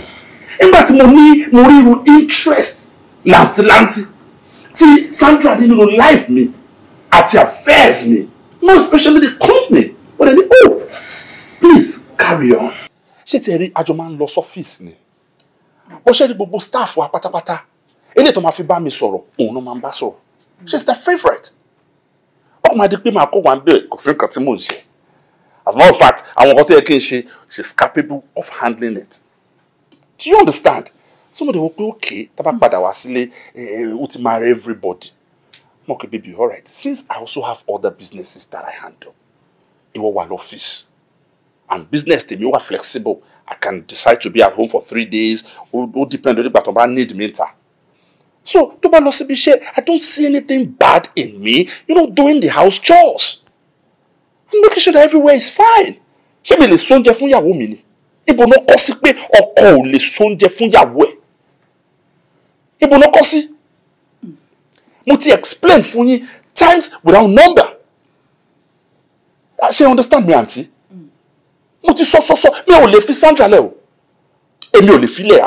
nígbà tí mo ní mo rí irú interest làǹtìlàǹtì tí Sandra ní nínú life me. At your affairs me. more especially the company But any oh please carry on. ṣé tí ẹ rí àjọ máa office lọ sọ́fíìsì ni wọ́n ṣe rí gbogbo staff wa pátápátá eléyìí tó máa fi bá mi sọ̀rọ̀ òun no, máa ń bá Mm. she's the favorite. ọkùnrin máa di pé màá kó wa ń bẹ̀ kò sí nǹkan tí mò ń ṣe as a matter of fact àwọn nǹkan tó yẹ kí n ṣe she's capable of handling it do you understand somebody wo pé okay tá bá mm. padà wá sílé ó ti marry everybody mo kì baby alright since I also have other businesses that I handle ìwọ wà lọ́fíìsì and business tèmi wà flexible I can decide to be at home for three days ó depend on ìgbà tó bá need me ta so tó bá lọ i don't see anything bad in me you know doing the house chores i'm making sure that everywhere is fine She me le sonje fún ìyàwó mi ni ibo no kosi sí pé ọkọ ò lè sóúnjẹ we. ìyàwó ẹ̀ ibo náà kọ́ sí explain fún yín times without number She understand me, auntie. Muti so so so me mi ò lè fi Sandra lẹ o èmi ò lè fi lẹ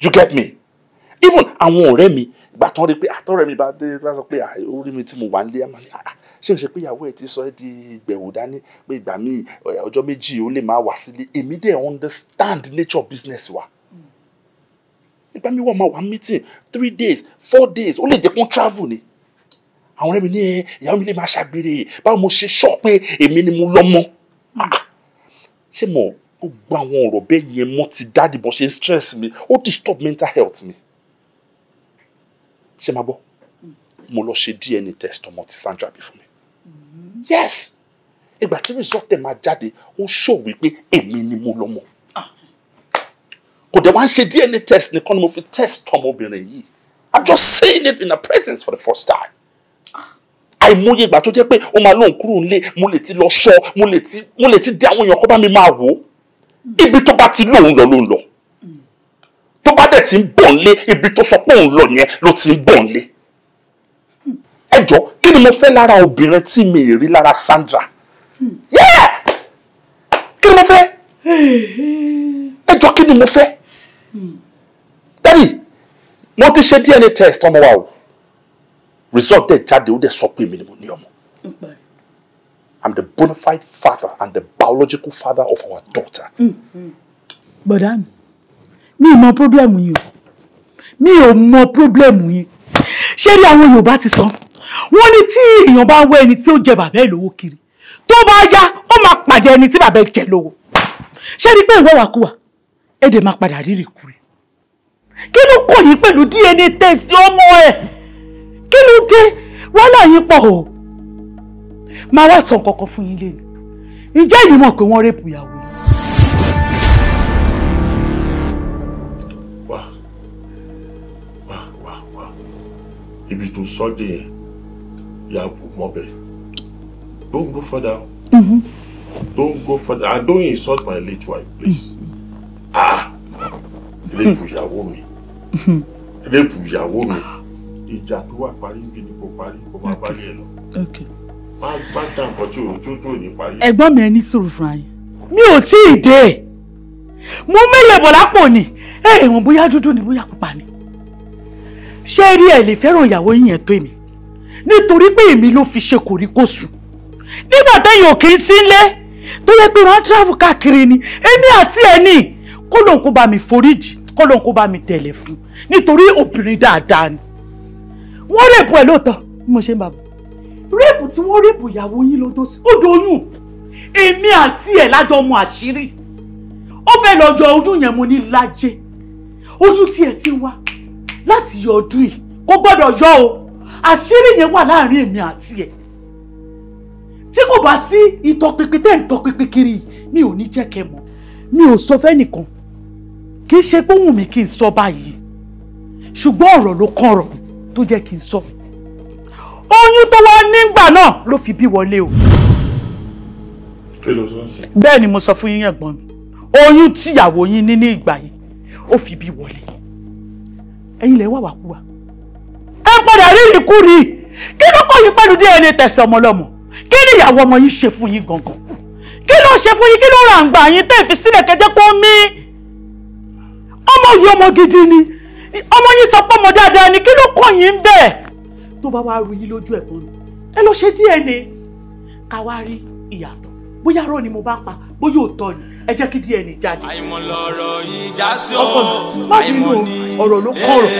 you get me even àwọn ọ̀rẹ́ mi ìgbà tán rí pé àtọ́rẹ́ ah, mi bá dé bá sọ pé ah, orí mi tí mo wà nílé àmàlẹ́ àá ah, ṣé n ṣe pé ìyàwó ẹ̀ ti sọ ẹ́ di gbẹ̀wò dání pé ìgbà míì eh, ọjọ́ méjì ó lè máa wà sílé èmi dẹ̀ understand nature of business wa ìgbà mi wà máa wà meeting three days four days ó lè jẹ́ kó travel ni àwọn ọ̀rẹ́ mi ní eh, ìyàwó mi lè máa ṣàgbére báwo mo ṣe sọ pé èmi ni mo lọ́mọ ṣé mo gbogbo àwọn ọ̀rọ̀ bẹ́ẹ̀ yẹn mo ti dáàdì bọ́ ṣe stress mi ó disturb mental health mi. Me ṣe máa gbọ́ mo lọ ṣe dna test ọmọ tí Sandra bí fún mi yes ìgbà tí result ẹ̀ máa jáde ó ṣò wípé èmi ni mo lọ́mọ ah. kò dẹ̀ wá ń ṣe dna test nìkan ni mo fi test ọmọbìnrin yìí i'm just saying it in her presence for the first time ah. àìmọye ìgbà tó jẹ́ pé ó máa lóun kúrò nílé mo lè ti lọ ṣọ́ mo lè ti dé àwọn èèyàn kó bá mi máa wò ó hmm. ibi tó bá ti lóun lọ ló ń lọ tó bá dẹ̀ ti ń bọ̀ ń lé ibi tó sọ pé òun lọ yẹn ló ti ń bọ̀ ń ẹ jọ kí ni mo fẹ́ lára obìnrin tí mi ì rí lára Sandra yeah kí ni mo fẹ́ ẹ jọ kí ni mo fẹ́ dadi wọ́n ti ṣe DNA test ọmọ wa o result dẹ̀ jáde ó dẹ̀ sọ pé èmi ni mo ní ọmọ. I'm the bona fide father and the biological father of our daughter. Mm, mm mi ò mọ pírọ́blẹ̀mù yìí o mi ò mọ pírọ́blẹ̀mù yìí ṣé rí àwọn Yorùbá ti sọ wọ́n ní tí èèyàn bá wá ẹni tí ó jẹ bàbá ẹ̀ lówó kiri tó bá yá ó máa pàdé ẹni tí bàbá ẹ̀ jẹ lówó ṣé rí pé ìwọ wàkuwà ẹ̀ dẹ̀ máa padà rírì kúrì kí ló kọ̀ yìí pẹ̀lú DNA test ọmọ ẹ̀ kí ló dé wàhálà yìí pọ̀ o máa wá sọ nǹkan kan fún yín lé ní ìjẹ́ yìí mọ̀ pé wọ́n rẹ́pù ìyàwó ibi tó sọ́dé yẹn yàgò mọ́bẹ̀ don't go further mm -hmm. don't go further and don't insult my late wife please mm -hmm. ah lẹ́bù ìyàwó mi mm-hmm. lẹ́bù ìyàwó mi ìjà tó wà parí níbi ni kò parí kò máa parí ẹ lọ má má dá nǹkan tí òun tó tó ní parí. ẹ̀gbọ́n mi ẹ ní sùúrù fún ayé mi ò tí ì dé mo mẹ́lẹ̀ bọ̀ lápò ni ẹ̀ẹ̀wọ̀n bóyá dúdú ni bóyá pupa ni ṣé rí ẹ̀ lè fẹ́ràn ìyàwó yín yẹn tó èmi nítorí pé èmi ló fi ṣe kòríkòsùn nígbà téèyàn ò kì í sílé tó yẹ pé wọn tíráfù káàkiri ni èmi àti ẹni kó lóun kó bá mi foríjì kó lóun kó bá mi tẹ̀lé fún nítorí obìnrin dáadáa ni wọ́n rèpù ẹ̀ lóòótọ́ bí mo ṣe ń bàbá rèpù tí wọ́n rèpù ìyàwó yín lọ́jọ́ sí ó doyún èmi àti ẹ̀ lájọ mọ àṣírí ó fẹ́ lọ́jọ́ ọdún yẹn mo ní lájẹ́ oyún tiẹ̀ ti wá láti yọ ọdún yìí kò gbọ́dọ̀ yọ o àṣírí yẹn wà láàrin èmi àti ẹ̀ tí kò bá sí ìtọpinpin tẹ́ ń tọpinpin kiri mi ò ní jẹ́ kẹ́ mọ̀ mi ò sọ fẹ́nìkan kì í ṣe pé wùn mí kí n sọ báyìí ṣùgbọ́n ọ̀rọ̀ ló kàn ọ̀rọ̀ tó jẹ́ kí n sọ oyún tó wá nígbà náà ló fi bí wọlé o. bẹ́ẹ̀ ni mo sọ fún yín ẹ̀gbọ́n mi oyún tíyàwó yín ní ní ìgbà yìí ó fi bí wọlé ẹ̀yin lẹ wà wà kú wa. ẹ padà rí ìrìkúrì kí ló kọ́ yín pẹ̀lú dé ẹni tẹ̀sí ọmọ lọ́mọ kí ni ìyàwó ọmọ yín ṣe fún yín gangan kí ló ṣe fún yín kí ló ra àǹgbà yín tẹ́ fi sílẹ̀ kẹjẹ́ kó mí ọmọ yìí ọmọ gidi ni ọmọ yín sọ pé ọmọ dáadáa ni kí ló kọ́ yín bẹ́ẹ̀ tó bá wá ru yín lójú ẹ̀ tó ní ẹ lọ ṣe díẹ̀ ni ká rí ìyàtọ̀ bóyá rọ ni mo bá pa bóyá òótọ́ ni ẹ jẹ́ kí díẹ̀ ní jáde. àìmọ̀ lọ̀rọ̀ sí o ọ̀rọ̀ ló kọ̀rọ̀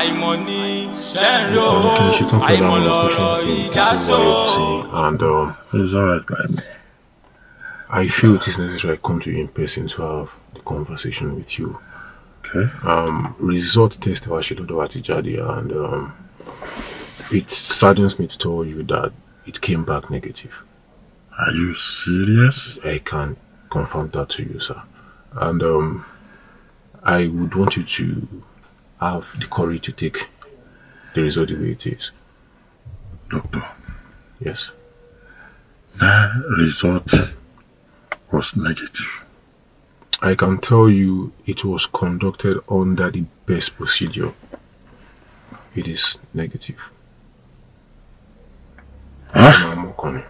àìmọ̀ ní sí o. and um, it's alright by me. I feel it is necessary I come to you in person to have the conversation with you. Okay. Um, result test Washidodo Atijadi and um, it saddens me to tell you that it came back negative. Are you serious? I can confirm that to you, sir. And um, I would want you to have the courage to take the result the way it is. Doctor. Yes. That result was negative. I can tell you it was conducted under the best procedure. It is negative. Huh?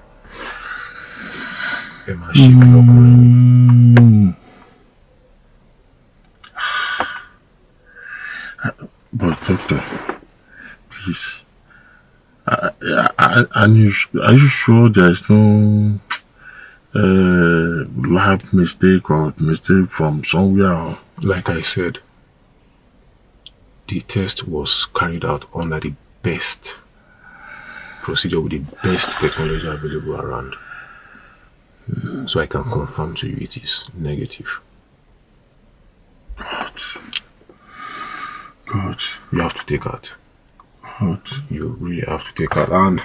Mm. but doctor, please, I, I, you, are you sure there is no uh, lab mistake or mistake from somewhere? Like I said, the test was carried out under the best procedure with the best technology available around so I can confirm to you it is negative. Good. Good. You have to take out. Good. You really have to take out. And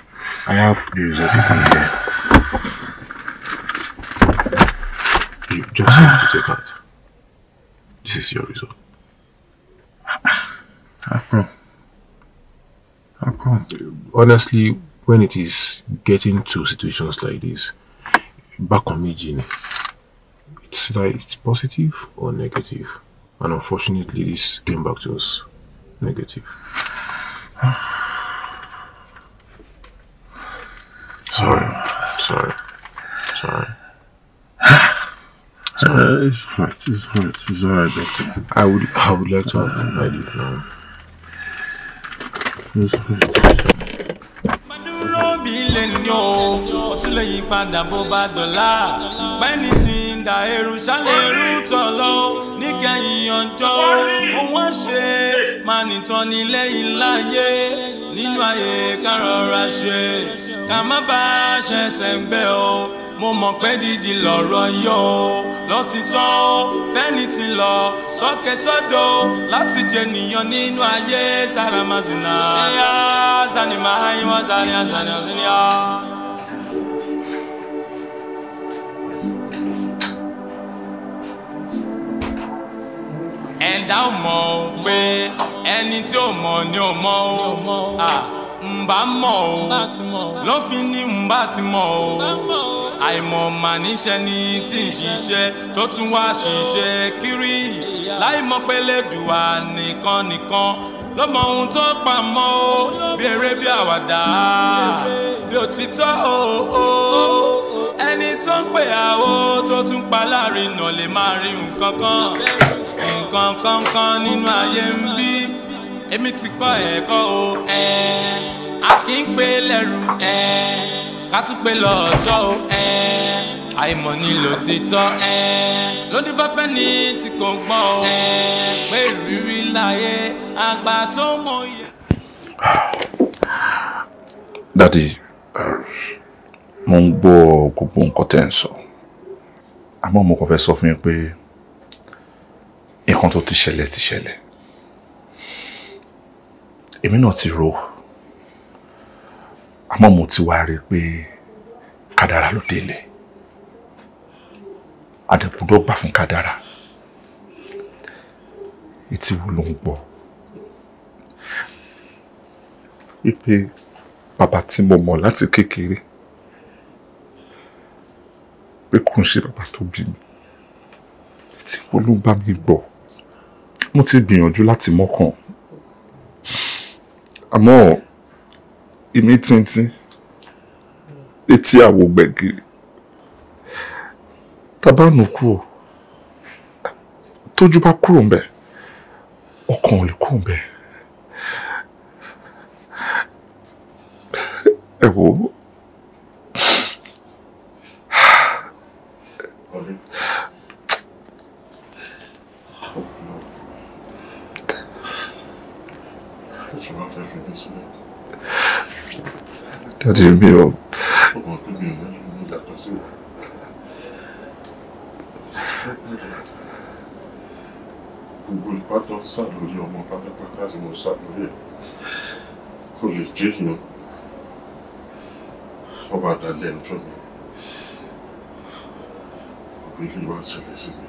I have the result here. You just have to take out. This is your result. How come? How come? Honestly, when it is getting to situations like this, Back on me, Gene. it's like it's positive or negative and unfortunately this came back to us negative sorry sorry sorry Sorry, it's hard, it's hard, it's alright, doctor. Uh, I would, I would like to have now. It's ìbílẹ̀ ni ó ó tún lè yí padà bó bá dọ̀là pẹ́ẹ́nì tí ń da eru ṣálẹ̀ eru tọ̀lọ́ níkẹyìn ọjọ́ òun àṣẹ máa nìtàn nílé ìláyé nínú ayé kárọ̀ra ṣe ká má bàa ṣẹ̀ṣẹ̀ gbẹ o mo mọ̀ pé dídì lọ̀rọ̀ yóò lọ́títọ́ fẹ́ni ti lọ sókè sódò láti jẹ nìyàn nínú ayé zaramazina. ẹ̀yà zanima ayiwa zani azani ọ̀sìnìyà. ẹ̀dá ò mọ̀ pé ẹni tí ò mọ̀ ni ò mọ̀ o. Ah ǹbá mọ̀ o lọ́fin ni ǹbá ti mọ̀ o àìmọ̀ mà níṣẹ́ ni tí ń ṣiṣẹ́ tó tún wá ṣiṣẹ́ kiri láìmọ̀ pé lẹ́dùá nìkan nìkan lọ́mọ ohun tó pamọ́ o bí eré bí àwàdà bí òtítọ́ o ẹni tó ń pè àwo tó tún pa láàrin nà lè máa rí nǹkan kan nǹkan kan kan nínú ayé ń bí èmi ti kọ́ ẹ̀kọ́ o a kì í pé lẹ́rù ká tún pé lọ ṣọ́ o àìmọ̀ nílò títọ́ lóní fẹ́fẹ́ ni tí kò gbọ́n o pé ìrírí láyé àgbà tó mọ̀ yẹ. dadi mo ń gbọ́ gbogbo nǹkan tẹ́ ń sọ àmọ́ mo kàn fẹ́ sọ fún yín pé nǹkan tó ti ṣẹlẹ̀ ti ṣẹlẹ̀ èmi náà ti rò àmọ́ mo ti wá rí i pé kádàrá ló délé àdẹ̀kùndọ́ gbà fún kádàrá etí wo ló ń gbọ́ wípé bàbá tí mo mọ̀ láti kékeré pé kò ń ṣe bàbá tó bí mi etí wo ló ń bá mi gbọ́ mo ti gbìyànjú láti mọ́kàn àmọ́ èmi tíntín etí àwò gbẹ̀gìrì tábàánù kúrò tójú bá kúrò ń bẹ̀ ọkàn ò lè kúrò ń bẹ̀ ẹ wò ó. láti ṣe bí ọ. gbogbo ìbátan sá lórí ọmọ pátápátá ni mo sá lórí ẹ kò lè jẹ èèyàn ọba àdàlẹ ẹjọ mi òbí lè wá ṣẹlẹ̀ sí mi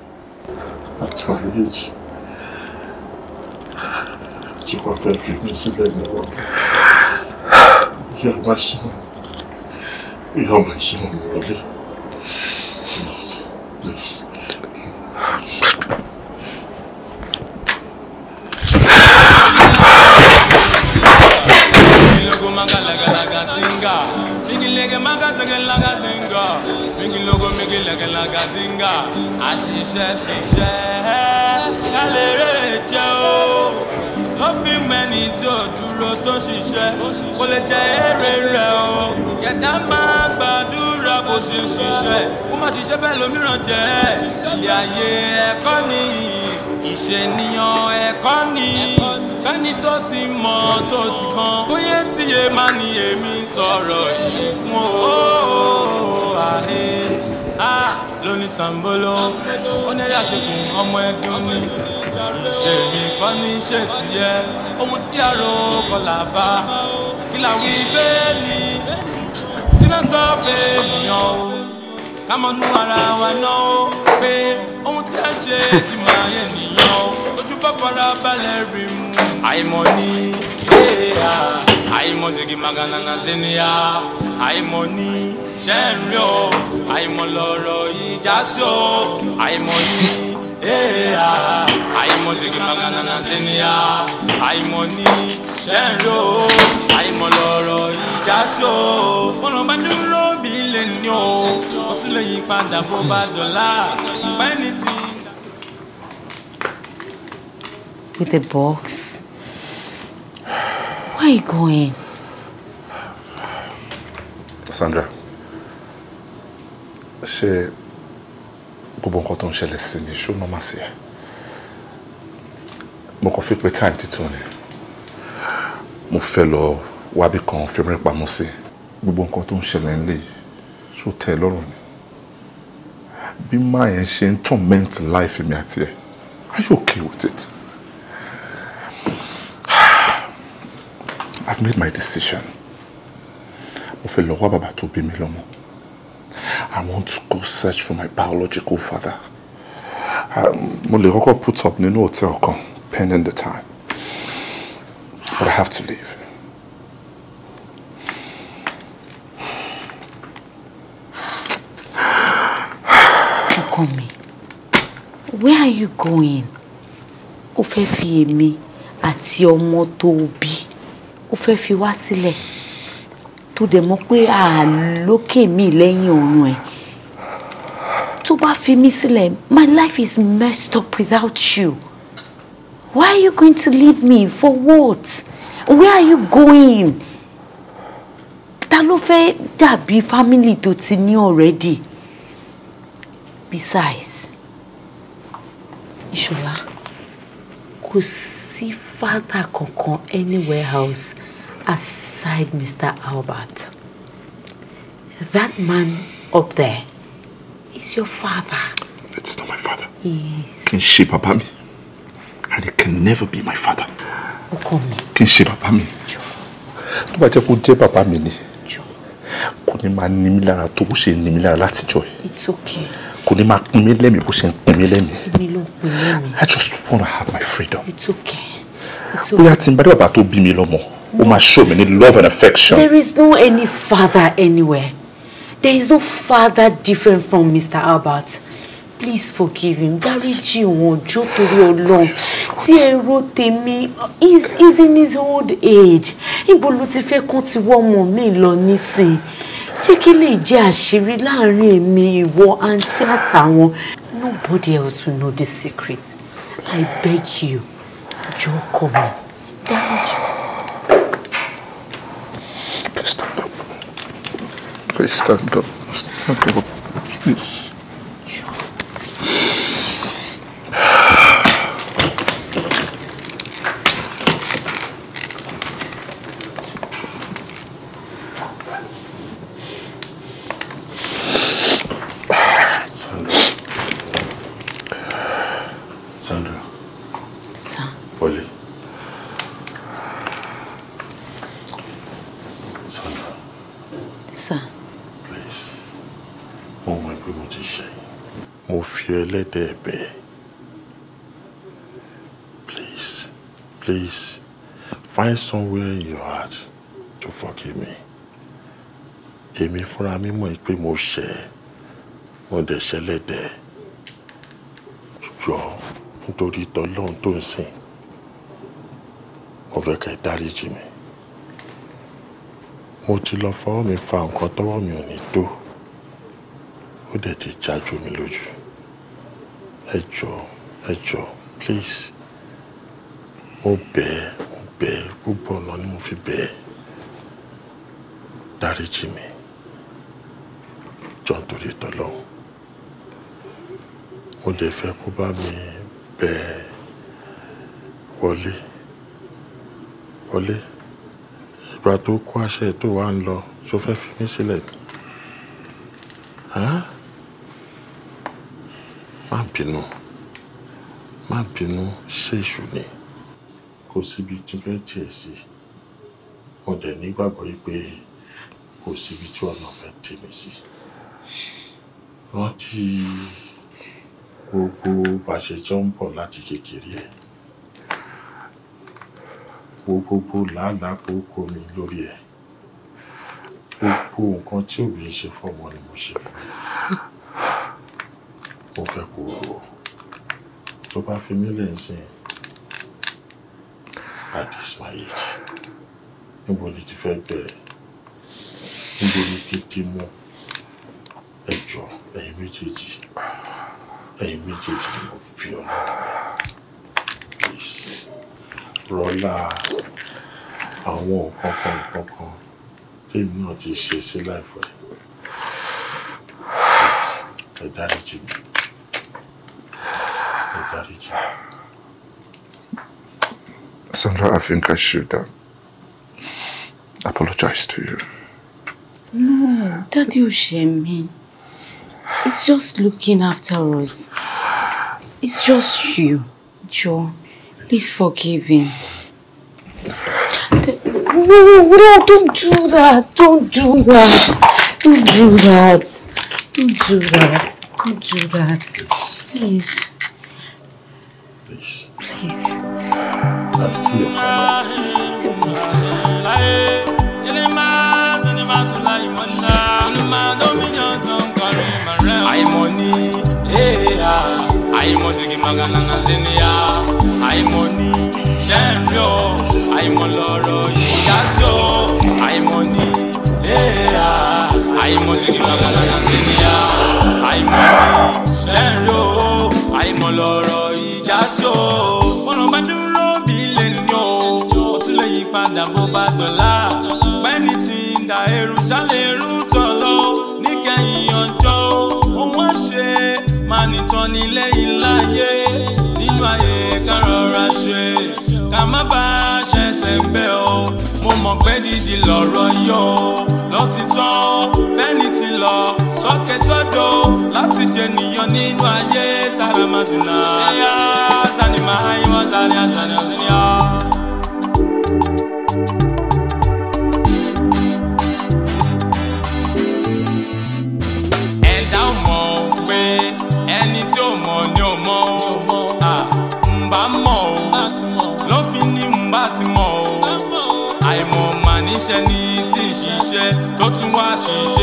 àti my age tí wọn fẹẹ fi mí sílẹ̀ ní wọn ìyá ọba ìṣúná ìyá ọba ìṣúná wọlé please please. Migilege magazege lagazinga, migilogo migilege lagazinga, àṣìṣe ṣiṣẹ́ kálẹ̀ ẹni tí ò dúró tó ṣiṣẹ́ kó lè jẹ èrè rẹ̀ o. Yẹ̀dá máa gbàdúrà bó ṣe ṣiṣẹ́ kó má ṣiṣẹ́ bẹ́ẹ̀ lómìíràn jẹ́. Ilé ayé ẹ̀kọ́ ni ìṣèníyàn ẹ̀kọ́ ni fẹ́ni tó ti mọ̀ tó ti kàn tó yẹ tíye má ni èmi sọ̀rọ̀ yìí fún o. àhẹ lóní ó ní ẹ̀yà ṣokùn ọmọ ẹ̀dùn mi ṣe mi kọ́ ní ṣe tiẹ̀ ohun tí a rò kọlà bá kí la wí fẹ́ẹ̀lì kí náà sọ fẹ́ẹ̀lìyàn o ká mọ nú ara wa náà o pé ohun tí a ṣe sì máa yẹ nìyàn o ojú bá fara balẹ̀ rí mu àìmọ̀ ni yéèyà àìmọ̀ ṣègì maganana zeniya àìmọ̀ ni ṣẹ́ńrí àìmọ̀ lọ̀rọ̀ ìjà sí àìmọ̀ ni àìmọ̀ ṣègbè magana na zenia àìmọ̀ ní ṣẹ́ńrò àìmọ̀ lọ̀rọ̀ ìjà sí o ọ̀nà bá dúró bí lè ní o ó tún lè yí padà bó bá dọ̀là With the box? Where are you going? Sandra, Shit gbogbo nǹkan tó ń ṣẹlẹ̀ sí mi ṣó nọ́mà sí ẹ mo kàn fi pé time títún ni mo fẹ́ lọ wábí kan fi mí pamọ́ sí gbogbo nǹkan tó ń ṣẹlẹ̀ ń lè ṣó tẹ́ ẹ lọ́rùn ni bí máa yẹn ṣe ń torment life mi àti ẹ are you okay with it I've made my decision mo fẹ́ lọ wá bàbá tó bí mi lọ́mọ. I want to go search for my biological father. Um, mo lè kọ́kọ́ put up nínú hotel kan pending the time. But I have to leave. Ọkọmi, where are you going? O fẹ́ fi èmi àti ọmọ tó bí, o fi wá sílẹ̀ tó dẹ̀ mọ̀ pé àlókè mi lẹ́yìn ọ̀run ẹ̀ tó bá fi mí sílẹ̀ my life is messed up without you why are you going to leave me for what where are you going ta ló fẹ́ dàbí family tó ti ní already besides Ìṣọ̀lá kò sí father kankan anywhere else aside Mr. Albert, that man up there is your father. It's not my father. Yes. Kì í ṣe bàbá mi. And it can never be my father. Ọkọ mi. Kì í ṣe bàbá mi. Tó bá jẹ́ kó jẹ́ bàbá mi ni. Kò me. It's okay. Kò ní máa pin mí lẹ́mìí I just want to have my freedom. It's okay. It's okay. n bá dé bàbá tó bí mi lọ́mọ ó must show mi ní love and affection. there is no any father anywhere there is no father different from Mr. Albert please forgive him dáríjì wọn jó torí Ọlọ́run tí èrò tèmi is is in his old age He ló ti fẹ́ kán ti wọ́mọ mi lọ nísìn jẹ́ kí lè jẹ́ àṣírí láàrin nobody else will know the secret i beg you Joe, come mí dáríjì. questa, questa, questa. ẹlẹ́dẹ̀ ẹ̀bẹ̀ please please find somewhere in your heart to forgive me Emi fúnra mi mọ̀ pé mo ṣẹ̀ mo dẹ̀ ṣẹlẹ́dẹ̀ yọ nítorí tọ́lọ́run tó ń sìn mo fẹ́ kẹ́ dáríjì mi mo ti lọ fọwọ́ mi fa nǹkan tọ́wọ́ mi ò ní tó ó dẹ̀ ti já ju mi lójú ẹ jọ ẹ jọ please mo bẹ̀ ẹ́ mo bẹ̀ ẹ́ gbogbo ọ̀nà ni mo fi bẹ̀ ẹ́ dáríjì mi jọ nítorí tọ́lọ́hún mo dẹ̀ fẹ́ kó bá mi bẹ̀ ẹ́ wọlé wọlé ìgbà tó kó àṣẹ tó wà ń lọ tó fẹ́ fi mí sílẹ̀ ni. Huh? má bínú má bínú ṣe èṣù ni kò síbi tí fẹ́ tiẹ̀ sí mo dẹ̀ nígbàgbọ́ yìí pé kò síbi tí ọ̀nà fẹ́ tèmi sí rántí gbogbo bàṣẹ tó ń bọ̀ láti kékeré ẹ̀ gbogbo làálàá kókó mi lórí ẹ̀ gbogbo nǹkan tí òbí ń ṣe fọ́mọ ni mo ṣe fún ẹ mo fẹ́ kó rò tó bá fi mí lẹ́yìn sí at this my age níbo ni ti fẹ́ bẹ̀rẹ̀ níbo ni kí n ti mú ẹjọ́ ẹ̀yin méjèèjì ẹ̀yin méjèèjì ni mo fi ọlọ́run rẹ̀ please rọlá àwọn nǹkan kan nǹkan kan tèmi náà ti ṣe sí láìpẹ́ ẹ dáríjì mi. Sandra, I think I should uh, apologize to you. No, don't you shame me. It's just looking after us. It's just you, Joe. Please forgive him. No, no, don't do that. Don't do that. Don't do that. Don't do that. Don't do that. Please. àtúntì ọ̀pá. àìmọ̀ ni àìmọ̀ sì kì í magalanga bá dúró padà bó bá dọ̀la pẹ́ni tí ń da eru ṣálẹ̀ eru tọ̀lọ́ níkẹyìn ọjọ́ òun á ṣe máa nìtàn nílé ìláyé nínú ayé ká rọra ṣe ká má bá a ṣẹ̀ṣẹ̀ bẹ́ o mo mọ̀ pé dídì lọ̀rọ̀ yọ o lọ́títọ́ fẹ́ni ti lọ sókè sódò láti jẹnìyàn nínú ayé sáramásìnà ẹ̀yà sani máa ń wọ́n sani àzàní ọ̀sìn ni ọ́. tí ò mọ̀ ni ò mọ̀ o ǹbá mọ̀ o lọ́fín ni ǹbá ti mọ̀ o àìmọ̀ mà ni tí ì ṣiṣẹ́ tó tún wá ṣiṣẹ́.